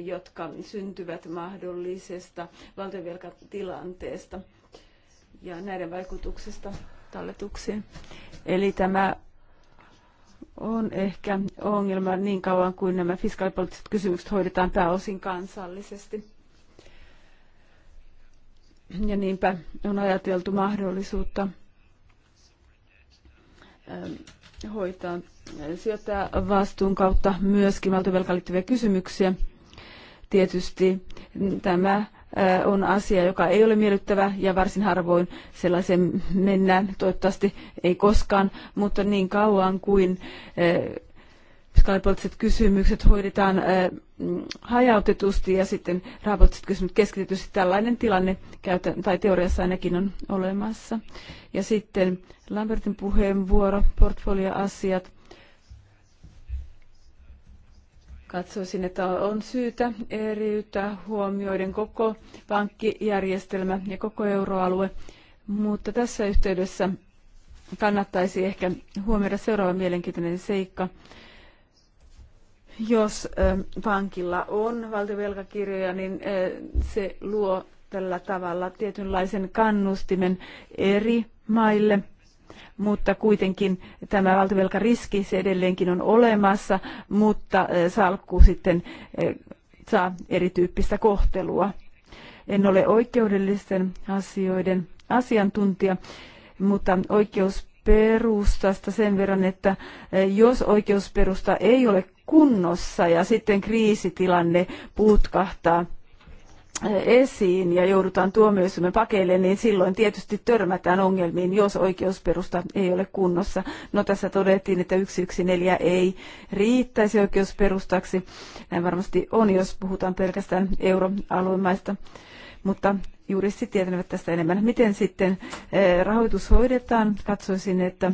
jotka syntyvät mahdollisesta valtionvelkatilanteesta ja näiden vaikutuksesta talletuksiin. Eli tämä on ehkä ongelma niin kauan kuin nämä fiskaalipoliittiset kysymykset hoidetaan pääosin kansallisesti. Ja niinpä on ajateltu mahdollisuutta hoitaa sijoittajavastuun vastuun kautta myöskin valtiovelkaan liittyviä kysymyksiä. Tietysti tämä on asia, joka ei ole miellyttävä ja varsin harvoin sellaisen mennään, toivottavasti ei koskaan, mutta niin kauan kuin fiskaalipoliittiset kysymykset hoidetaan hajautetusti ja sitten rahapoliittiset kysymykset keskitetysti. Tällainen tilanne tai teoriassa ainakin on olemassa. Ja sitten Lambertin puheenvuoro, portfolioasiat. Katsoisin, että on syytä eriyttää huomioiden koko pankkijärjestelmä ja koko euroalue, mutta tässä yhteydessä kannattaisi ehkä huomioida seuraava mielenkiintoinen seikka. Jos pankilla on valtiovelkakirjoja, niin se luo tällä tavalla tietynlaisen kannustimen eri maille – mutta kuitenkin tämä valtavelkariski se edelleenkin on olemassa, mutta eh, salkku sitten eh, saa erityyppistä kohtelua. En ole oikeudellisten asioiden asiantuntija, mutta oikeusperustasta sen verran, että eh, jos oikeusperusta ei ole kunnossa ja sitten kriisitilanne puutkahtaa esiin ja joudutaan tuomioistuimen pakeille, niin silloin tietysti törmätään ongelmiin, jos oikeusperusta ei ole kunnossa. No tässä todettiin, että 114 ei riittäisi oikeusperustaksi. Näin varmasti on, jos puhutaan pelkästään euroaluemaista. Mutta juristit tietävät tästä enemmän. Miten sitten eh, rahoitus hoidetaan? Katsoisin, että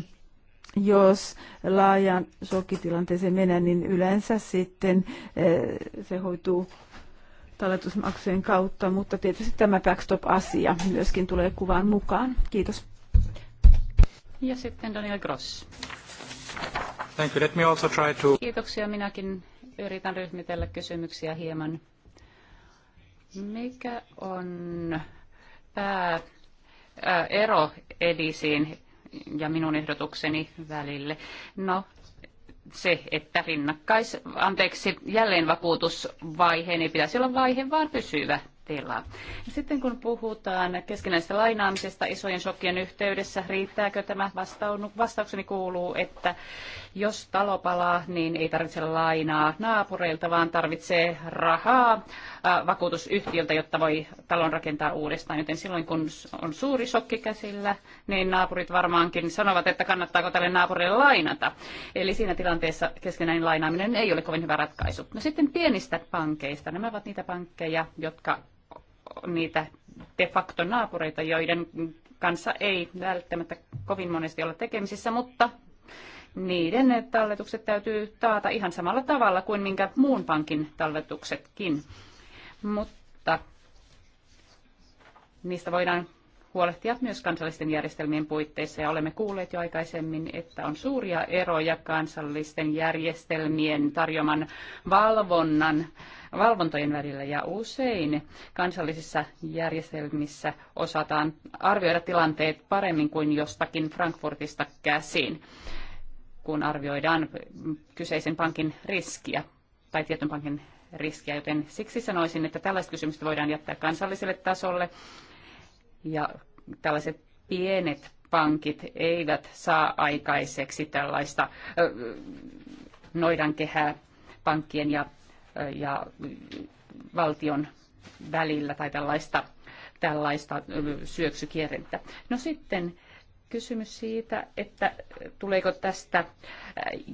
jos laajaan shokkitilanteeseen mennään, niin yleensä sitten eh, se hoituu talletusmaksujen kautta, mutta tietysti tämä backstop-asia myöskin tulee kuvaan mukaan. Kiitos. Ja sitten Daniel Gross. Thank you. Let me also try to... Kiitoksia. Minäkin yritän ryhmitellä kysymyksiä hieman. Mikä on pää, ero edisiin ja minun ehdotukseni välille? No, se, että rinnakkais, anteeksi, jälleen vakuutusvaiheen ei pitäisi olla vaihe, vaan pysyvä tila. Sitten kun puhutaan keskinäisestä lainaamisesta isojen shokkien yhteydessä, riittääkö tämä vastaukseni kuuluu, että jos talo palaa, niin ei tarvitse lainaa naapureilta, vaan tarvitsee rahaa Tuota vakuutusyhtiöltä, jotta voi talon rakentaa uudestaan. Joten silloin kun on suuri shokki käsillä, niin naapurit varmaankin sanovat, että kannattaako tälle naapurille lainata. Eli siinä tilanteessa keskenäinen lainaaminen ei ole kovin hyvä ratkaisu. No sitten pienistä pankeista. Nämä ovat niitä pankkeja, jotka niitä de facto naapureita, joiden kanssa ei välttämättä kovin monesti olla tekemisissä, mutta niiden talletukset täytyy taata ihan samalla tavalla kuin minkä muun pankin talletuksetkin mutta niistä voidaan huolehtia myös kansallisten järjestelmien puitteissa. Ja olemme kuulleet jo aikaisemmin, että on suuria eroja kansallisten järjestelmien tarjoman valvonnan, valvontojen välillä. Ja usein kansallisissa järjestelmissä osataan arvioida tilanteet paremmin kuin jostakin Frankfurtista käsin, kun arvioidaan kyseisen pankin riskiä tai tietyn pankin riskiä, joten siksi sanoisin, että tällaiset kysymykset voidaan jättää kansalliselle tasolle ja tällaiset pienet pankit eivät saa aikaiseksi tällaista noidankehää pankkien ja, ja valtion välillä tai tällaista, tällaista syöksykierrettä. No sitten kysymys siitä, että tuleeko tästä äh,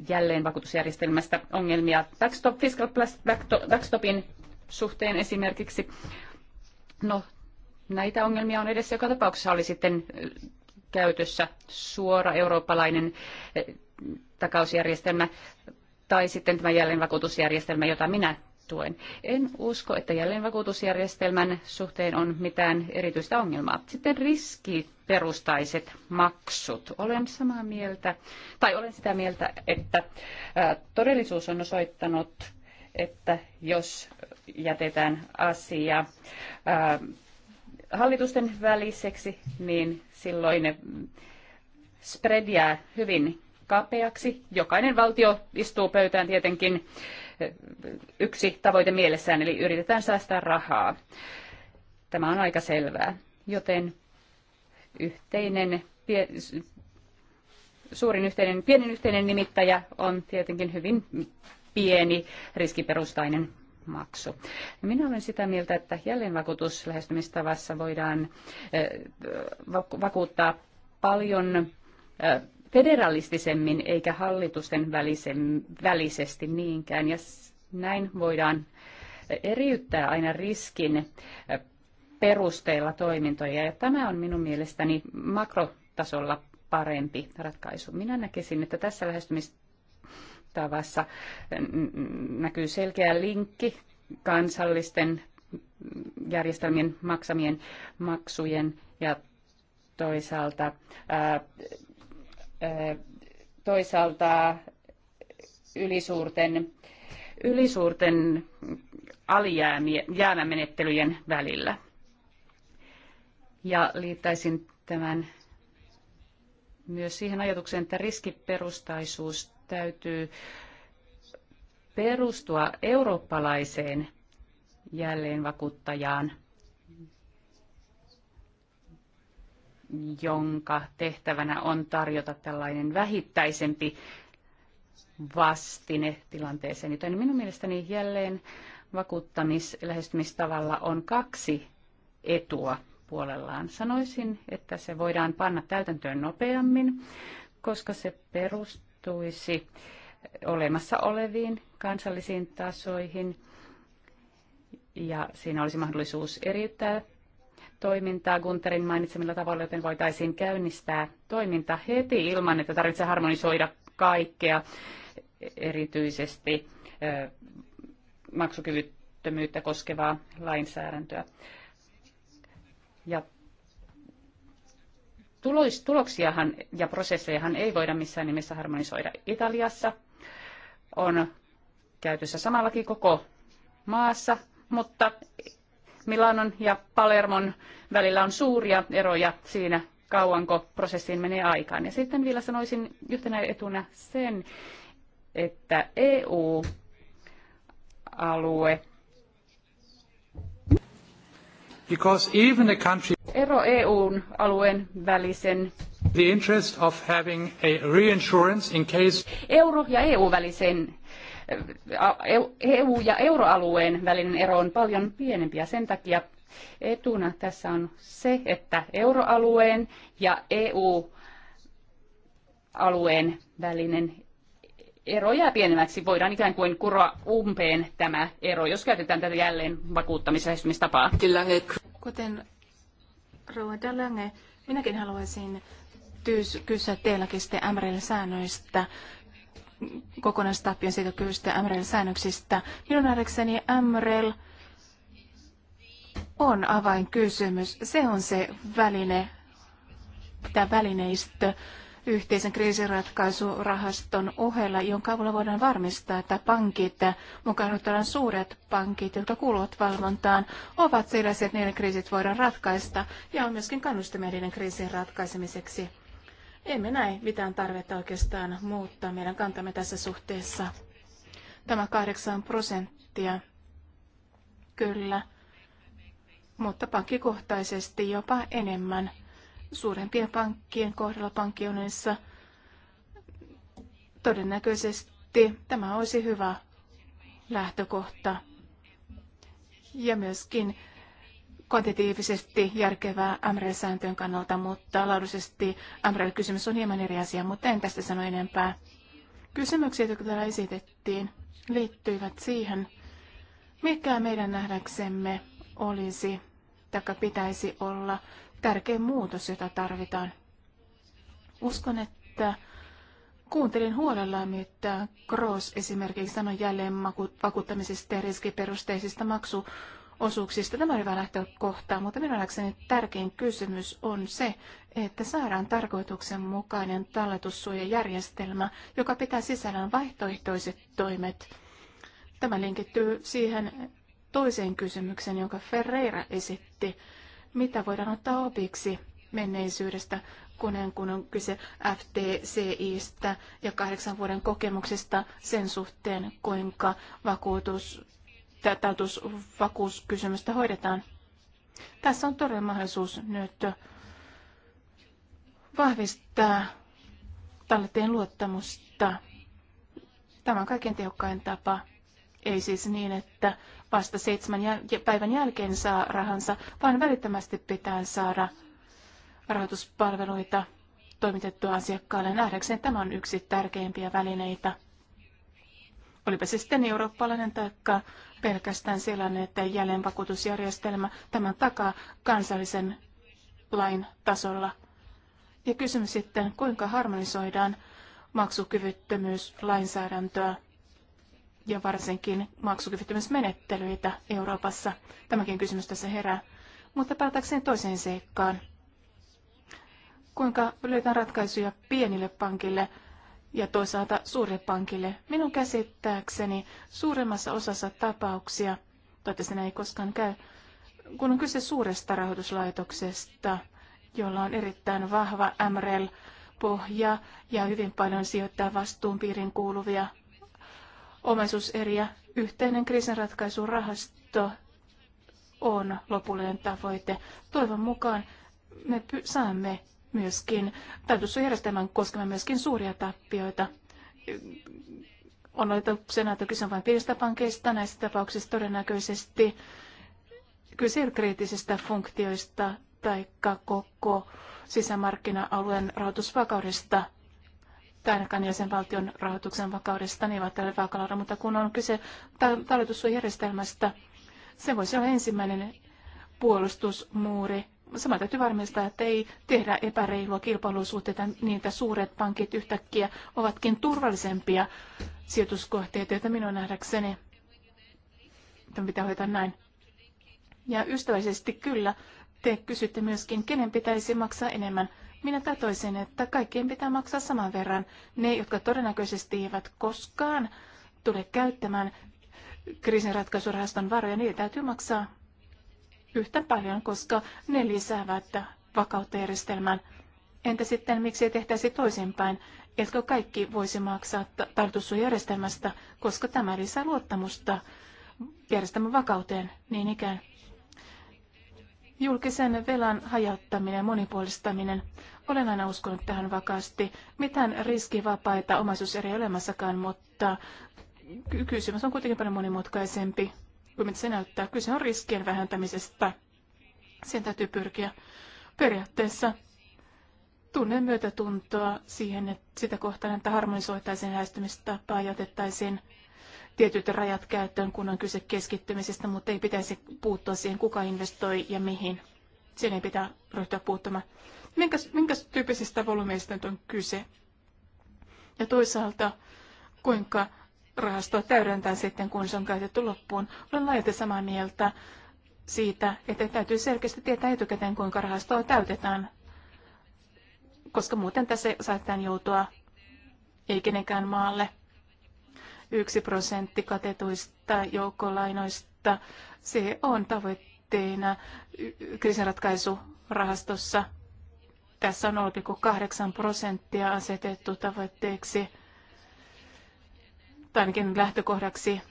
jälleen vakuutusjärjestelmästä ongelmia backstop, fiscal plus, backstopin suhteen esimerkiksi. No, näitä ongelmia on edessä joka tapauksessa oli sitten äh, käytössä suora eurooppalainen äh, takausjärjestelmä tai sitten tämä jälleenvakuutusjärjestelmä, jota minä tuen. En usko, että jälleenvakuutusjärjestelmän suhteen on mitään erityistä ongelmaa. Sitten riskiperustaiset maksut. Olen samaa mieltä, tai olen sitä mieltä, että todellisuus on osoittanut, että jos jätetään asia hallitusten väliseksi, niin silloin ne spread jää hyvin kapeaksi. Jokainen valtio istuu pöytään tietenkin yksi tavoite mielessään, eli yritetään säästää rahaa. Tämä on aika selvää. Joten yhteinen, suurin yhteinen, pienin yhteinen nimittäjä on tietenkin hyvin pieni riskiperustainen maksu. Minä olen sitä mieltä, että lähestymistavassa voidaan eh, vakuuttaa paljon eh, federalistisemmin eikä hallitusten välisen, välisesti niinkään. Ja näin voidaan eriyttää aina riskin perusteella toimintoja. Ja tämä on minun mielestäni makrotasolla parempi ratkaisu. Minä näkisin, että tässä lähestymistavassa näkyy selkeä linkki kansallisten järjestelmien maksamien maksujen ja toisaalta toisaalta ylisuurten, ylisuurten alijäämämenettelyjen välillä. Ja liittäisin tämän myös siihen ajatukseen, että riskiperustaisuus täytyy perustua eurooppalaiseen jälleenvakuuttajaan jonka tehtävänä on tarjota tällainen vähittäisempi vastine tilanteeseen. Joten minun mielestäni jälleen vakuuttamislähestymistavalla on kaksi etua puolellaan. Sanoisin, että se voidaan panna täytäntöön nopeammin, koska se perustuisi olemassa oleviin kansallisiin tasoihin ja siinä olisi mahdollisuus eriyttää toimintaa Gunterin mainitsemilla tavalla, joten voitaisiin käynnistää toiminta heti ilman, että tarvitsee harmonisoida kaikkea, erityisesti maksukyvyttömyyttä koskevaa lainsäädäntöä. Ja tulos, tuloksiahan ja prosessejahan ei voida missään nimessä harmonisoida. Italiassa on käytössä samallakin koko maassa, mutta Milanon ja Palermon välillä on suuria eroja siinä, kauanko prosessiin menee aikaan. Ja sitten vielä sanoisin yhtenä etuna sen, että EU-alue Because even the country ero EUn alueen välisen the interest of having a reinsurance in case euro ja EU välisen EU- e ja euroalueen välinen ero on paljon pienempi ja sen takia etuna tässä on se, että euroalueen ja EU-alueen välinen ero jää pienemmäksi. Voidaan ikään kuin kuroa umpeen tämä ero, jos käytetään tätä jälleen Kyllä. Kuten Rua Dallange, minäkin haluaisin tyys kysyä teilläkin sitten säännöistä kokonaistappion sietokyvystä ja MREL-säännöksistä. Minun nähdäkseni MREL on avainkysymys. Se on se väline, tämä välineistö yhteisen kriisiratkaisurahaston ohella, jonka avulla voidaan varmistaa, että pankit, mukaan otetaan suuret pankit, jotka kuuluvat valvontaan, ovat sellaisia, että niiden kriisit voidaan ratkaista ja on myöskin kannustimia niiden kriisin ratkaisemiseksi. Emme näe mitään tarvetta oikeastaan muuttaa meidän kantamme tässä suhteessa. Tämä kahdeksan prosenttia, kyllä, mutta pankkikohtaisesti jopa enemmän. Suurempien pankkien kohdalla pankkiunionissa todennäköisesti tämä olisi hyvä lähtökohta. Ja myöskin kvantitiivisesti järkevää MREL-sääntöjen kannalta, mutta laadullisesti MREL-kysymys on hieman eri asia, mutta en tästä sano enempää. Kysymykset, jotka täällä esitettiin, liittyivät siihen, mikä meidän nähdäksemme olisi tai pitäisi olla tärkein muutos, jota tarvitaan. Uskon, että kuuntelin huolella, mitä Gross esimerkiksi sanoi jälleen vakuuttamisesta ja riskiperusteisista maksu osuuksista. Tämä on hyvä lähtökohta, mutta minun nähdäkseni tärkein kysymys on se, että saadaan tarkoituksenmukainen talletussuojajärjestelmä, joka pitää sisällään vaihtoehtoiset toimet. Tämä linkittyy siihen toiseen kysymykseen, jonka Ferreira esitti. Mitä voidaan ottaa opiksi menneisyydestä, kun, kun on kyse FTCIstä ja kahdeksan vuoden kokemuksesta sen suhteen, kuinka vakuutus talletusvakuuskysymystä hoidetaan. Tässä on todella mahdollisuus nyt vahvistaa tallettajien luottamusta. Tämä on kaiken tehokkain tapa. Ei siis niin, että vasta seitsemän päivän jälkeen saa rahansa, vaan välittömästi pitää saada rahoituspalveluita toimitettua asiakkaalle. nähdäkseen. tämä on yksi tärkeimpiä välineitä, Olipa se sitten eurooppalainen taikka pelkästään sellainen, että jälleenvakuutusjärjestelmä tämän takaa kansallisen lain tasolla. Ja kysymys sitten, kuinka harmonisoidaan maksukyvyttömyyslainsäädäntöä ja varsinkin maksukyvyttömyysmenettelyitä Euroopassa. Tämäkin kysymys tässä herää. Mutta päätäkseen toiseen seikkaan. Kuinka löytää ratkaisuja pienille pankille, ja toisaalta suurepankille. Minun käsittääkseni suuremmassa osassa tapauksia, toivottavasti näin ei koskaan käy, kun on kyse suuresta rahoituslaitoksesta, jolla on erittäin vahva MREL-pohja ja hyvin paljon sijoittaa vastuunpiirin kuuluvia omaisuuseriä, yhteinen kriisinratkaisurahasto on lopullinen tavoite. Toivon mukaan me saamme myöskin talletussuojajärjestelmän koskemaan myöskin suuria tappioita. On oletuksena, että kyse on vain pienistä pankeista. Näissä tapauksissa todennäköisesti kyse on kriittisistä funktioista tai koko sisämarkkina-alueen rahoitusvakaudesta tai ainakaan jäsenvaltion rahoituksen vakaudesta, niin ovat tällä mutta kun on kyse talletussuojärjestelmästä, se voisi olla ensimmäinen puolustusmuuri Samalla täytyy varmistaa, että ei tehdä epäreilua kilpailuisuutta, niin, että suuret pankit yhtäkkiä ovatkin turvallisempia sijoituskohteita, joita minun nähdäkseni tämä pitää hoitaa näin. Ja ystävällisesti kyllä, te kysytte myöskin, kenen pitäisi maksaa enemmän. Minä tatoisin, että kaikkien pitää maksaa saman verran. Ne, jotka todennäköisesti eivät koskaan tule käyttämään kriisinratkaisurahaston varoja, niitä täytyy maksaa yhtä paljon, koska ne lisäävät vakautta järjestelmään. Entä sitten miksi ei tehtäisi toisinpäin? Etkö kaikki voisi maksaa tartussujärjestelmästä, koska tämä lisää luottamusta järjestelmän vakauteen niin ikään? Julkisen velan hajauttaminen ja monipuolistaminen. Olen aina uskonut tähän vakaasti. Mitään riskivapaita omaisuuseriä olemassakaan, mutta kysymys on kuitenkin paljon monimutkaisempi kuin se näyttää. Kyse on riskien vähentämisestä. Siihen täytyy pyrkiä. Periaatteessa tunnen myötätuntoa siihen, että sitä kohtaan, että harmonisoitaisiin lähestymistapaa ja otettaisiin tietyt rajat käyttöön, kun on kyse keskittymisestä, mutta ei pitäisi puuttua siihen, kuka investoi ja mihin. Siihen ei pitää ryhtyä puuttumaan. Minkä, minkä tyyppisistä volyymeista nyt on kyse? Ja toisaalta, kuinka rahastoa täydentää sitten, kun se on käytetty loppuun. Olen laajalti samaa mieltä siitä, että täytyy selkeästi tietää etukäteen, kuinka rahastoa täytetään, koska muuten tässä saattaa joutua ei kenenkään maalle. Yksi prosentti katetuista joukkolainoista, se on tavoitteena kriisinratkaisurahastossa. Tässä on 0,8 prosenttia asetettu tavoitteeksi ainakin lähtökohdaksi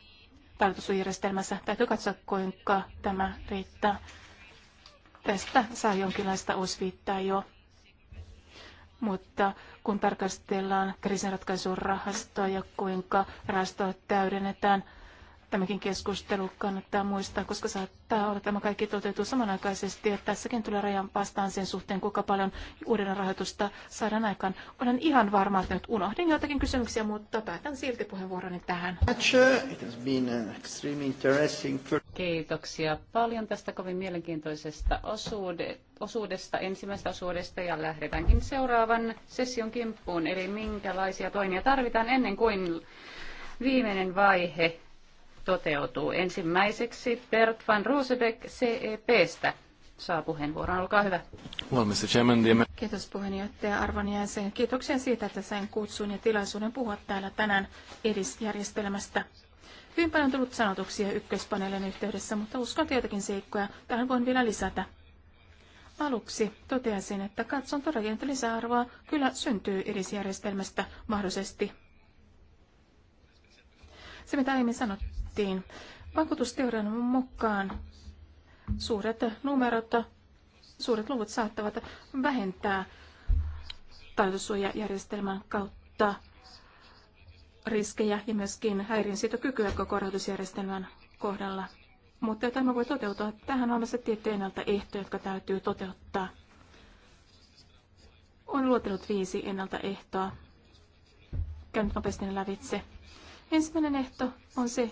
palautusjärjestelmässä. Täytyy katsoa, kuinka tämä riittää. Tästä saa jonkinlaista osviittaa jo. Mutta kun tarkastellaan kriisinratkaisun rahastoa ja kuinka rahastoa täydennetään – Tämäkin keskustelu kannattaa muistaa, koska saattaa olla tämä kaikki toteutuu samanaikaisesti ja tässäkin tulee rajan vastaan sen suhteen, kuinka paljon uuden rahoitusta saadaan aikaan. Olen ihan varma, että nyt unohdin joitakin kysymyksiä, mutta päätän silti puheenvuoroni tähän. Kiitoksia paljon tästä kovin mielenkiintoisesta osuudesta, ensimmäisestä osuudesta ja lähdetäänkin seuraavan session kimppuun, eli minkälaisia toimia tarvitaan ennen kuin viimeinen vaihe toteutuu. Ensimmäiseksi Bert van Roosebeck CEPstä saa puheenvuoron. Olkaa hyvä. Well, Mr. Chairman, the... Kiitos puheenjohtaja Arvon jäsen. Kiitoksia siitä, että sain kutsun ja tilaisuuden puhua täällä tänään edisjärjestelmästä. Hyvin paljon on tullut sanotuksia ykköspaneelin yhteydessä, mutta uskon, tietenkin seikkoja tähän voin vielä lisätä. Aluksi toteaisin, että katson todellakin, että lisäarvoa kyllä syntyy edisjärjestelmästä mahdollisesti. Se, mitä aiemmin sanottiin, todettiin. Vakuutusteorian mukaan suuret numerot, suuret luvut saattavat vähentää talletussuojajärjestelmän kautta riskejä ja myöskin häiriönsietokykyä koko rahoitusjärjestelmän kohdalla. Mutta tämä voi toteutua. Tähän on olemassa tiettyjä ennaltaehtoja, jotka täytyy toteuttaa. On luotellut viisi ennaltaehtoa. Käyn nyt nopeasti ne lävitse. Ensimmäinen ehto on se,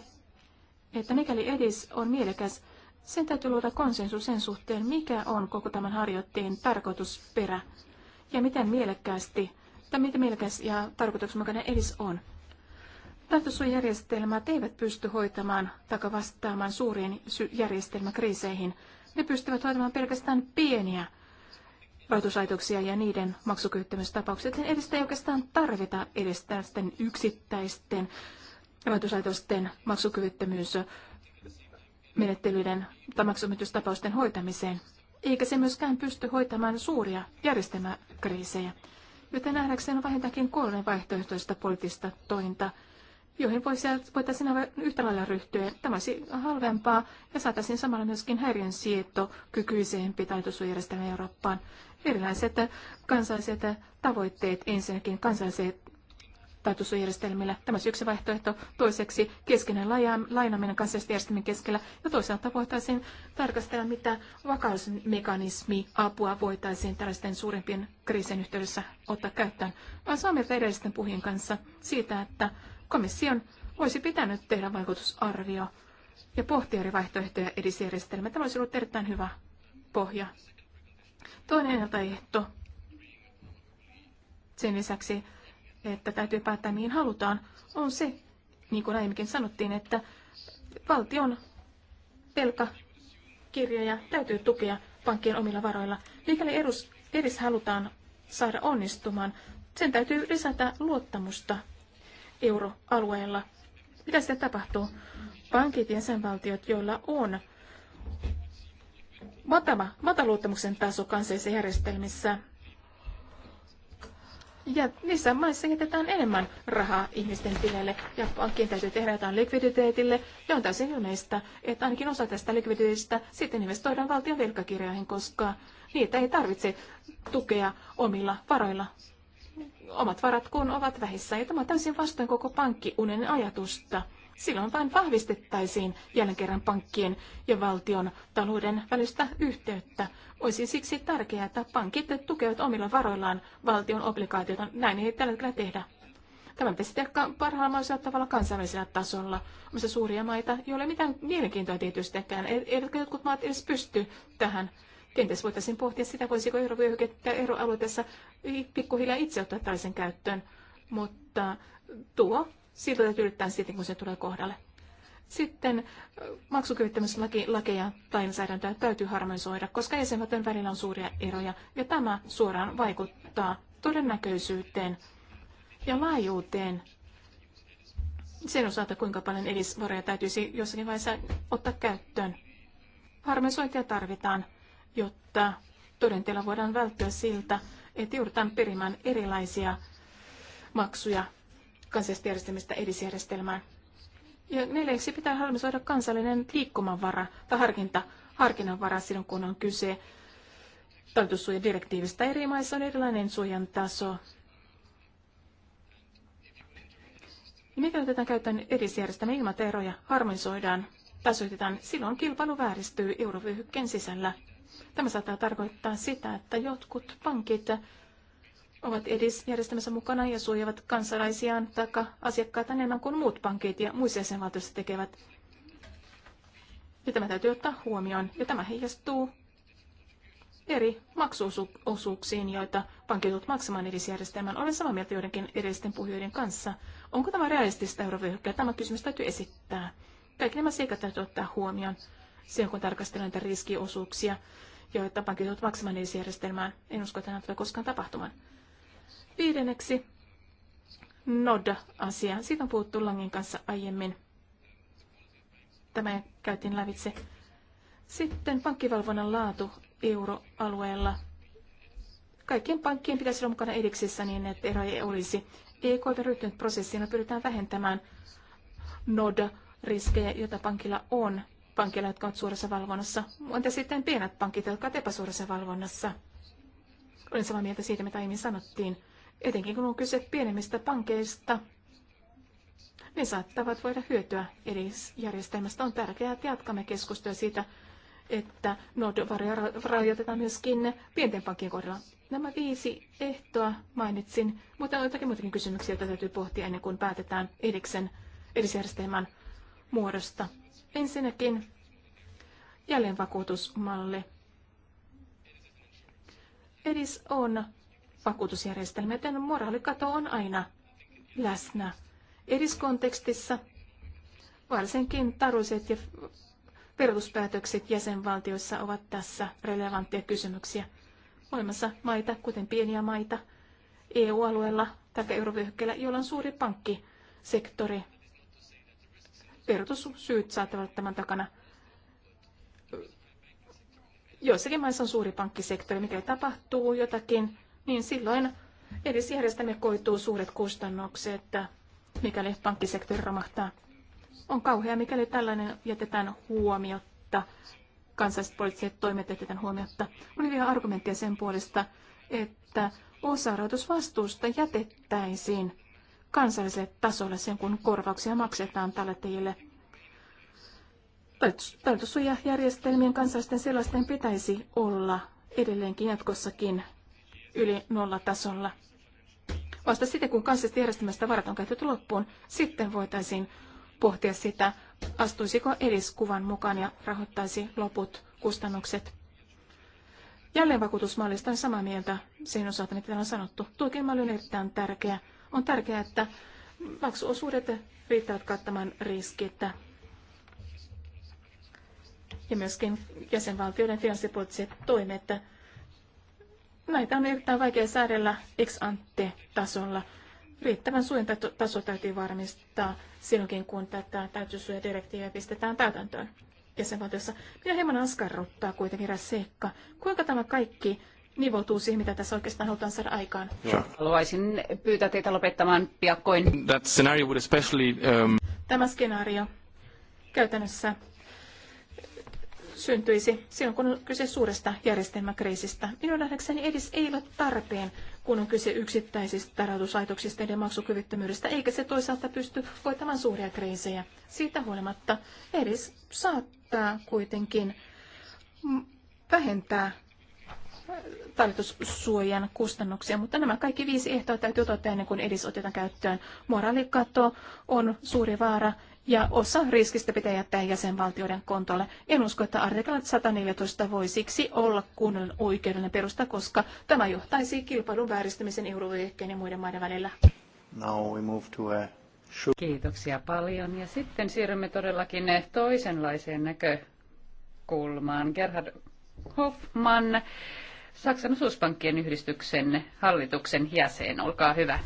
että mikäli edis on mielekäs, sen täytyy luoda konsensus sen suhteen, mikä on koko tämän harjoitteen tarkoitusperä ja miten mielekkäästi tai miten mielekäs ja tarkoituksenmukainen edis on. Tartussuojärjestelmät eivät pysty hoitamaan tai vastaamaan suuriin järjestelmäkriiseihin. Ne pystyvät hoitamaan pelkästään pieniä rahoituslaitoksia ja niiden maksukyvyttömyystapaukset. Edistä ei oikeastaan tarvita edes yksittäisten rahoituslaitosten maksukyvyttömyys menettelyiden tai maksumitystapausten hoitamiseen, eikä se myöskään pysty hoitamaan suuria järjestelmäkriisejä. Joten nähdäkseen on vähintäänkin kolme vaihtoehtoista poliittista tointa, joihin voitaisiin yhtä lailla ryhtyä. Tämä olisi halvempaa ja saataisiin samalla myöskin häiriön sieto kykyisempi taitosuojärjestelmä Eurooppaan. Erilaiset kansalliset tavoitteet, ensinnäkin kansalliset taitusjärjestelmillä. Tämä olisi yksi vaihtoehto. Toiseksi keskeinen lainaminen kansallisten järjestelmien keskellä. Ja toisaalta voitaisiin tarkastella, mitä vakausmekanismi apua voitaisiin tällaisten suurempien kriisien yhteydessä ottaa käyttöön. Olen samaa mieltä edellisten puhujien kanssa siitä, että komission olisi pitänyt tehdä vaikutusarvio ja pohtia eri vaihtoehtoja edisjärjestelmä. Tämä olisi ollut erittäin hyvä pohja. Toinen ehto sen lisäksi että täytyy päättää mihin halutaan, on se, niin kuin aiemminkin sanottiin, että valtion velkakirjoja täytyy tukea pankkien omilla varoilla. Mikäli erus, edes halutaan saada onnistumaan, sen täytyy lisätä luottamusta euroalueella. Mitä sitten tapahtuu? Pankit ja sen valtiot, joilla on matala, mataluottamuksen taso kansallisissa järjestelmissä, ja niissä maissa jätetään enemmän rahaa ihmisten tileille ja pankkien täytyy tehdä jotain likviditeetille ja on täysin ilmeistä, että ainakin osa tästä likviditeetistä sitten investoidaan valtion velkakirjoihin, koska niitä ei tarvitse tukea omilla varoilla. Omat varat kun ovat vähissä ja tämä on täysin vastoin koko pankkiunen ajatusta. Silloin vain vahvistettaisiin jälleen kerran pankkien ja valtion talouden välistä yhteyttä. Olisi siksi tärkeää, että pankit tukevat omilla varoillaan valtion obligaatiota. Näin ei tällä hetkellä tehdä. Tämä pitäisi tehdä parhaalla tavalla kansainvälisellä tasolla. Missä suuria maita, joilla ei mitään mielenkiintoa tietystikään. E- eivätkä jotkut maat edes pysty tähän. Kenties voitaisiin pohtia sitä, voisiko eurovyöhykettä eroalueessa pikkuhiljaa itse ottaa tällaisen käyttöön. Mutta tuo Siltä täytyy yrittää sitten, kun se tulee kohdalle. Sitten maksukyvyttömyyslakeja tai lainsäädäntöä täytyy harmonisoida, koska jäsenvaltojen välillä on suuria eroja, ja tämä suoraan vaikuttaa todennäköisyyteen ja laajuuteen sen osalta, kuinka paljon edisvaroja täytyisi jossakin vaiheessa ottaa käyttöön. Harmonisointia tarvitaan, jotta todenteella voidaan välttyä siltä, että joudutaan perimään erilaisia maksuja kansallisesta järjestelmästä edisjärjestelmään. Ja neljäksi pitää harmisoida kansallinen liikkumavara tai harkinta, harkinnanvara silloin, kun on kyse talletussuojadirektiivistä. Eri maissa on erilainen suojan taso. Mikäli otetaan käyttöön edisjärjestelmä ilman eroja, harmonisoidaan, tasoitetaan, silloin kilpailu vääristyy eurovyöhykkeen sisällä. Tämä saattaa tarkoittaa sitä, että jotkut pankit ovat edes järjestelmässä mukana ja suojaavat kansalaisiaan taikka asiakkaita enemmän kuin muut pankit ja muissa jäsenvaltioissa tekevät. Ja tämä täytyy ottaa huomioon ja tämä heijastuu eri maksuosuuksiin, joita pankit ovat maksamaan edisjärjestelmän. Olen samaa mieltä joidenkin edellisten puhujien kanssa. Onko tämä realistista eurovyöhykkeä? Tämä kysymys täytyy esittää. Kaikki nämä seikat täytyy ottaa huomioon silloin, kun tarkastellaan näitä riskiosuuksia, joita pankit ovat maksamaan edisjärjestelmään. En usko, että nämä tulee koskaan tapahtumaan. Viidenneksi NOD-asiaan. Siitä on puhuttu Langin kanssa aiemmin. Tämä käytiin lävitse. Sitten pankkivalvonnan laatu euroalueella. Kaikkien pankkien pitäisi olla mukana ediksissä niin, että ero ei olisi. EKV ryhtynyt prosessiin, pyritään vähentämään NOD-riskejä, joita pankilla on, pankilla, jotka ovat suorassa valvonnassa. Entä sitten pienet pankit, jotka ovat epäsuorassa valvonnassa? Olen samaa mieltä siitä, mitä aiemmin sanottiin etenkin kun on kyse pienemmistä pankeista, ne saattavat voida hyötyä eri järjestelmästä On tärkeää, että jatkamme keskustelua siitä, että Nordvaria rajoitetaan myöskin pienten pankkien kohdalla. Nämä viisi ehtoa mainitsin, mutta on jotakin muitakin kysymyksiä, joita täytyy pohtia ennen kuin päätetään ediksen edisjärjestelmän muodosta. Ensinnäkin jälleenvakuutusmalli. Edis on vakuutusjärjestelmä, joten moraalikato on aina läsnä. eri kontekstissa. varsinkin taruiset ja verotuspäätökset jäsenvaltioissa ovat tässä relevantteja kysymyksiä. Olemassa maita, kuten pieniä maita, EU-alueella tai eurovyöhykkeellä, joilla on suuri pankkisektori. Verotussyyt saattavat olla tämän takana. Joissakin maissa on suuri pankkisektori, mikä tapahtuu jotakin niin silloin edesjärjestämme koituu suuret kustannukset, mikäli pankkisektori romahtaa. On kauhea, mikäli tällainen jätetään huomiotta, poliittiset toimet jätetään huomiotta. On hyviä argumentteja sen puolesta, että osa rahoitusvastuusta jätettäisiin kansalliselle tasolle sen, kun korvauksia maksetaan teille. Taitosuojajärjestelmien kansallisten sellaisten pitäisi olla edelleenkin jatkossakin yli nollatasolla. Vasta sitten, kun kansallisesta järjestelmästä varat on käytetty loppuun, sitten voitaisiin pohtia sitä, astuisiko kuvan mukaan ja rahoittaisi loput kustannukset. Jälleenvakuutusmallista on samaa mieltä sen osalta, mitä täällä on sanottu. Tuokimalli on erittäin tärkeä. On tärkeää, että maksuosuudet riittävät kattamaan riskit. Ja myöskin jäsenvaltioiden finanssipoliittiset toimet Näitä on erittäin vaikea säädellä ex ante tasolla. Riittävän suojentaso täytyy varmistaa silloinkin, kun tätä täytysuojadirektiiviä pistetään täytäntöön jäsenvaltiossa. Minä hieman askarruttaa kuitenkin eräs seikka. Kuinka tämä kaikki nivoutuu siihen, mitä tässä oikeastaan halutaan saada aikaan. Sure. Haluaisin pyytää teitä lopettamaan piakkoin. That scenario would especially, um... Tämä skenaario käytännössä syntyisi silloin, kun on kyse suuresta järjestelmäkriisistä. Minun nähdäkseni edes ei ole tarpeen, kun on kyse yksittäisistä rahoituslaitoksista ja maksukyvyttömyydestä, eikä se toisaalta pysty hoitamaan suuria kriisejä. Siitä huolimatta edes saattaa kuitenkin vähentää äh, tarjoitussuojan kustannuksia, mutta nämä kaikki viisi ehtoa täytyy ottaa ennen kuin edis otetaan käyttöön. Moraalikato on suuri vaara ja osa riskistä pitää jättää jäsenvaltioiden kontolle. En usko, että artikla 114 voi siksi olla kunnon oikeudellinen perusta, koska tämä johtaisi kilpailun vääristymisen eurovyöhykkeen ja muiden maiden välillä. Now we move to a... Kiitoksia paljon. Ja sitten siirrymme todellakin toisenlaiseen näkökulmaan. Gerhard Hoffmann, Saksan osuuspankkien yhdistyksen hallituksen jäsen. Olkaa hyvä.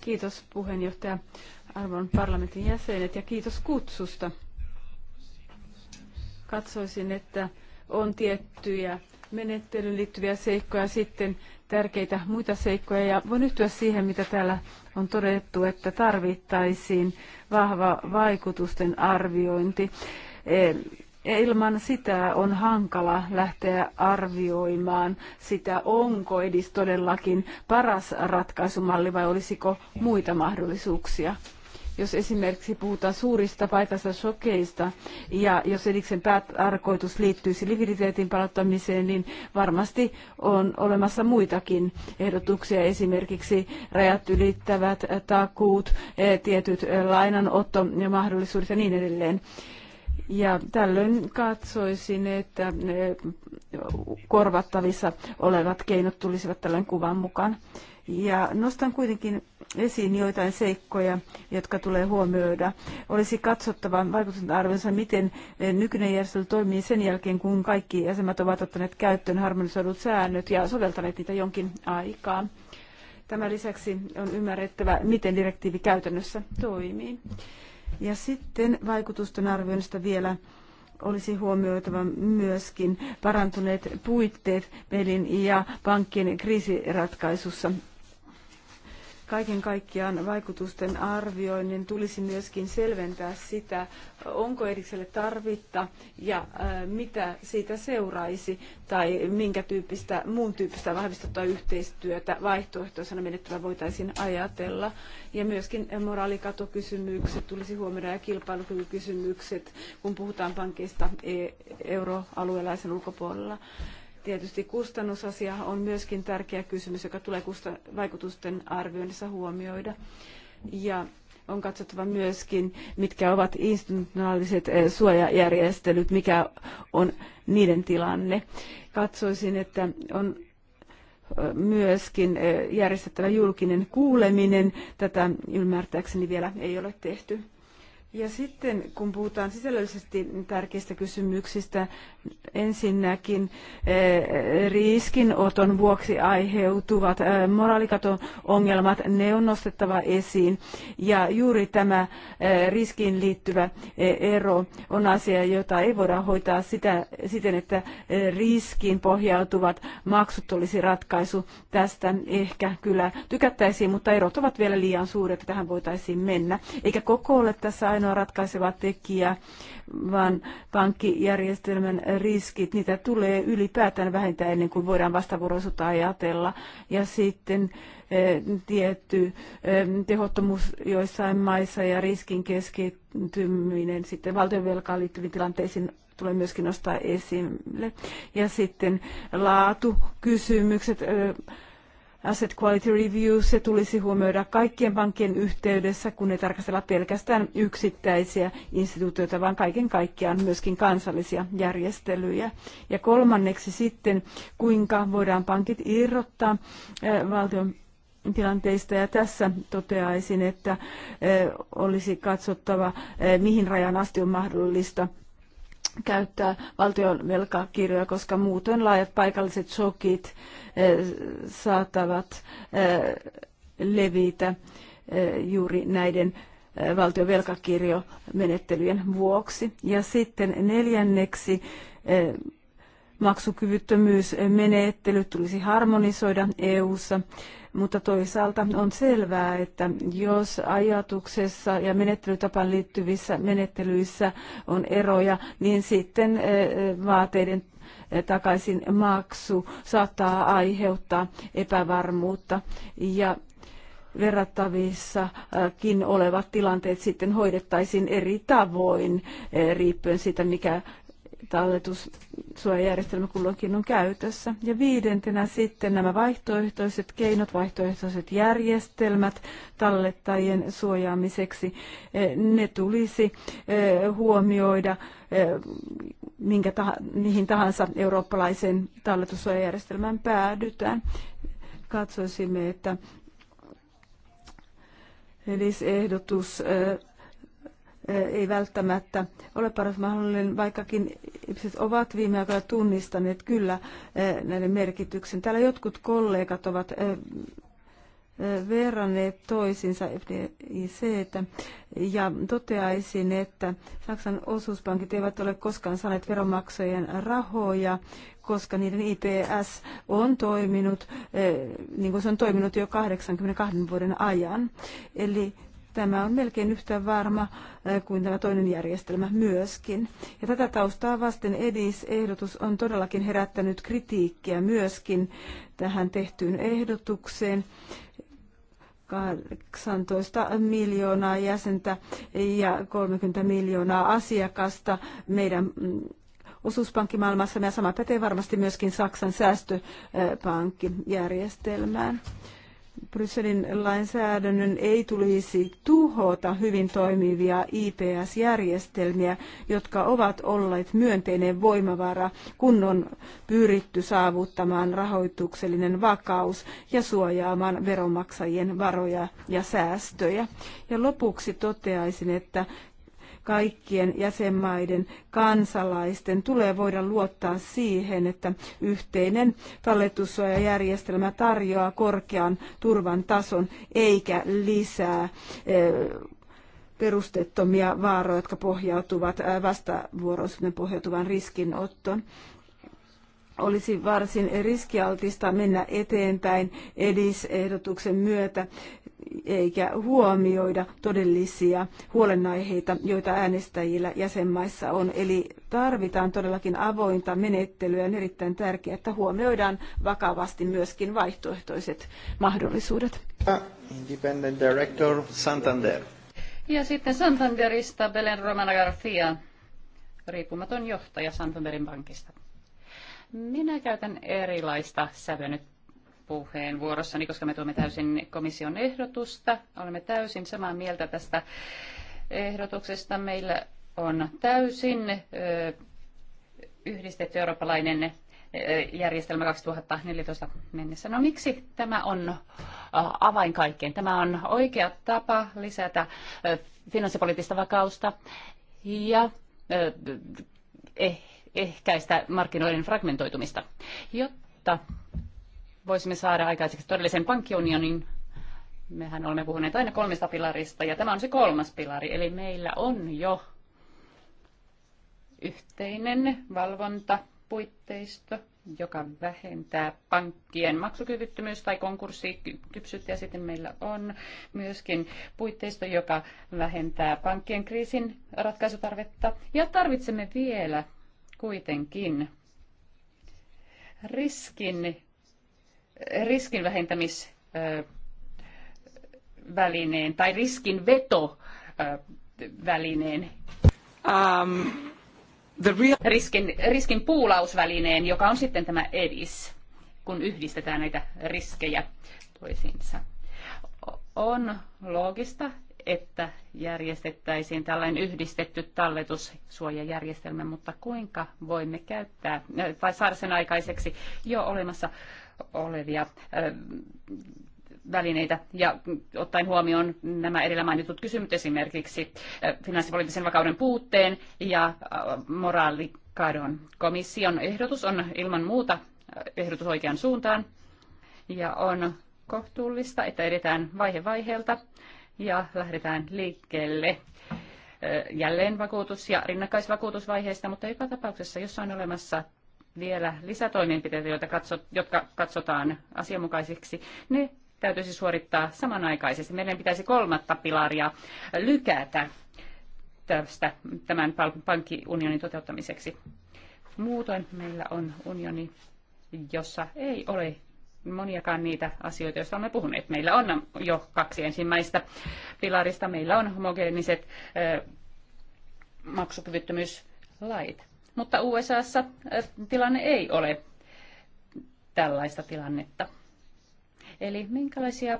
Kiitos puheenjohtaja arvon parlamentin jäsenet ja kiitos kutsusta. Katsoisin, että on tiettyjä menettelyyn liittyviä seikkoja, sitten tärkeitä muita seikkoja. Ja voin yhtyä siihen, mitä täällä on todettu, että tarvittaisiin vahva vaikutusten arviointi. E, ilman sitä on hankala lähteä arvioimaan sitä, onko edis todellakin paras ratkaisumalli vai olisiko muita mahdollisuuksia jos esimerkiksi puhutaan suurista paikasta shokeista ja jos ediksen päätarkoitus liittyisi likviditeetin palauttamiseen, niin varmasti on olemassa muitakin ehdotuksia, esimerkiksi rajat ylittävät takuut, eh, tietyt lainanottomahdollisuudet ja niin edelleen. Ja tällöin katsoisin, että eh, korvattavissa olevat keinot tulisivat tällöin kuvan mukaan. Ja nostan kuitenkin esiin joitain seikkoja, jotka tulee huomioida. Olisi katsottava vaikutusten miten eh, nykyinen järjestely toimii sen jälkeen, kun kaikki jäsenmät ovat ottaneet käyttöön harmonisoidut säännöt ja soveltaneet niitä jonkin aikaa. Tämän lisäksi on ymmärrettävä, miten direktiivi käytännössä toimii. Ja sitten vaikutusten arvioinnista vielä olisi huomioitava myöskin parantuneet puitteet pelin ja pankkien kriisiratkaisussa Kaiken kaikkiaan vaikutusten arvioinnin tulisi myöskin selventää sitä, onko erikselle tarvitta ja äh, mitä siitä seuraisi tai minkä tyyppistä, muun tyyppistä vahvistettua yhteistyötä vaihtoehtoisena menettelyä voitaisiin ajatella. Ja myöskin moraalikatokysymykset tulisi huomioida ja kilpailukykykysymykset, kun puhutaan pankeista e-, euroalueella ja sen ulkopuolella. Tietysti kustannusasia on myöskin tärkeä kysymys, joka tulee vaikutusten arvioinnissa huomioida. Ja on katsottava myöskin, mitkä ovat institutionaaliset eh, suojajärjestelyt, mikä on niiden tilanne. Katsoisin, että on eh, myöskin eh, järjestettävä julkinen kuuleminen. Tätä ymmärtääkseni vielä ei ole tehty. Ja sitten kun puhutaan sisällöllisesti tärkeistä kysymyksistä, ensinnäkin eh, riskinoton vuoksi aiheutuvat eh, moraalikaton ongelmat, ne on nostettava esiin. Ja juuri tämä eh, riskiin liittyvä ero on asia, jota ei voida hoitaa sitä, siten, että riskiin pohjautuvat maksut olisi ratkaisu. Tästä ehkä kyllä tykättäisiin, mutta erot ovat vielä liian suuret, että tähän voitaisiin mennä. Eikä koko ole tässä ainoa ratkaiseva tekijä, vaan pankkijärjestelmän riskit, niitä tulee ylipäätään vähentää ennen kuin voidaan vastavuoroisuutta ajatella. Ja sitten eh, tietty eh, tehottomuus joissain maissa ja riskin keskittyminen sitten valtionvelkaan liittyviin tilanteisiin tulee myöskin nostaa esille. Ja sitten laatukysymykset, eh, Asset Quality Review, se tulisi huomioida kaikkien pankkien yhteydessä, kun ei tarkastella pelkästään yksittäisiä instituutioita, vaan kaiken kaikkiaan myöskin kansallisia järjestelyjä. Ja kolmanneksi sitten, kuinka voidaan pankit irrottaa valtion tilanteista ja tässä toteaisin, että olisi katsottava, mihin rajan asti on mahdollista käyttää valtion velkakirjoja, koska muutoin laajat paikalliset shokit eh, saattavat eh, levitä eh, juuri näiden valtion velkakirjomenettelyjen vuoksi. Ja sitten neljänneksi maksukyvyttömyysmenettely tulisi harmonisoida EU-ssa mutta toisaalta on selvää, että jos ajatuksessa ja menettelytapaan liittyvissä menettelyissä on eroja, niin sitten eh, eh, vaateiden eh, takaisin maksu saattaa aiheuttaa epävarmuutta ja verrattavissakin olevat tilanteet sitten hoidettaisiin eri tavoin riippuen siitä, mikä talletussuojajärjestelmä kulloinkin on käytössä. Ja viidentenä sitten nämä vaihtoehtoiset keinot, vaihtoehtoiset järjestelmät tallettajien suojaamiseksi, e, ne tulisi e, huomioida e, minkä tah- mihin tahansa eurooppalaiseen talletussuojajärjestelmään päädytään. Katsoisimme, että Eli ehdotus ei välttämättä ole paras mahdollinen, vaikkakin ihmiset ovat viime aikoina tunnistaneet kyllä näiden merkityksen. Täällä jotkut kollegat ovat verranneet toisinsa FDIC ja toteaisin, että Saksan osuuspankit eivät ole koskaan saaneet veronmaksajien rahoja, koska niiden IPS on toiminut, niin kuin se on toiminut jo 82 vuoden ajan. Eli Tämä on melkein yhtä varma eh, kuin tämä toinen järjestelmä myöskin. Ja tätä taustaa vasten EDIS-ehdotus on todellakin herättänyt kritiikkiä myöskin tähän tehtyyn ehdotukseen. 18 miljoonaa jäsentä ja 30 miljoonaa asiakasta meidän mm, osuuspankkimaailmassa ja sama pätee varmasti myöskin Saksan säästöpankkijärjestelmään. Brysselin lainsäädännön ei tulisi tuhota hyvin toimivia IPS-järjestelmiä, jotka ovat olleet myönteinen voimavara, kun on pyritty saavuttamaan rahoituksellinen vakaus ja suojaamaan veronmaksajien varoja ja säästöjä. Ja lopuksi toteaisin, että kaikkien jäsenmaiden kansalaisten tulee voida luottaa siihen, että yhteinen talletussuojajärjestelmä tarjoaa korkean turvan tason eikä lisää eh, perustettomia vaaroja, jotka pohjautuvat eh, vastavuoroisuuden pohjautuvan riskinottoon olisi varsin riskialtista mennä eteenpäin edisehdotuksen myötä eikä huomioida todellisia huolenaiheita, joita äänestäjillä jäsenmaissa on. Eli tarvitaan todellakin avointa menettelyä. On erittäin tärkeää, että huomioidaan vakavasti myöskin vaihtoehtoiset mahdollisuudet. Independent Director Santander. Ja sitten Santanderista Belen Romana Garcia, riippumaton johtaja Santanderin pankista. Minä käytän erilaista sävyä nyt puheenvuorossani, koska me tuomme täysin komission ehdotusta. Olemme täysin samaa mieltä tästä ehdotuksesta. Meillä on täysin yhdistetty eurooppalainen järjestelmä 2014 mennessä. No miksi tämä on avain kaikkeen? Tämä on oikea tapa lisätä finanssipoliittista vakausta ja eh, ehkäistä markkinoiden fragmentoitumista. Jotta voisimme saada aikaiseksi todellisen pankkiunionin, mehän olemme puhuneet aina kolmesta pilarista, ja tämä on se kolmas pilari, eli meillä on jo yhteinen valvontapuitteisto, joka vähentää pankkien maksukyvyttömyys- tai konkurssikypsyyttä. Ja sitten meillä on myöskin puitteisto, joka vähentää pankkien kriisin ratkaisutarvetta. Ja tarvitsemme vielä kuitenkin riskin, riskin vähentämisvälineen tai riskin vetovälineen um, the real... riskin, riskin puulausvälineen, joka on sitten tämä EDIS, kun yhdistetään näitä riskejä toisiinsa. On loogista, että järjestettäisiin tällainen yhdistetty talletussuojajärjestelmä, mutta kuinka voimme käyttää äh, tai saada sen aikaiseksi jo olemassa olevia äh, välineitä ja ottaen huomioon nämä edellä mainitut kysymykset esimerkiksi äh, finanssipoliittisen vakauden puutteen ja moraalikadon. Komission ehdotus on ilman muuta ehdotus oikean suuntaan ja on kohtuullista, että edetään vaihe vaiheelta ja lähdetään liikkeelle jälleen vakuutus- ja rinnakkaisvakuutusvaiheesta, mutta joka tapauksessa, jos on olemassa vielä lisätoimenpiteitä, joita katso, jotka katsotaan asianmukaisiksi, ne täytyisi suorittaa samanaikaisesti. Meidän pitäisi kolmatta pilaria lykätä tästä, tämän pankkiunionin toteuttamiseksi. Muutoin meillä on unioni, jossa ei ole moniakaan niitä asioita, joista olemme puhuneet. Meillä on jo kaksi ensimmäistä pilarista. Meillä on homogeeniset maksukyvyttömyyslait. Mutta USAssa tilanne ei ole tällaista tilannetta. Eli minkälaisia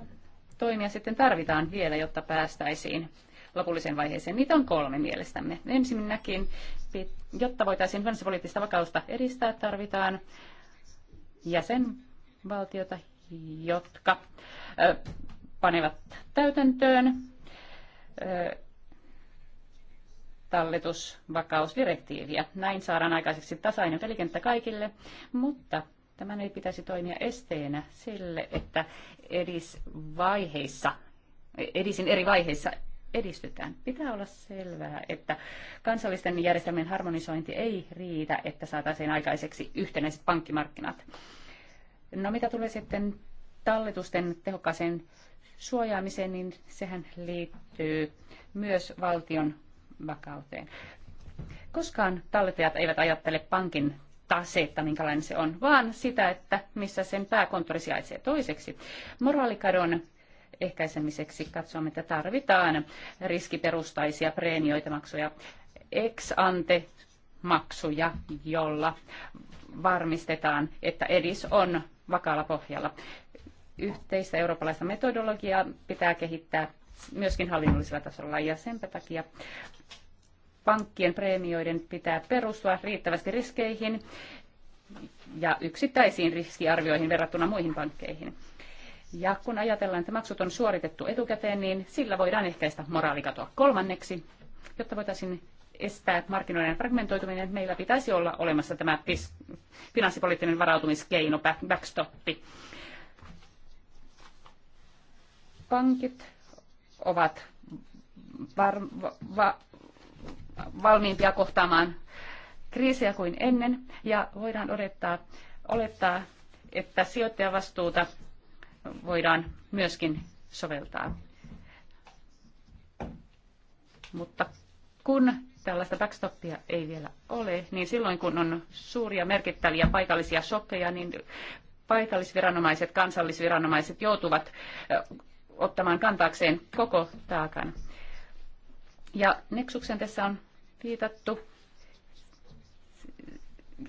toimia sitten tarvitaan vielä, jotta päästäisiin lopulliseen vaiheeseen? Niitä on kolme mielestämme. Ensinnäkin, jotta voitaisiin finanssipoliittista vakausta edistää, tarvitaan jäsen valtiota, jotka panevat täytäntöön talletusvakausdirektiiviä. Näin saadaan aikaiseksi tasainen pelikenttä kaikille, mutta tämän ei pitäisi toimia esteenä sille, että edis vaiheissa, edisin eri vaiheissa edistytään. Pitää olla selvää, että kansallisten järjestelmien harmonisointi ei riitä, että saataisiin aikaiseksi yhtenäiset pankkimarkkinat. No mitä tulee sitten talletusten tehokkaaseen suojaamiseen, niin sehän liittyy myös valtion vakauteen. Koskaan talletajat eivät ajattele pankin tasetta, minkälainen se on, vaan sitä, että missä sen pääkonttori sijaitsee toiseksi. Moraalikadon ehkäisemiseksi katsomme, että tarvitaan riskiperustaisia preenioita maksuja ex ante maksuja, jolla varmistetaan, että EDIS on vakaalla pohjalla. Yhteistä eurooppalaista metodologiaa pitää kehittää myöskin hallinnollisella tasolla ja senpä takia pankkien preemioiden pitää perustua riittävästi riskeihin ja yksittäisiin riskiarvioihin verrattuna muihin pankkeihin. Ja kun ajatellaan, että maksut on suoritettu etukäteen, niin sillä voidaan ehkäistä moraalikatoa kolmanneksi, jotta voitaisiin estää markkinoiden fragmentoituminen, meillä pitäisi olla olemassa tämä finanssipoliittinen varautumiskeino, backstoppi. Pankit ovat var, va, valmiimpia kohtaamaan kriisiä kuin ennen ja voidaan odottaa, olettaa, että sijoittajavastuuta voidaan myöskin soveltaa. Mutta kun tällaista backstoppia ei vielä ole, niin silloin kun on suuria merkittäviä paikallisia shokkeja, niin paikallisviranomaiset, kansallisviranomaiset joutuvat ottamaan kantaakseen koko taakan. Ja Nexuksen tässä on viitattu.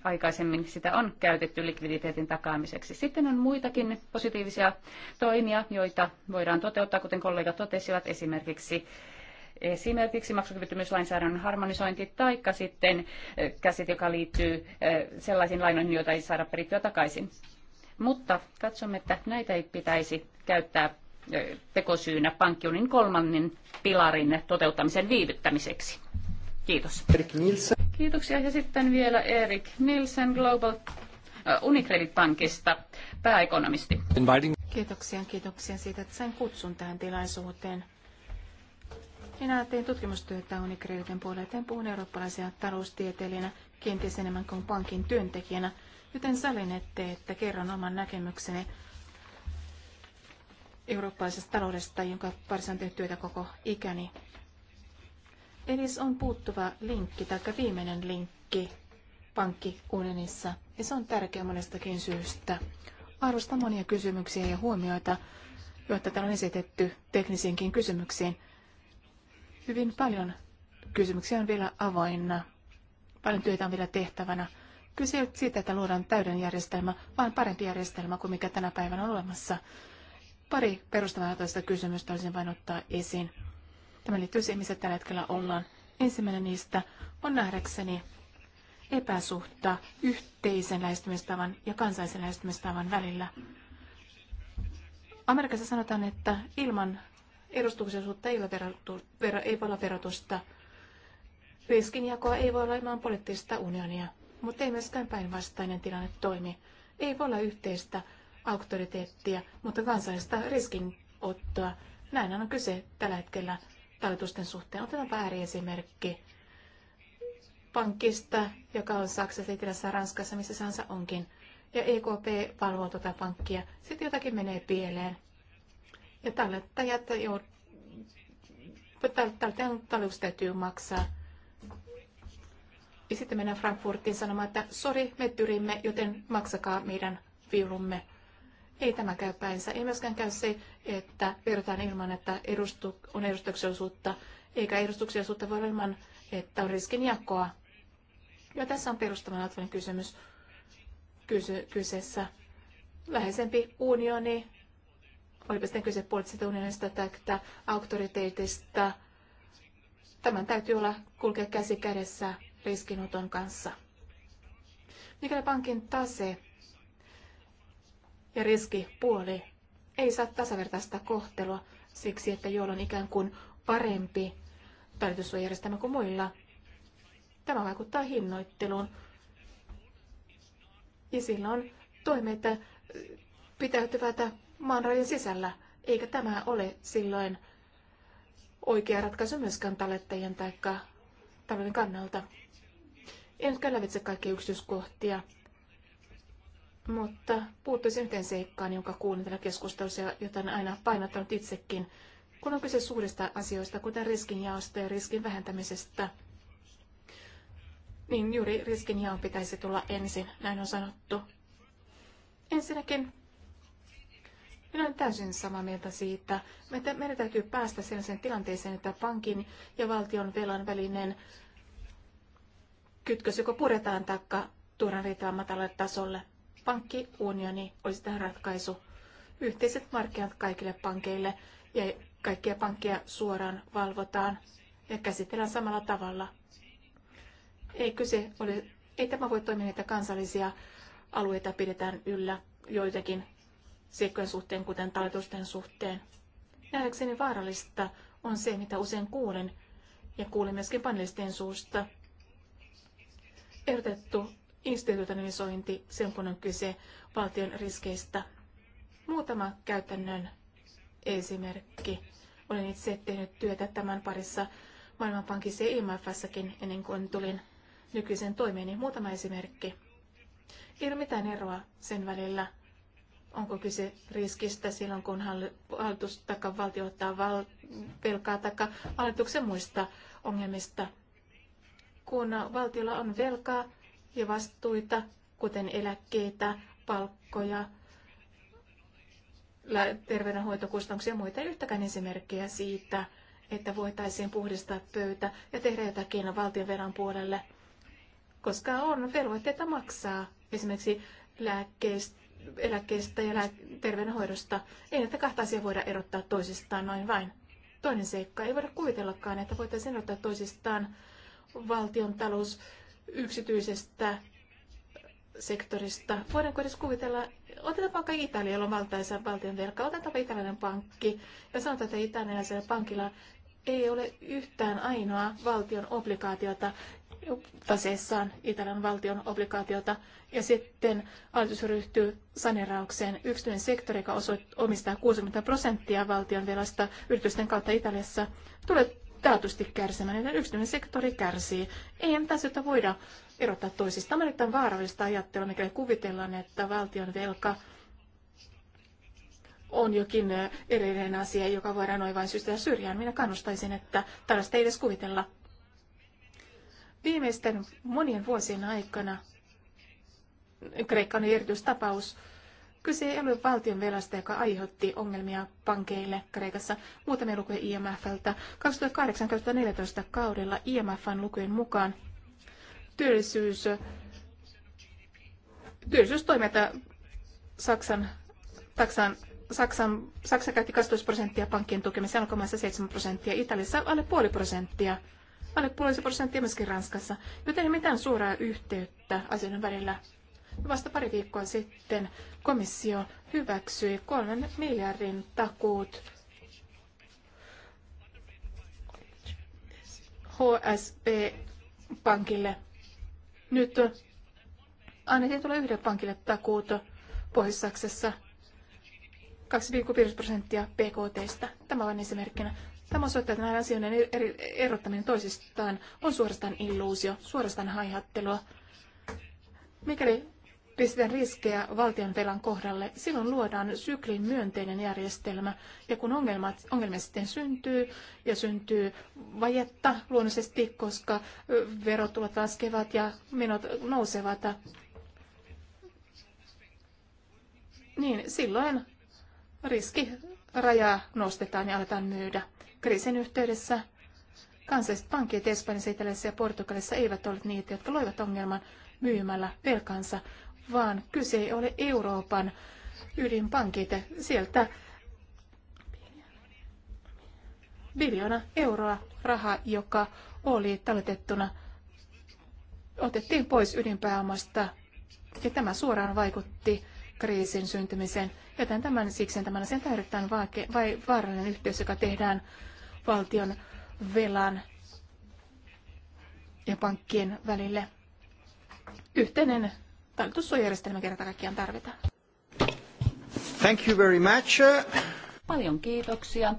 Aikaisemmin sitä on käytetty likviditeetin takaamiseksi. Sitten on muitakin positiivisia toimia, joita voidaan toteuttaa, kuten kollegat totesivat, esimerkiksi esimerkiksi maksukyvyttömyyslainsäädännön harmonisointi tai sitten käsit, joka liittyy sellaisiin lainoihin, joita ei saada perittyä takaisin. Mutta katsomme, että näitä ei pitäisi käyttää tekosyynä pankkiunin kolmannen pilarin toteuttamisen viivyttämiseksi. Kiitos. Erik Nielsen. Kiitoksia. Ja sitten vielä Erik Nielsen Global Unicredit Pankista, pääekonomisti. Kiitoksia, kiitoksia siitä, että sain kutsun tähän tilaisuuteen. Minä tein tutkimustyötä Unicreditin puolella. En puhun eurooppalaisia taloustieteilijänä, kenties enemmän kuin pankin työntekijänä, joten salin ette, että kerron oman näkemykseni eurooppalaisesta taloudesta, jonka parissa on tehty työtä koko ikäni. se on puuttuva linkki, tai viimeinen linkki pankkiunionissa, ja se on tärkeä monestakin syystä. Arvostan monia kysymyksiä ja huomioita, joita täällä on esitetty teknisiinkin kysymyksiin. Hyvin paljon kysymyksiä on vielä avoinna. Paljon työtä on vielä tehtävänä. Kyse ei ole siitä, että luodaan täyden järjestelmä, vaan parempi järjestelmä kuin mikä tänä päivänä on olemassa. Pari perustavanlaatuista kysymystä olisin vain ottaa esiin. Tämä liittyy siihen, missä tällä hetkellä ollaan. Ensimmäinen niistä on nähdäkseni epäsuhta yhteisen lähestymistavan ja kansallisen lähestymistavan välillä. Amerikassa sanotaan, että ilman edustuksen suhteen ei, vera, ei voi olla verotusta. Riskinjakoa ei voi olla ilman poliittista unionia, mutta ei myöskään päinvastainen tilanne toimi. Ei voi olla yhteistä auktoriteettia, mutta kansallista riskinottoa. Näin on kyse tällä hetkellä talletusten suhteen. Otetaanpa ääriesimerkki pankista, joka on Saksassa, Etelässä, Ranskassa, missä sansa onkin. Ja EKP valvoo tuota pankkia. Sitten jotakin menee pieleen. Ja tallettajat, talletus täytyy maksaa. Ja sitten mennään Frankfurtiin sanomaan, että sori, me tyrimme, joten maksakaa meidän viulumme. Ei tämä käy päinsä. Ei myöskään käy se, että verrataan ilman, että edustu, on edustuksellisuutta, eikä edustuksellisuutta voi olla ilman, että on riskinjakoa. Ja tässä on perustavanlaatuinen kysymys kyse, kyseessä. Läheisempi unioni olipa sitten kyse poliittisesta unionista tai auktoriteetista, tämän täytyy olla kulkea käsi kädessä riskinoton kanssa. Mikäli pankin tase ja riskipuoli ei saa tasavertaista kohtelua siksi, että joilla on ikään kuin parempi talletussuojajärjestelmä kuin muilla, tämä vaikuttaa hinnoitteluun. Ja on toimeita pitäytyvätä maan rajan sisällä, eikä tämä ole silloin oikea ratkaisu myöskään tallettajien tai talouden kannalta. En nyt käy lävitse kaikkia yksityiskohtia, mutta puuttuisin yhteen seikkaan, jonka kuulin tällä keskustelussa jota olen aina painottanut itsekin. Kun on kyse suurista asioista, kuten riskinjaosta ja riskin vähentämisestä, niin juuri riskinjaon pitäisi tulla ensin, näin on sanottu. Ensinnäkin minä olen täysin samaa mieltä siitä, meidän täytyy päästä sellaiseen tilanteeseen, että pankin ja valtion velan välinen kytkös joko puretaan taikka tuodaan riittävän matalalle tasolle. Pankkiunioni olisi tähän ratkaisu. Yhteiset markkinat kaikille pankeille ja kaikkia pankkia suoraan valvotaan ja käsitellään samalla tavalla. Ei, kyse ole, ei tämä voi toimia, että kansallisia alueita pidetään yllä joitakin seikkojen suhteen, kuten talletusten suhteen. Nähdäkseni vaarallista on se, mitä usein kuulen, ja kuulin myöskin panelistien suusta. Ehdotettu institutionalisointi sen kun on kyse valtion riskeistä. Muutama käytännön esimerkki. Olen itse tehnyt työtä tämän parissa Maailmanpankissa ja IMFssäkin ennen kuin tulin nykyisen toimeeni. Muutama esimerkki. Ei ole mitään eroa sen välillä, onko kyse riskistä silloin, kun hallitus tai valtio ottaa val- velkaa tai hallituksen muista ongelmista. Kun valtiolla on velkaa ja vastuita, kuten eläkkeitä, palkkoja, terveydenhoitokustannuksia ja muita, yhtäkään esimerkkejä siitä, että voitaisiin puhdistaa pöytä ja tehdä jotakin valtionvelan puolelle, koska on velvoitteita maksaa esimerkiksi lääkkeistä eläkkeestä ja terveydenhoidosta. Ei näitä kahta asiaa voida erottaa toisistaan noin vain. Toinen seikka, ei voida kuvitellakaan, että voitaisiin erottaa toisistaan valtion talous yksityisestä sektorista. Voidaanko edes kuvitella, otetaanpa vaikka Italia, jolla on valtaisa valtion velka, otetaanpa italialainen pankki ja sanotaan, että italialaisella pankilla ei ole yhtään ainoa valtion obligaatiota, taseessaan Italian valtion obligaatiota ja sitten hallitus ryhtyy saneeraukseen. Yksityinen sektori, joka omistaa 60 prosenttia valtion velasta yritysten kautta Italiassa, tulee taatusti kärsimään. Ja yksityinen sektori kärsii. Eihän tässä voida erottaa toisista. Tämä on erittäin vaarallista ajattelua, mikä kuvitellaan, että valtion velka on jokin eh, erillinen asia, joka voidaan noin vain syystä syrjään. Minä kannustaisin, että tällaista ei edes kuvitella. Viimeisten monien vuosien aikana Kreikka on erityistapaus. Kyse ei ole valtion velasta, joka aiheutti ongelmia pankeille Kreikassa. Muutamia lukuja IMFltä. 2008-2014 kaudella IMFn lukujen mukaan työllisyys, työllisyystoimet äh, Saksan, Saksan Saksan, Saksa käytti 12 prosenttia pankkien tukemiseen, alkamassa 7 prosenttia, Italiassa alle puoli prosenttia alle puolisen prosenttia myöskin Ranskassa, joten ei mitään suoraa yhteyttä asioiden välillä. Vasta pari viikkoa sitten komissio hyväksyi kolmen miljardin takuut HSB-pankille. Nyt annettiin tulla yhden pankille takuut Pohjois-Saksassa 2,5 prosenttia PKTstä. Tämä on esimerkkinä. Tämä osoittaa, että näiden asioiden er-, erottaminen toisistaan on suorastaan illuusio, suorastaan haihattelua. Mikäli pistetään riskejä valtion velan kohdalle, silloin luodaan syklin myönteinen järjestelmä. Ja kun ongelmat, ongelmia sitten syntyy ja syntyy vajetta luonnollisesti, koska verotulot laskevat ja menot nousevat, niin silloin riski rajaa nostetaan ja aletaan myydä. Kriisin yhteydessä kansalliset pankit Espanjassa, Italiassa ja Portugalissa eivät olleet niitä, jotka loivat ongelman myymällä velkansa, vaan kyse ei ole Euroopan ydinpankit. Sieltä biljoona euroa rahaa, joka oli talletettuna, otettiin pois ydinpääomasta ja tämä suoraan vaikutti kriisin syntymiseen. Joten tämän siksi tämän sen täydettään vaarallinen yhteys, joka tehdään valtion velan ja pankkien välille. Yhteinen talletussuojajärjestelmä kerta kaikkiaan tarvitaan. Thank you very much. Paljon kiitoksia.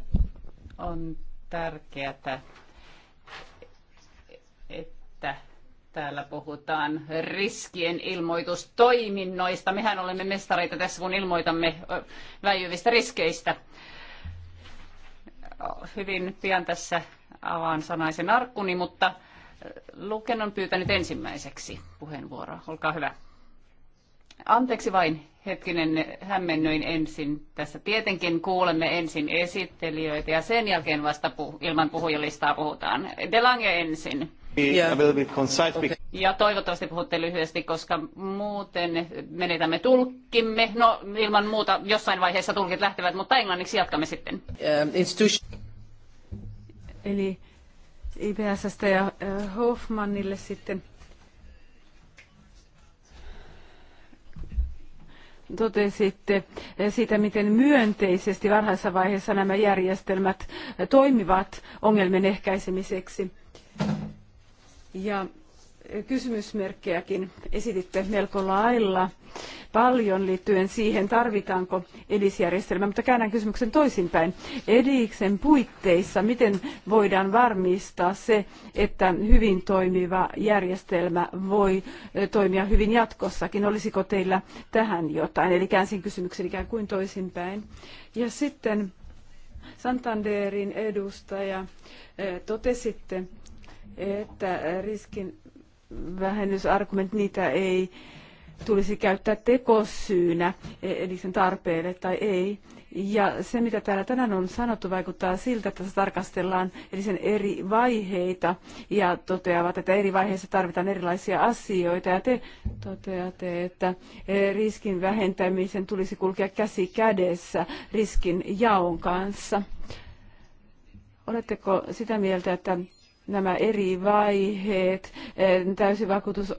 On tärkeää, että täällä puhutaan riskien ilmoitustoiminnoista. Mehän olemme mestareita tässä, kun ilmoitamme väijyvistä riskeistä hyvin pian tässä avaan sanaisen arkkuni, mutta äh, Luken on pyytänyt ensimmäiseksi puheenvuoroa. Olkaa hyvä. Anteeksi vain hetkinen, hämmennyin ensin. Tässä tietenkin kuulemme ensin esittelijöitä ja sen jälkeen vasta puh- ilman puhujalistaa puhutaan. Delange ensin. Ja toivottavasti puhutte lyhyesti, koska muuten menetämme tulkkimme. No ilman muuta jossain vaiheessa tulkit lähtevät, mutta englanniksi jatkamme sitten. Eli IBSstä ja eh, Hoffmannille sitten totesitte eh, siitä, miten myönteisesti varhaisessa vaiheessa nämä järjestelmät eh, toimivat ongelmien ehkäisemiseksi ja kysymysmerkkejäkin esititte melko lailla paljon liittyen siihen, tarvitaanko edisjärjestelmä, mutta käännän kysymyksen toisinpäin. Ediksen puitteissa, miten voidaan varmistaa se, että hyvin toimiva järjestelmä voi eh, toimia hyvin jatkossakin? Olisiko teillä tähän jotain? Eli käänsin kysymyksen ikään kuin toisinpäin. Ja sitten Santanderin edustaja, eh, totesitte, että riskin vähennysargumentit, niitä ei tulisi käyttää tekosyynä, eli sen tarpeelle tai ei. Ja se, mitä täällä tänään on sanottu, vaikuttaa siltä, että se tarkastellaan eli sen eri vaiheita ja toteavat, että eri vaiheissa tarvitaan erilaisia asioita. Ja te toteatte, että e, riskin vähentämisen tulisi kulkea käsi kädessä riskin jaon kanssa. Oletteko sitä mieltä, että nämä eri vaiheet, eh, täysin vakuutus,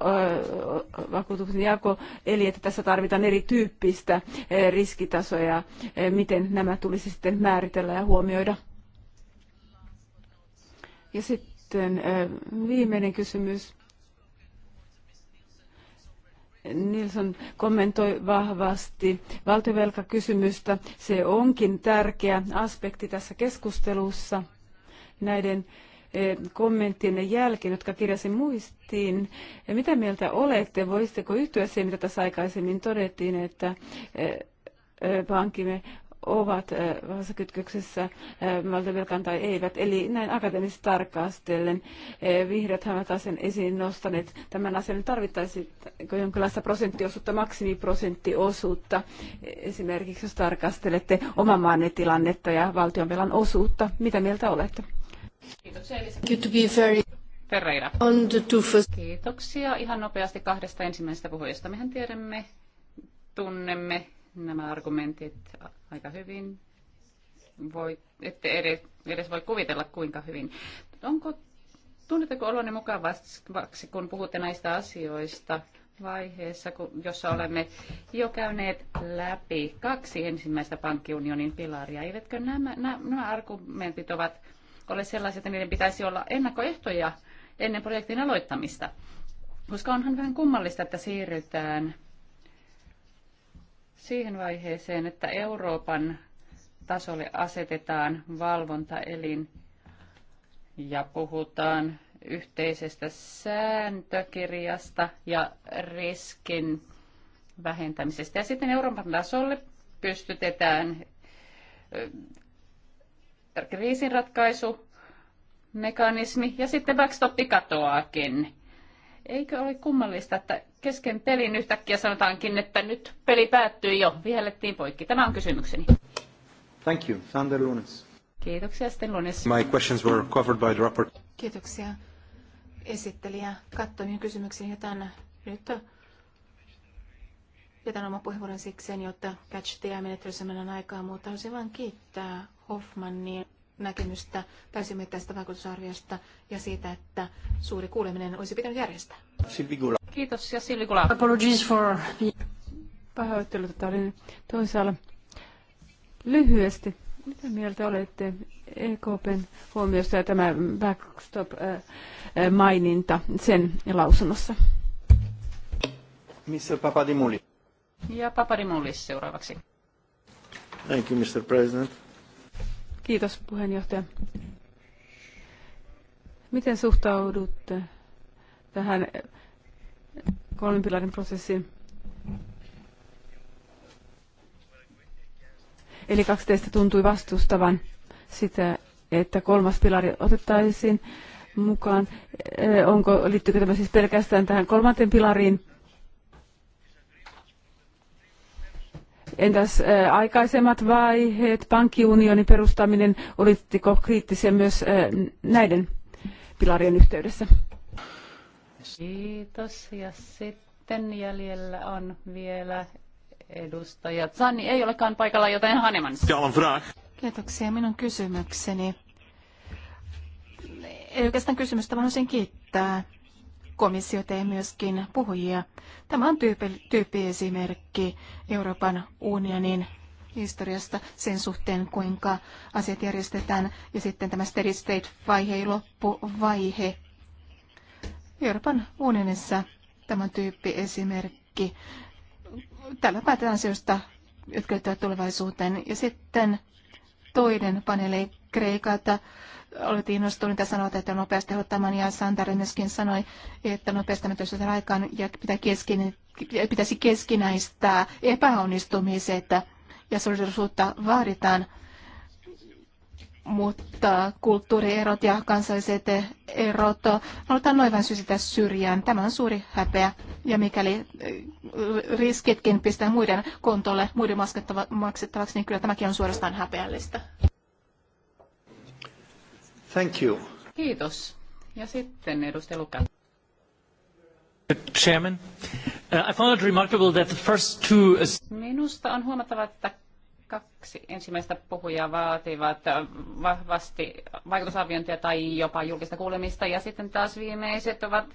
vakuutuksen jako, eli että tässä tarvitaan erityyppistä eh, riskitasoja, eh, miten nämä tulisi sitten määritellä ja huomioida. Ja sitten viimeinen kysymys. Nilsson kommentoi vahvasti valtiovelkakysymystä. Se onkin tärkeä aspekti tässä keskustelussa. Näiden Eh, kommenttien jälkeen, jotka kirjasin muistiin. Eh, mitä mieltä olette? Voisitteko yhtyä siihen, mitä tässä aikaisemmin todettiin, että eh, pankimme ovat kytköksessä valtavelkaan tai eivät. Eli näin akateemisesti tarkastellen vihreät ovat sen esiin nostaneet tämän asian. Tarvittaisiko jonkinlaista prosenttiosuutta, maksimiprosenttiosuutta, esimerkiksi jos tarkastelette oman maanne tilannetta ja valtionvelan osuutta. Mitä mieltä olette? Good to be very... Ferreira. On the two first... Kiitoksia ihan nopeasti kahdesta ensimmäisestä puhujasta. Mehän tiedämme, tunnemme nämä argumentit aika hyvin. Voi, ette edes, edes voi kuvitella kuinka hyvin. Onko, tunnetteko oloni mukavaksi, kun puhutte näistä asioista vaiheessa, kun, jossa olemme jo käyneet läpi kaksi ensimmäistä pankkiunionin pilaria? Eivätkö nämä, nämä, nämä argumentit ovat ole sellaisia, että niiden pitäisi olla ennakkoehtoja ennen projektin aloittamista. Koska onhan vähän kummallista, että siirrytään siihen vaiheeseen, että Euroopan tasolle asetetaan valvontaelin ja puhutaan yhteisestä sääntökirjasta ja riskin vähentämisestä. Ja sitten Euroopan tasolle pystytetään kriisinratkaisumekanismi ja sitten backstoppi katoaakin. Eikö ole kummallista, että kesken pelin yhtäkkiä sanotaankin, että nyt peli päättyy jo, vihellettiin poikki. Tämä on kysymykseni. Thank you, Sander Lunes. Kiitoksia, sitten Lunes. My questions were covered by the report. Kiitoksia. Esittelijä katsoi minun kysymykseni, joten nyt jätän oma puheenvuoron sikseen, jotta catch the menettelyssä mennään aikaa, mutta haluaisin vain kiittää Hoffmannin näkemystä täysimittaisesta vaikutusarviosta ja siitä, että suuri kuuleminen olisi pitänyt järjestää. Silvikula. Kiitos ja Silvikula. Apologies for... Pahoittelut, että olin toisaalla lyhyesti. Mitä mieltä olette EKPn huomiosta ja tämä backstop-maininta äh, äh, sen lausunnossa? Mr. Papadimoulis. Ja Papadimoulis seuraavaksi. Thank you, Mr. President. Kiitos puheenjohtaja. Miten suhtaudutte tähän kolmen pilarin prosessiin? Eli kaksi teistä tuntui vastustavan sitä, että kolmas pilari otettaisiin mukaan. Onko, liittyykö tämä siis pelkästään tähän kolmanteen pilariin Entäs aikaisemmat vaiheet, pankkiunionin perustaminen, olitteko kriittisiä myös näiden pilarien yhteydessä? Kiitos. Ja sitten jäljellä on vielä edustaja Zanni. Ei olekaan paikalla, joten Haneman. Kiitoksia. Minun kysymykseni. Ei oikeastaan kysymystä, vaan haluaisin kiittää komissiota ja myöskin puhujia. Tämä on tyyppi, tyyppiesimerkki Euroopan unionin historiasta sen suhteen, kuinka asiat järjestetään. Ja sitten tämä steady state-vaihe ja loppuvaihe. Euroopan unionissa tämä on esimerkki. Tällä päätetään asioista, jotka liittyvät tulevaisuuteen. Ja sitten toinen paneeli Kreikalta innostunut ja sanoit, että nopeasti ottamaan ja Santari myöskin sanoi, että nopeasti me aikaan ja pitää keskin, pitäisi keskinäistää epäonnistumiset ja solidarisuutta vaaditaan mutta kulttuurierot ja kansalliset erot halutaan no, noin vain sysätä syrjään. Tämä on suuri häpeä ja mikäli eh, riskitkin pistää muiden kontolle, muiden maksettavaksi, niin kyllä tämäkin on suorastaan häpeällistä. Thank you. Kiitos. Ja sitten edustaja Lukan. Chairman, uh, I found it remarkable that the first two... Minusta on huomattava, että kaksi ensimmäistä puhujaa vaativat uh, vahvasti vaikutusarviointia tai jopa julkista kuulemista ja sitten taas viimeiset ovat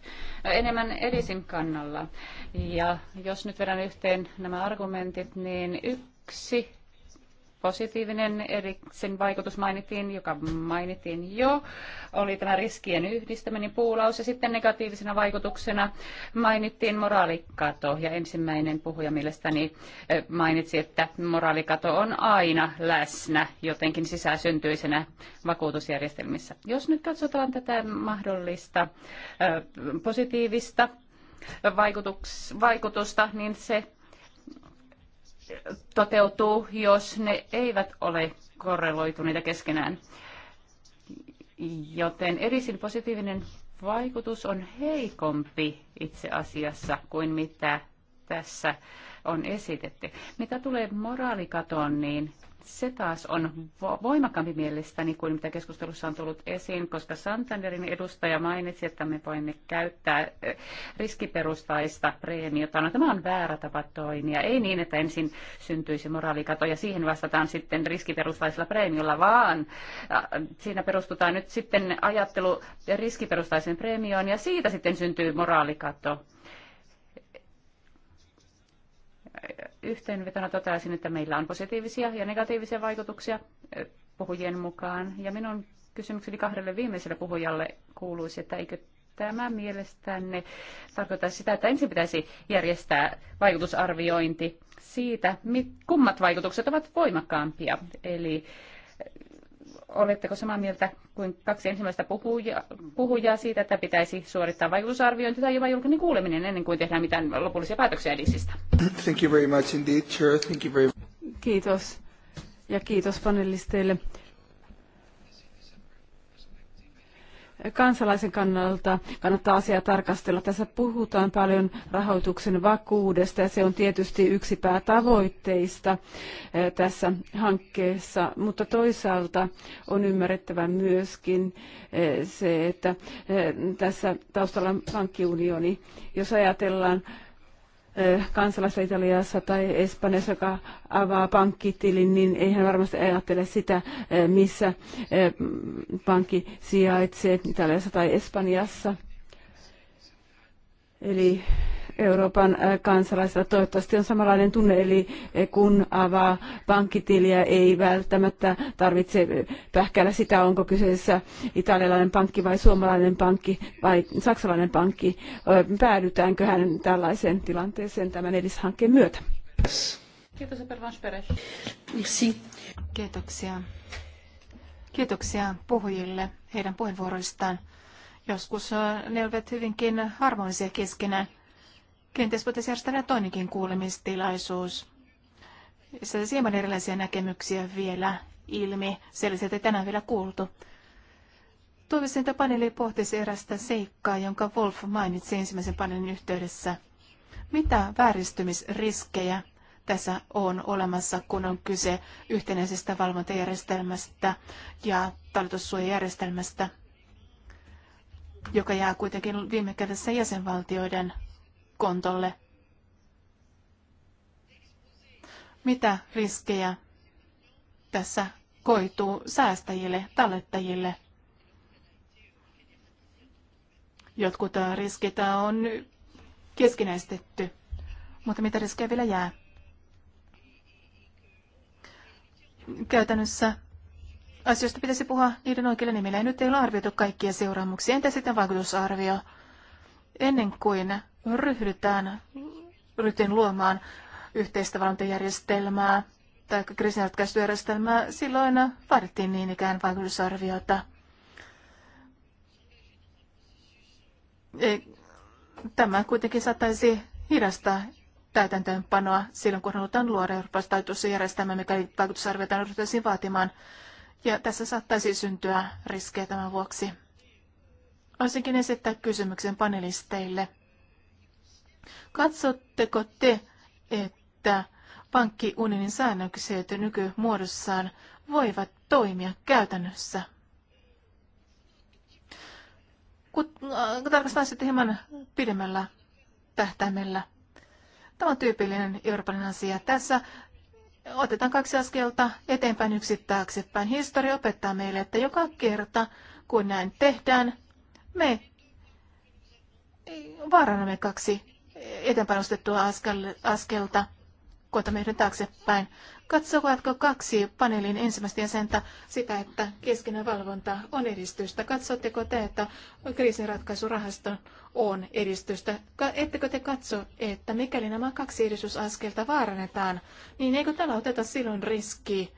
enemmän edisin kannalla. Ja jos nyt vedän yhteen nämä argumentit, niin yksi positiivinen eriksen vaikutus mainittiin, joka mainittiin jo, oli tämä riskien yhdistäminen puulaus ja sitten negatiivisena vaikutuksena mainittiin moraalikato ja ensimmäinen puhuja mielestäni eh, mainitsi, että moraalikato on aina läsnä jotenkin sisäsyntyisenä vakuutusjärjestelmissä. Jos nyt katsotaan tätä mahdollista eh, positiivista vaikutusta, niin se toteutuu, jos ne eivät ole korreloituneita keskenään. Joten erisin positiivinen vaikutus on heikompi itse asiassa kuin mitä tässä on esitetty. Mitä tulee moraalikatoon, niin se taas on voimakkaampi mielestäni niin kuin mitä keskustelussa on tullut esiin, koska Santanderin edustaja mainitsi, että me voimme käyttää riskiperustaista preemiota. No, tämä on väärä tapa toimia. Ei niin, että ensin syntyisi moraalikato ja siihen vastataan sitten riskiperustaisella preemiolla, vaan siinä perustutaan nyt sitten ajattelu riskiperustaisen preemioon ja siitä sitten syntyy moraalikato yhteenvetona toteaisin, että meillä on positiivisia ja negatiivisia vaikutuksia puhujien mukaan. Ja minun kysymykseni kahdelle viimeiselle puhujalle kuuluisi, että eikö tämä mielestänne tarkoittaa sitä, että ensin pitäisi järjestää vaikutusarviointi siitä, kummat vaikutukset ovat voimakkaampia. Eli Oletteko samaa mieltä kuin kaksi ensimmäistä puhujaa, puhujaa siitä, että pitäisi suorittaa vaikutusarviointi tai jopa julkinen kuuleminen ennen kuin tehdään mitään lopullisia päätöksiä edisistä? Thank you very much indeed, Chair. Thank you very... Kiitos. Ja kiitos panelisteille kansalaisen kannalta kannattaa asiaa tarkastella. Tässä puhutaan paljon rahoituksen vakuudesta ja se on tietysti yksi päätavoitteista eh, tässä hankkeessa, mutta toisaalta on ymmärrettävä myöskin eh, se, että eh, tässä taustalla on pankkiunioni. Jos ajatellaan kansalaista Italiassa tai Espanjassa, joka avaa pankkitilin, niin ei hän varmasti ajattele sitä, missä pankki sijaitsee Italiassa tai Espanjassa. Eli Euroopan kansalaisilla toivottavasti on samanlainen tunne, eli kun avaa pankkitiliä, ei välttämättä tarvitse pähkäillä sitä, onko kyseessä italialainen pankki vai suomalainen pankki vai saksalainen pankki. Päädytäänkö hän tällaiseen tilanteeseen tämän edishankkeen myötä? Kiitos, Merci. Kiitoksia. Kiitoksia puhujille heidän puheenvuoroistaan. Joskus ne olivat hyvinkin harmonisia keskenään. Kenties voitaisiin järjestää toinenkin kuulemistilaisuus. Sieltä hieman erilaisia näkemyksiä vielä ilmi, sellaisia ei tänään vielä kuultu. Toivoisin, että paneeli pohtisi erästä seikkaa, jonka Wolf mainitsi ensimmäisen paneelin yhteydessä. Mitä vääristymisriskejä tässä on olemassa, kun on kyse yhtenäisestä valvontajärjestelmästä ja talletussuojajärjestelmästä, joka jää kuitenkin viime kädessä jäsenvaltioiden kontolle. Mitä riskejä tässä koituu säästäjille, tallettajille? Jotkut riskit on keskinäistetty, mutta mitä riskejä vielä jää? Käytännössä asioista pitäisi puhua niiden oikeilla nimillä. nyt ei ole arvioitu kaikkia seuraamuksia. Entä sitten vaikutusarvio? Ennen kuin ryhdytään ryhtyin luomaan yhteistä valvontajärjestelmää tai kriisinratkaisujärjestelmää, silloin vaadittiin niin ikään vaikutusarviota. E, tämä kuitenkin saattaisi hidastaa täytäntöönpanoa silloin, kun halutaan luoda Euroopassa taitoissa järjestelmä, mikä vaikutusarviota ryhdyttäisiin vaatimaan. Ja tässä saattaisi syntyä riskejä tämän vuoksi. Olisinkin esittää kysymyksen panelisteille – Katsotteko te, että pankkiunionin säännökset nykymuodossaan voivat toimia käytännössä? Kun äh, tarkastetaan sitten hieman pidemmällä tähtäimellä. Tämä on tyypillinen eurooppalainen asia. Tässä otetaan kaksi askelta eteenpäin yksi taaksepäin. Historia opettaa meille, että joka kerta kun näin tehdään, me vaarannamme kaksi eteenpäin ostettua askelta, koetamme yhden taaksepäin. Katsovatko kaksi paneelin ensimmäistä jäsentä sitä, että keskinen valvonta on edistystä? Katsotteko te, että kriisinratkaisurahasto on edistystä? Ettekö te katso, että mikäli nämä kaksi edistysaskelta vaarannetaan, niin eikö tällä oteta silloin riski,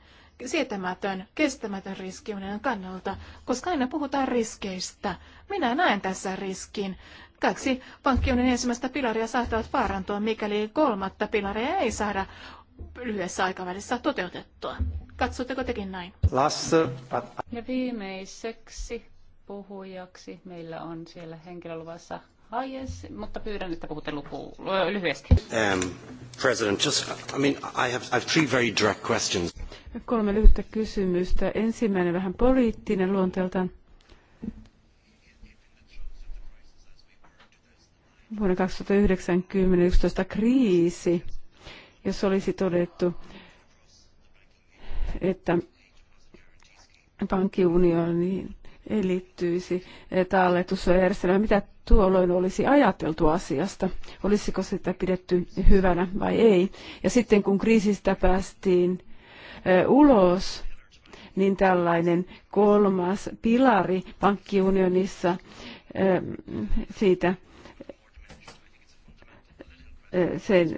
sietämätön, kestämätön riski kannalta, koska aina puhutaan riskeistä. Minä näen tässä riskin. Kaksi pankkiunin ensimmäistä pilaria saattavat vaarantua, mikäli kolmatta pilaria ei saada lyhyessä aikavälissä toteutettua. Katsotteko tekin näin? Lasse. Ja viimeiseksi puhujaksi meillä on siellä henkilöluvassa Hayes, mutta pyydän, että puhutte luku, lyhyesti. Um, President, just, I mean, I have, I have three very direct questions. Kolme lyhyttä kysymystä. Ensimmäinen vähän poliittinen luonteeltaan. vuonna 2019 kriisi, jos olisi todettu, että pankkiunioniin ei liittyisi talletussuojajärjestelmä. Mitä tuolloin olisi ajateltu asiasta? Olisiko sitä pidetty hyvänä vai ei? Ja sitten kun kriisistä päästiin ulos, niin tällainen kolmas pilari pankkiunionissa siitä sen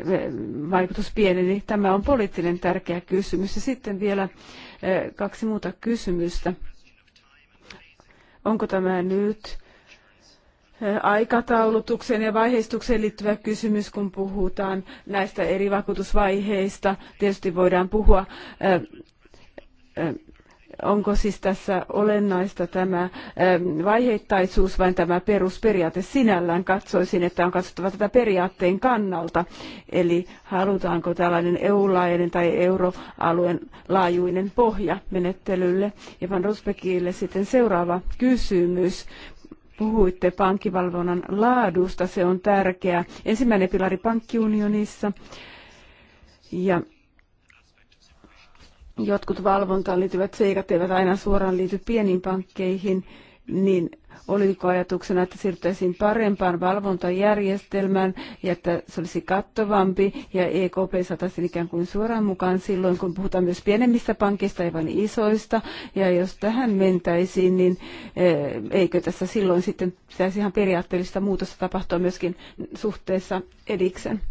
vaikutus pieneni. Tämä on poliittinen tärkeä kysymys. Ja sitten vielä kaksi muuta kysymystä. Onko tämä nyt aikataulutukseen ja vaiheistukseen liittyvä kysymys, kun puhutaan näistä eri vakuutusvaiheista. Tietysti voidaan puhua onko siis tässä olennaista tämä ähm, vaiheittaisuus vai tämä perusperiaate sinällään? Katsoisin, että on katsottava tätä periaatteen kannalta. Eli halutaanko tällainen EU-laajuinen tai euroalueen laajuinen pohja menettelylle? Ja Van sitten seuraava kysymys puhuitte pankkivalvonnan laadusta, se on tärkeää. Ensimmäinen pilari pankkiunionissa ja jotkut valvontaan liittyvät seikat eivät aina suoraan liity pieniin pankkeihin, niin oliko ajatuksena, että siirryttäisiin parempaan valvontajärjestelmään ja että se olisi kattavampi ja EKP saataisiin ikään kuin suoraan mukaan silloin, kun puhutaan myös pienemmistä pankista, ei vain isoista. Ja jos tähän mentäisiin, niin eh, eikö tässä silloin sitten pitäisi ihan periaatteellista muutosta tapahtua myöskin suhteessa ediksen?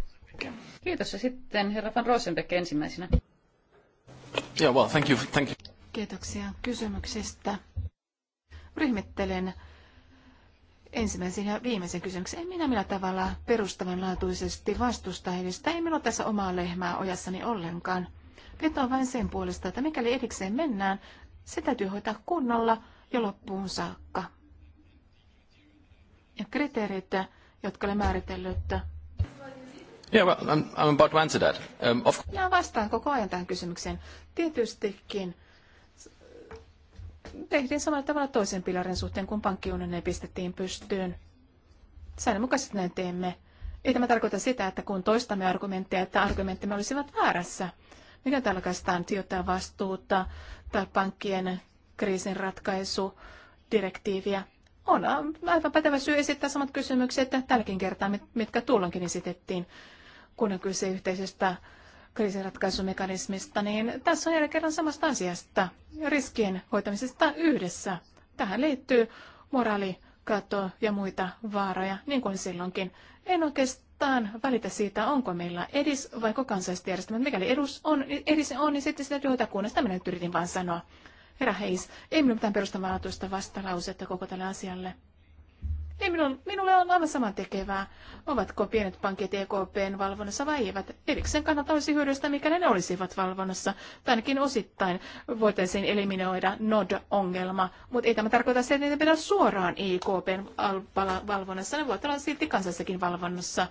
Kiitos ja sitten herra Van Rosenbeck ensimmäisenä. Yeah, well, thank you, thank you. Kiitoksia kysymyksestä. Ryhmittelen ensimmäisen ja viimeisen kysymyksen. En minä millä tavalla perustavanlaatuisesti vastusta edistä. Ei minulla tässä omaa lehmää ojassani ollenkaan. Vetoan vain sen puolesta, että mikäli edikseen mennään, se täytyy hoitaa kunnolla jo loppuun saakka. Ja kriteerit, jotka olen määritellyt, Yeah, well, I'm, I'm about to answer that. Um, of... Minä vastaan koko ajan tähän kysymykseen. Tietystikin tehtiin samalla tavalla toisen pilarin suhteen, kun pankkiunioni pistettiin pystyyn. Säännönmukaisesti näin teemme. Ei tämä tarkoita sitä, että kun toistamme argumentteja, että argumenttimme olisivat väärässä. Mikä tarkastaan sijoittajan vastuuta tai pankkien kriisin ratkaisu, direktiiviä. On aivan pätevä syy esittää samat kysymykset tälläkin kertaa, mitkä tuolloinkin esitettiin kun on kyse yhteisestä kriisinratkaisumekanismista, niin tässä on jälleen kerran samasta asiasta, riskien hoitamisesta yhdessä. Tähän liittyy moraalikato ja muita vaaroja, niin kuin silloinkin. En oikeastaan välitä siitä, onko meillä edis vai kansalliset järjestelmät. Mikäli edus on, edis on, niin sitten sitä työtä kuunnella. Sitä minä nyt yritin vaan sanoa. Herra Heis, ei minulla mitään perustavaa vastalausetta koko tälle asialle. Ei minun, minulle on aivan saman tekevää, ovatko pienet pankit EKPn valvonnassa vai eivät. Erikseen kannattaa olisi hyödyistä, mikä ne olisivat valvonnassa. Tänkin osittain voitaisiin eliminoida NOD-ongelma, mutta ei tämä tarkoita sitä, että niitä pitää suoraan EKPn valvonnassa. Ne voivat olla silti kansallisessakin valvonnassa.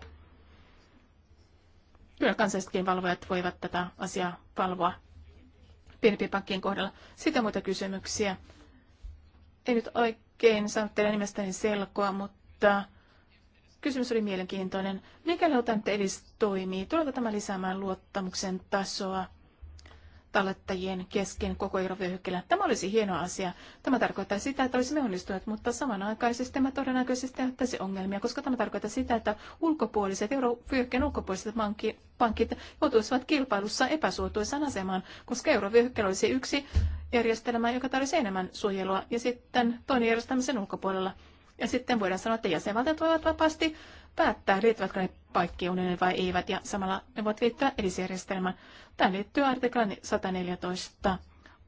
Kyllä kansallisetkin valvojat voivat tätä asiaa valvoa pienempien pankkien kohdalla. Sitä muita kysymyksiä ei nyt oikein saanut teidän nimestäni selkoa, mutta kysymys oli mielenkiintoinen. Mikäli otan edis toimii, tuleeko tämä lisäämään luottamuksen tasoa tallettajien kesken koko eurovyöhykkeellä. Tämä olisi hieno asia. Tämä tarkoittaa sitä, että olisimme onnistuneet, mutta samanaikaisesti tämä todennäköisesti aiheuttaisi ongelmia, koska tämä tarkoittaa sitä, että ulkopuoliset, eurovyöhykkeen ulkopuoliset pankki, pankit joutuisivat kilpailussa epäsuotuisaan asemaan, koska eurovyöhykkeellä olisi yksi järjestelmä, joka tarvitsisi enemmän suojelua, ja sitten toinen järjestelmä sen ulkopuolella. Ja sitten voidaan sanoa, että jäsenvaltiot voivat vapaasti päättää, liittyvätkö ne unionin vai eivät, ja samalla ne voivat liittyä edisjärjestelmään. Tämä liittyy artiklaan 114.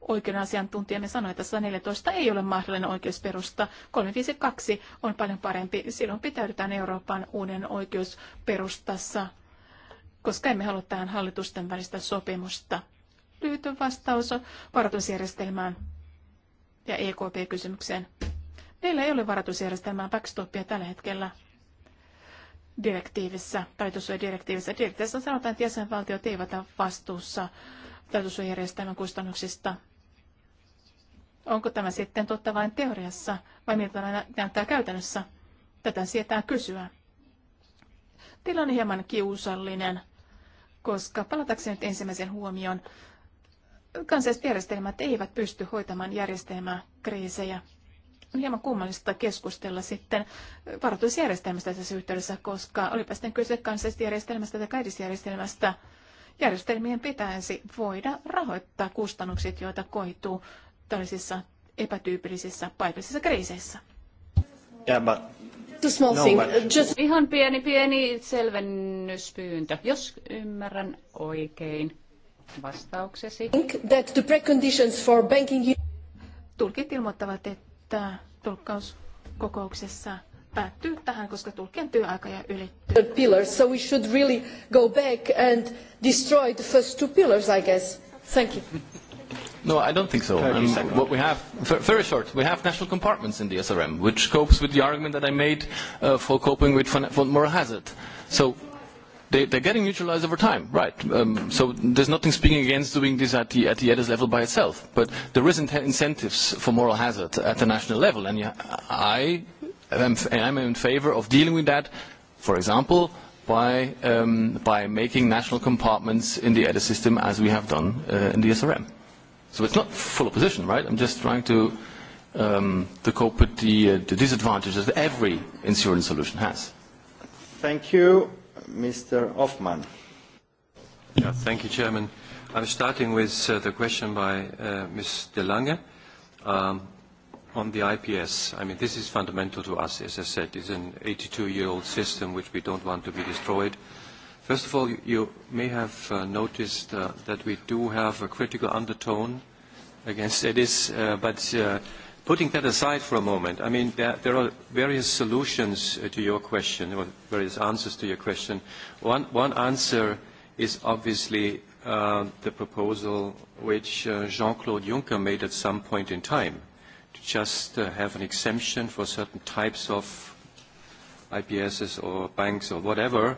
Oikeuden asiantuntijamme sanoi, että 114 ei ole mahdollinen oikeusperusta. 352 on paljon parempi. Silloin pitäydytään Euroopan uuden oikeusperustassa, koska emme halua tähän hallitusten välistä sopimusta. Lyhyt vastaus varoitusjärjestelmään ja EKP-kysymykseen. Meillä ei ole varoitusjärjestelmää backstopia tällä hetkellä direktiivissä, taitosuojadirektiivissä Direktiivissä sanotaan, että jäsenvaltiot eivät ole vastuussa taitosuojajärjestelmän kustannuksista. Onko tämä sitten totta vain teoriassa vai miltä näyttää käytännössä? Tätä sietää kysyä. Tilanne hieman kiusallinen, koska palatakseni nyt ensimmäisen huomioon, kansalliset järjestelmät eivät pysty hoitamaan järjestelmäkriisejä. kriisejä on hieman kummallista keskustella sitten varoitusjärjestelmästä tässä yhteydessä, koska olipa sitten kyse kansallisesta järjestelmästä tai kaidisjärjestelmästä, järjestelmien pitäisi voida rahoittaa kustannukset, joita koituu tällaisissa epätyypillisissä paikallisissa kriiseissä. Yeah, but... No, uh, Just... Ihan pieni, pieni selvennyspyyntö, jos ymmärrän oikein vastauksesi. That the preconditions for banking... Tulkit ilmoittavat, että tulkkaus tulkkauskokouksessa päättyy tähän, koska tulkien työaika ja ylittyy. Pillars, so we should really go back and destroy the first two pillars, I guess. Thank you. No, I don't think so. Um, what we have, very short, we have national compartments in the SRM, which copes with the argument that I made uh, for coping with moral hazard. So they, they're getting neutralized over time, right? Um, so there's nothing speaking against doing this at the, at the EDIS level by itself. But there is in incentives for moral hazard at the national level. And I am in favor of dealing with that, for example, by, um, by making national compartments in the EDIS system as we have done uh, in the SRM. So it's not full opposition, right? I'm just trying to, um, to cope with the, uh, the disadvantages that every insurance solution has. Thank you. Mr. Hoffman. Yeah, thank you, Chairman. I'm starting with uh, the question by uh, Ms. De Lange um, on the IPS. I mean, this is fundamental to us, as I said. It's an 82-year-old system which we don't want to be destroyed. First of all, you, you may have uh, noticed uh, that we do have a critical undertone against EDIS, uh, but uh, Putting that aside for a moment, I mean, there, there are various solutions uh, to your question, or various answers to your question. One, one answer is obviously uh, the proposal which uh, Jean-Claude Juncker made at some point in time, to just uh, have an exemption for certain types of IPSs or banks or whatever.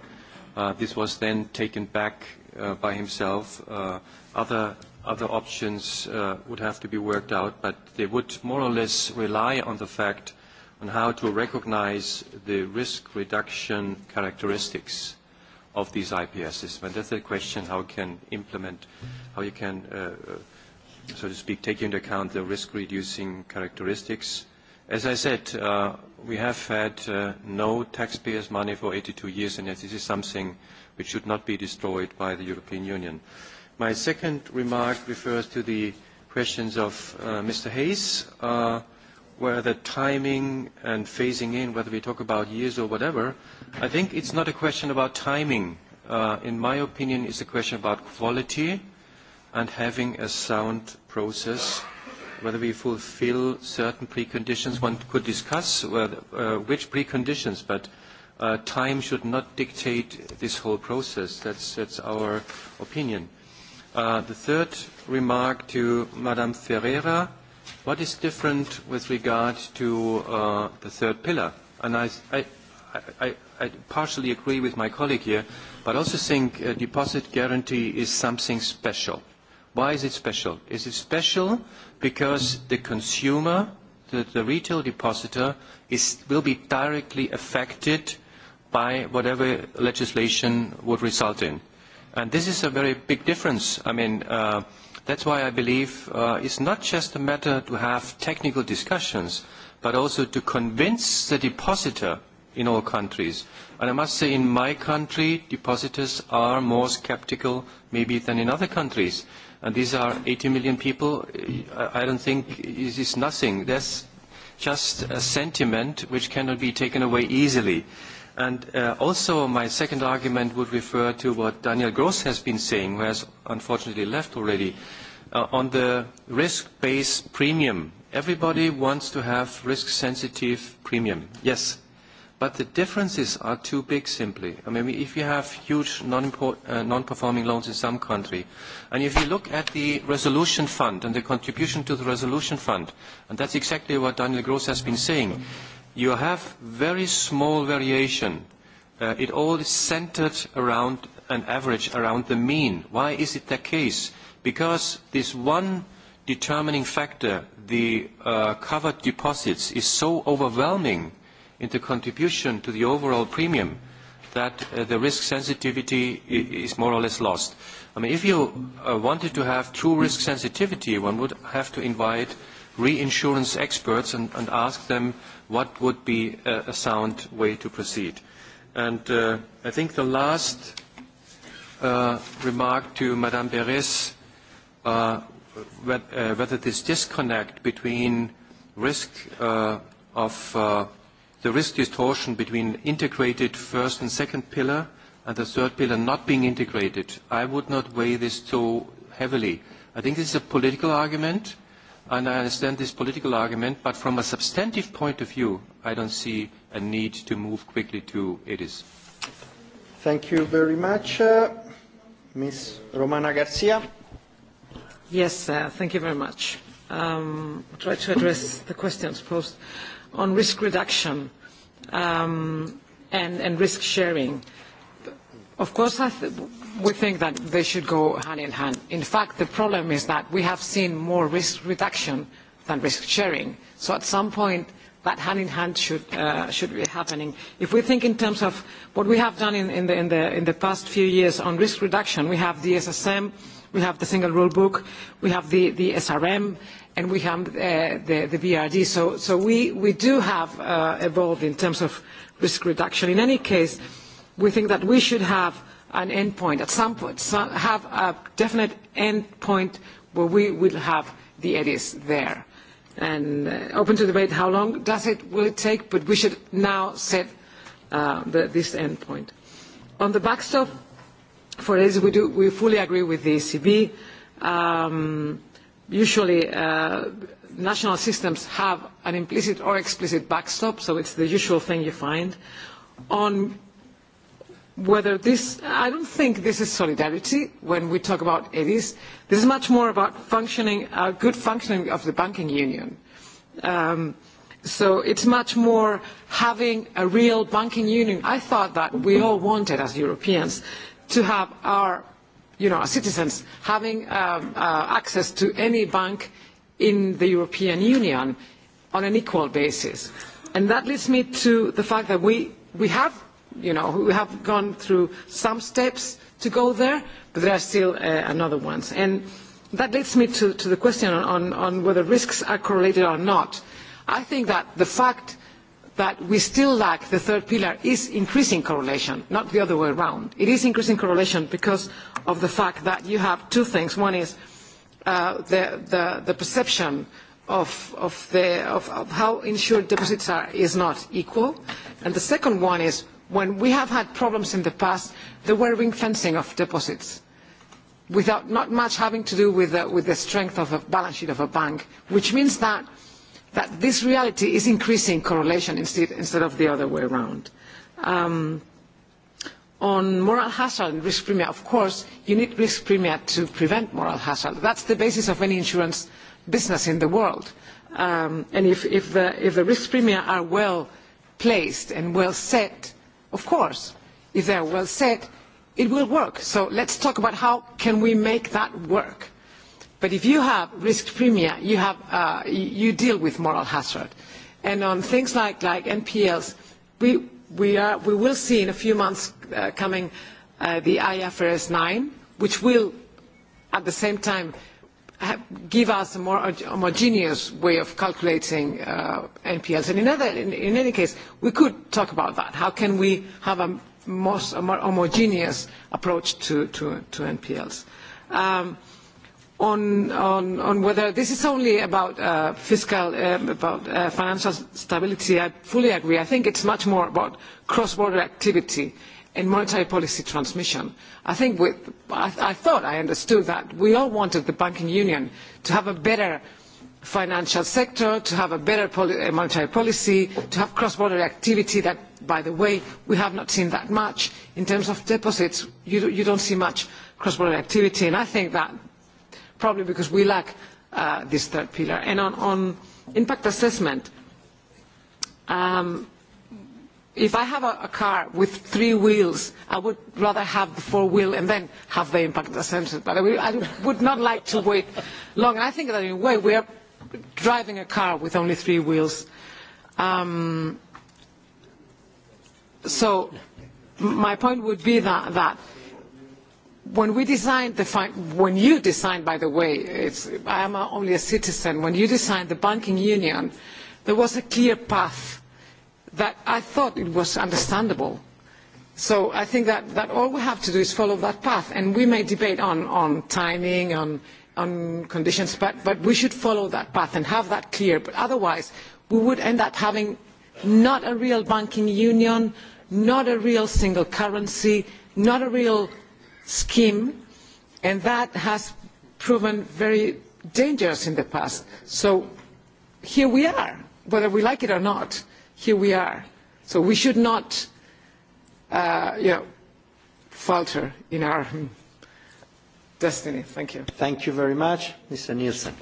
Uh, this was then taken back uh, by himself. Uh, other Other options uh, would have to be worked out, but they would more or less rely on the fact on how to recognize the risk reduction characteristics of these IPSs. systems. And that's the question how you can implement, how you can, uh, uh, so to speak, take into account the risk-reducing characteristics. As I said, uh, we have had uh, no taxpayers' money for 82 years, and yet this is something which should not be destroyed by the European Union. My second remark refers to the questions of uh, Mr. Hayes, uh, where the timing and phasing in, whether we talk about years or whatever, I think it's not a question about timing. Uh, in my opinion, it's a question about quality and having a sound process, whether we fulfill certain preconditions. One could discuss whether, uh, which preconditions, but uh, time should not dictate this whole process. That's, that's our opinion. Uh, the third remark to Madame Ferreira, what is different with regard to uh, the third pillar? And I, I, I, I partially agree with my colleague here, but also think a deposit guarantee is something special. Why is it special? Is it special because the consumer, the, the retail depositor, is, will be directly affected by whatever legislation would result in? And this is a very big difference. I mean, uh, that's why I believe uh, it's not just a matter to have technical discussions, but also to convince the depositor in all countries. And I must say, in my country, depositors are more skeptical maybe than in other countries. And these are 80 million people. I don't think it is nothing. That's just a sentiment which cannot be taken away easily. And uh, also my second argument would refer to what Daniel Gross has been saying, who has unfortunately left already, uh, on the risk-based premium. Everybody wants to have risk-sensitive premium, yes, but the differences are too big simply. I mean, if you have huge uh, non-performing uh, non loans in some country, and if you look at the resolution fund and the contribution to the resolution fund, and that's exactly what Daniel Gross has been saying, you have very small variation. Uh, it all is centered around an average, around the mean. Why is it the case? Because this one determining factor, the uh, covered deposits, is so overwhelming in the contribution to the overall premium that uh, the risk sensitivity is more or less lost. I mean, if you uh, wanted to have true risk sensitivity, one would have to invite reinsurance experts and, and ask them what would be a, a sound way to proceed. And uh, I think the last uh, remark to Madame Beres, uh, uh, whether this disconnect between risk uh, of uh, the risk distortion between integrated first and second pillar and the third pillar not being integrated, I would not weigh this so heavily. I think this is a political argument and I understand this political argument, but from a substantive point of view, I don't see a need to move quickly to EDIS. Thank you very much. Uh, Ms. Romana Garcia. Yes, uh, thank you very much. Um, I'll try to address the questions posed on risk reduction um, and, and risk sharing. Of course, I th we think that they should go hand in hand. In fact, the problem is that we have seen more risk reduction than risk sharing. So at some point, that hand in hand should, uh, should be happening. If we think in terms of what we have done in, in, the, in, the, in the past few years on risk reduction, we have the SSM, we have the single rule book, we have the, the SRM, and we have uh, the, the BRD. So, so we, we do have uh, evolved in terms of risk reduction. In any case, we think that we should have an end point at some point, have a definite end point where we will have the eddies there. And uh, open to debate how long does it, will it take, but we should now set uh, the, this end point. On the backstop, for eddies, we, do, we fully agree with the ECB. Um, usually, uh, national systems have an implicit or explicit backstop, so it's the usual thing you find. On whether this, I don't think this is solidarity when we talk about EDIs. This is much more about functioning, uh, good functioning of the banking union. Um, so it's much more having a real banking union. I thought that we all wanted as Europeans to have our, you know, our citizens having um, uh, access to any bank in the European Union on an equal basis. And that leads me to the fact that we, we have you know, we have gone through some steps to go there, but there are still uh, another ones. And that leads me to, to the question on, on whether risks are correlated or not. I think that the fact that we still lack the third pillar is increasing correlation, not the other way around. It is increasing correlation because of the fact that you have two things. One is uh, the, the, the perception of, of, the, of, of how insured deposits are is not equal. And the second one is when we have had problems in the past, there were ring fencing of deposits without not much having to do with the, uh, with the strength of a balance sheet of a bank, which means that, that this reality is increasing correlation instead, instead of the other way around. Um, on moral hazard and risk premium. of course, you need risk premium to prevent moral hazard. That's the basis of any insurance business in the world. Um, and if, if, the, if the risk premium are well placed and well set, Of course, if they are well set, it will work. So let's talk about how can we make that work. But if you have risk premia, you, have, uh, you deal with moral hazard. And on things like, like NPLs, we, we, are, we will see in a few months uh, coming uh, the IFRS 9, which will at the same time give us a more homogeneous way of calculating uh, NPLs. And in, other, in, in any case, we could talk about that. How can we have a, most, a more homogeneous approach to, to, to NPLs? Um, on, on, on whether this is only about uh, fiscal, um, about uh, financial stability, I fully agree. I think it's much more about cross-border activity in monetary policy transmission. I think we, I, I thought I understood that we all wanted the banking union to have a better financial sector, to have a better poli monetary policy, to have cross-border activity that, by the way, we have not seen that much. In terms of deposits, you, you don't see much cross-border activity, and I think that probably because we lack uh, this third pillar. And on, on impact assessment, um, if I have a, a car with three wheels, I would rather have the four wheel and then have the impact assessment. But I would, I would not like to wait long. And I think that in a way we are driving a car with only three wheels. Um, so my point would be that, that when we designed the when you designed, by the way, it's, I am only a citizen. When you designed the banking union, there was a clear path that I thought it was understandable. So I think that, that all we have to do is follow that path, and we may debate on, on timing, on, on conditions, but, but we should follow that path and have that clear. But otherwise, we would end up having not a real banking union, not a real single currency, not a real scheme, and that has proven very dangerous in the past. So here we are, whether we like it or not here we are. So we should not, uh, you know, falter in our hmm, destiny. Thank you. Thank you very much, Mr. Nielsen.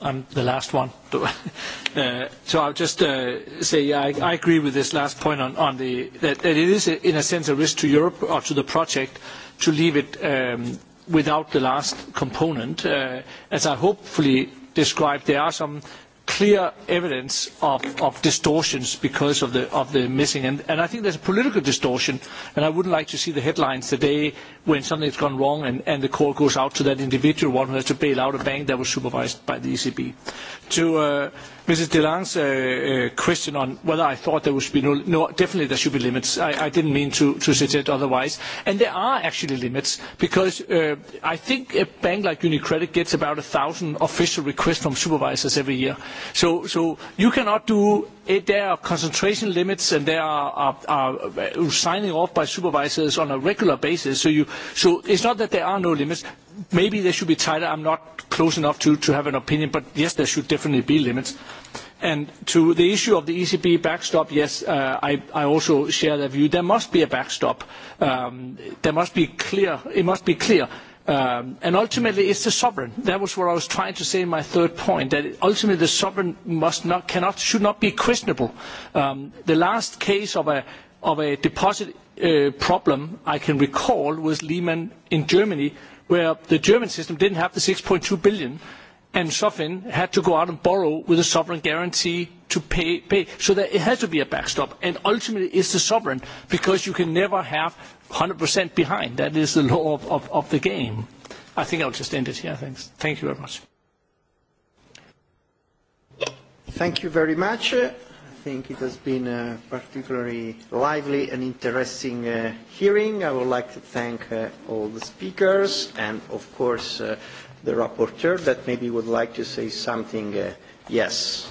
I'm the last one. (laughs) uh, so I'll just uh, say I, I agree with this last point on, on the that, that it is a, in a sense a risk to Europe or to the project to leave it um, without the last component. Uh, as I hopefully described, there are some clear evidence of, of distortions because of the, of the missing. And, and I think there's a political distortion, and I wouldn't like to see the headlines today when something's gone wrong and, and the call goes out to that individual one who has to bail out a bank that was supervised by the ECB. To... Uh, Mrs. de Lange's uh, uh, question on whether I thought there should be no, no, definitely there should be limits. I, I didn't mean to, to suggest otherwise. And there are actually limits because uh, I think a bank like UniCredit gets about a thousand official requests from supervisors every year. So, so you cannot do It, eh, there er are concentration limits and they are, er, er, are, are signing off by supervisors on a regular basis. So, you, so it's not that there are no limits. Maybe they should be tighter. I'm not close enough to, to have an opinion, but yes, there should definitely be limits. And to the issue of the ECB backstop, yes, uh, I, I also share that view. There must be a backstop. Um, there must be clear, it must be clear Um, and ultimately, it's the sovereign. That was what I was trying to say in my third point, that ultimately the sovereign must not, cannot, should not be questionable. Um, the last case of a, of a deposit uh, problem I can recall was Lehman in Germany, where the German system didn't have the 6.2 billion, and SOFIN had to go out and borrow with a sovereign guarantee to pay. pay. So there, it has to be a backstop, and ultimately it's the sovereign, because you can never have 100% behind. That is the law of, of, of the game. I think I'll just end it here. Thanks. Thank you very much. Thank you very much. I think it has been a particularly lively and interesting uh, hearing. I would like to thank uh, all the speakers and, of course, uh, the rapporteur that maybe would like to say something. Uh, yes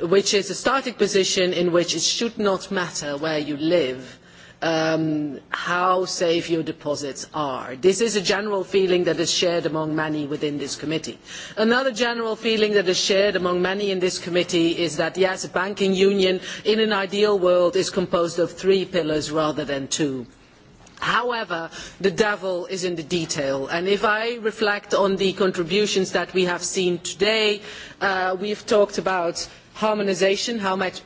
which is a starting position in which it should not matter where you live um, how safe your deposits are. This is a general feeling that is shared among many within this committee. Another general feeling that is shared among many in this committee is that, yes, a banking union in an ideal world is composed of three pillars rather than two However, the devil is in the detail. And if I reflect on the contributions that we have seen today, we uh, we've talked about harmonisation, how much,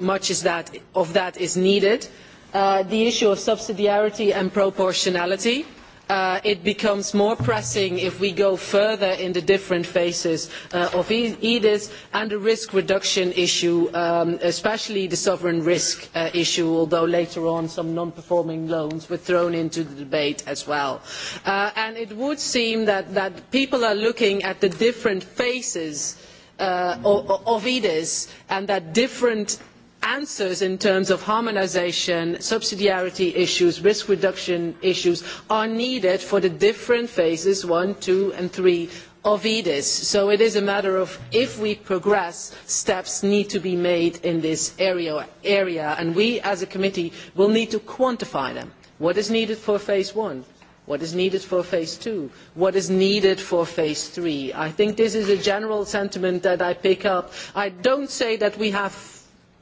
of that is needed, uh, the issue of subsidiarity and proportionality, Uh, it becomes more pressing if we go further in the different phases uh, of EDIS e and the risk reduction issue, um, especially the sovereign risk uh, issue, although later on some non-performing loans were thrown into the debate as well. Uh, and it would seem that, that people are looking at the different phases uh, of, of e EDIS and that different answers in terms of harmonisation, subsidiarity issues, risk reduction issues are needed for the different phases one, two and three of EDIS. So it is a matter of if we progress, steps need to be made in this area, area and we as a committee will need to quantify them. What is needed for phase one? What is needed for phase two? What is needed for phase three? I think this is a general sentiment that I pick up. I don't say that we have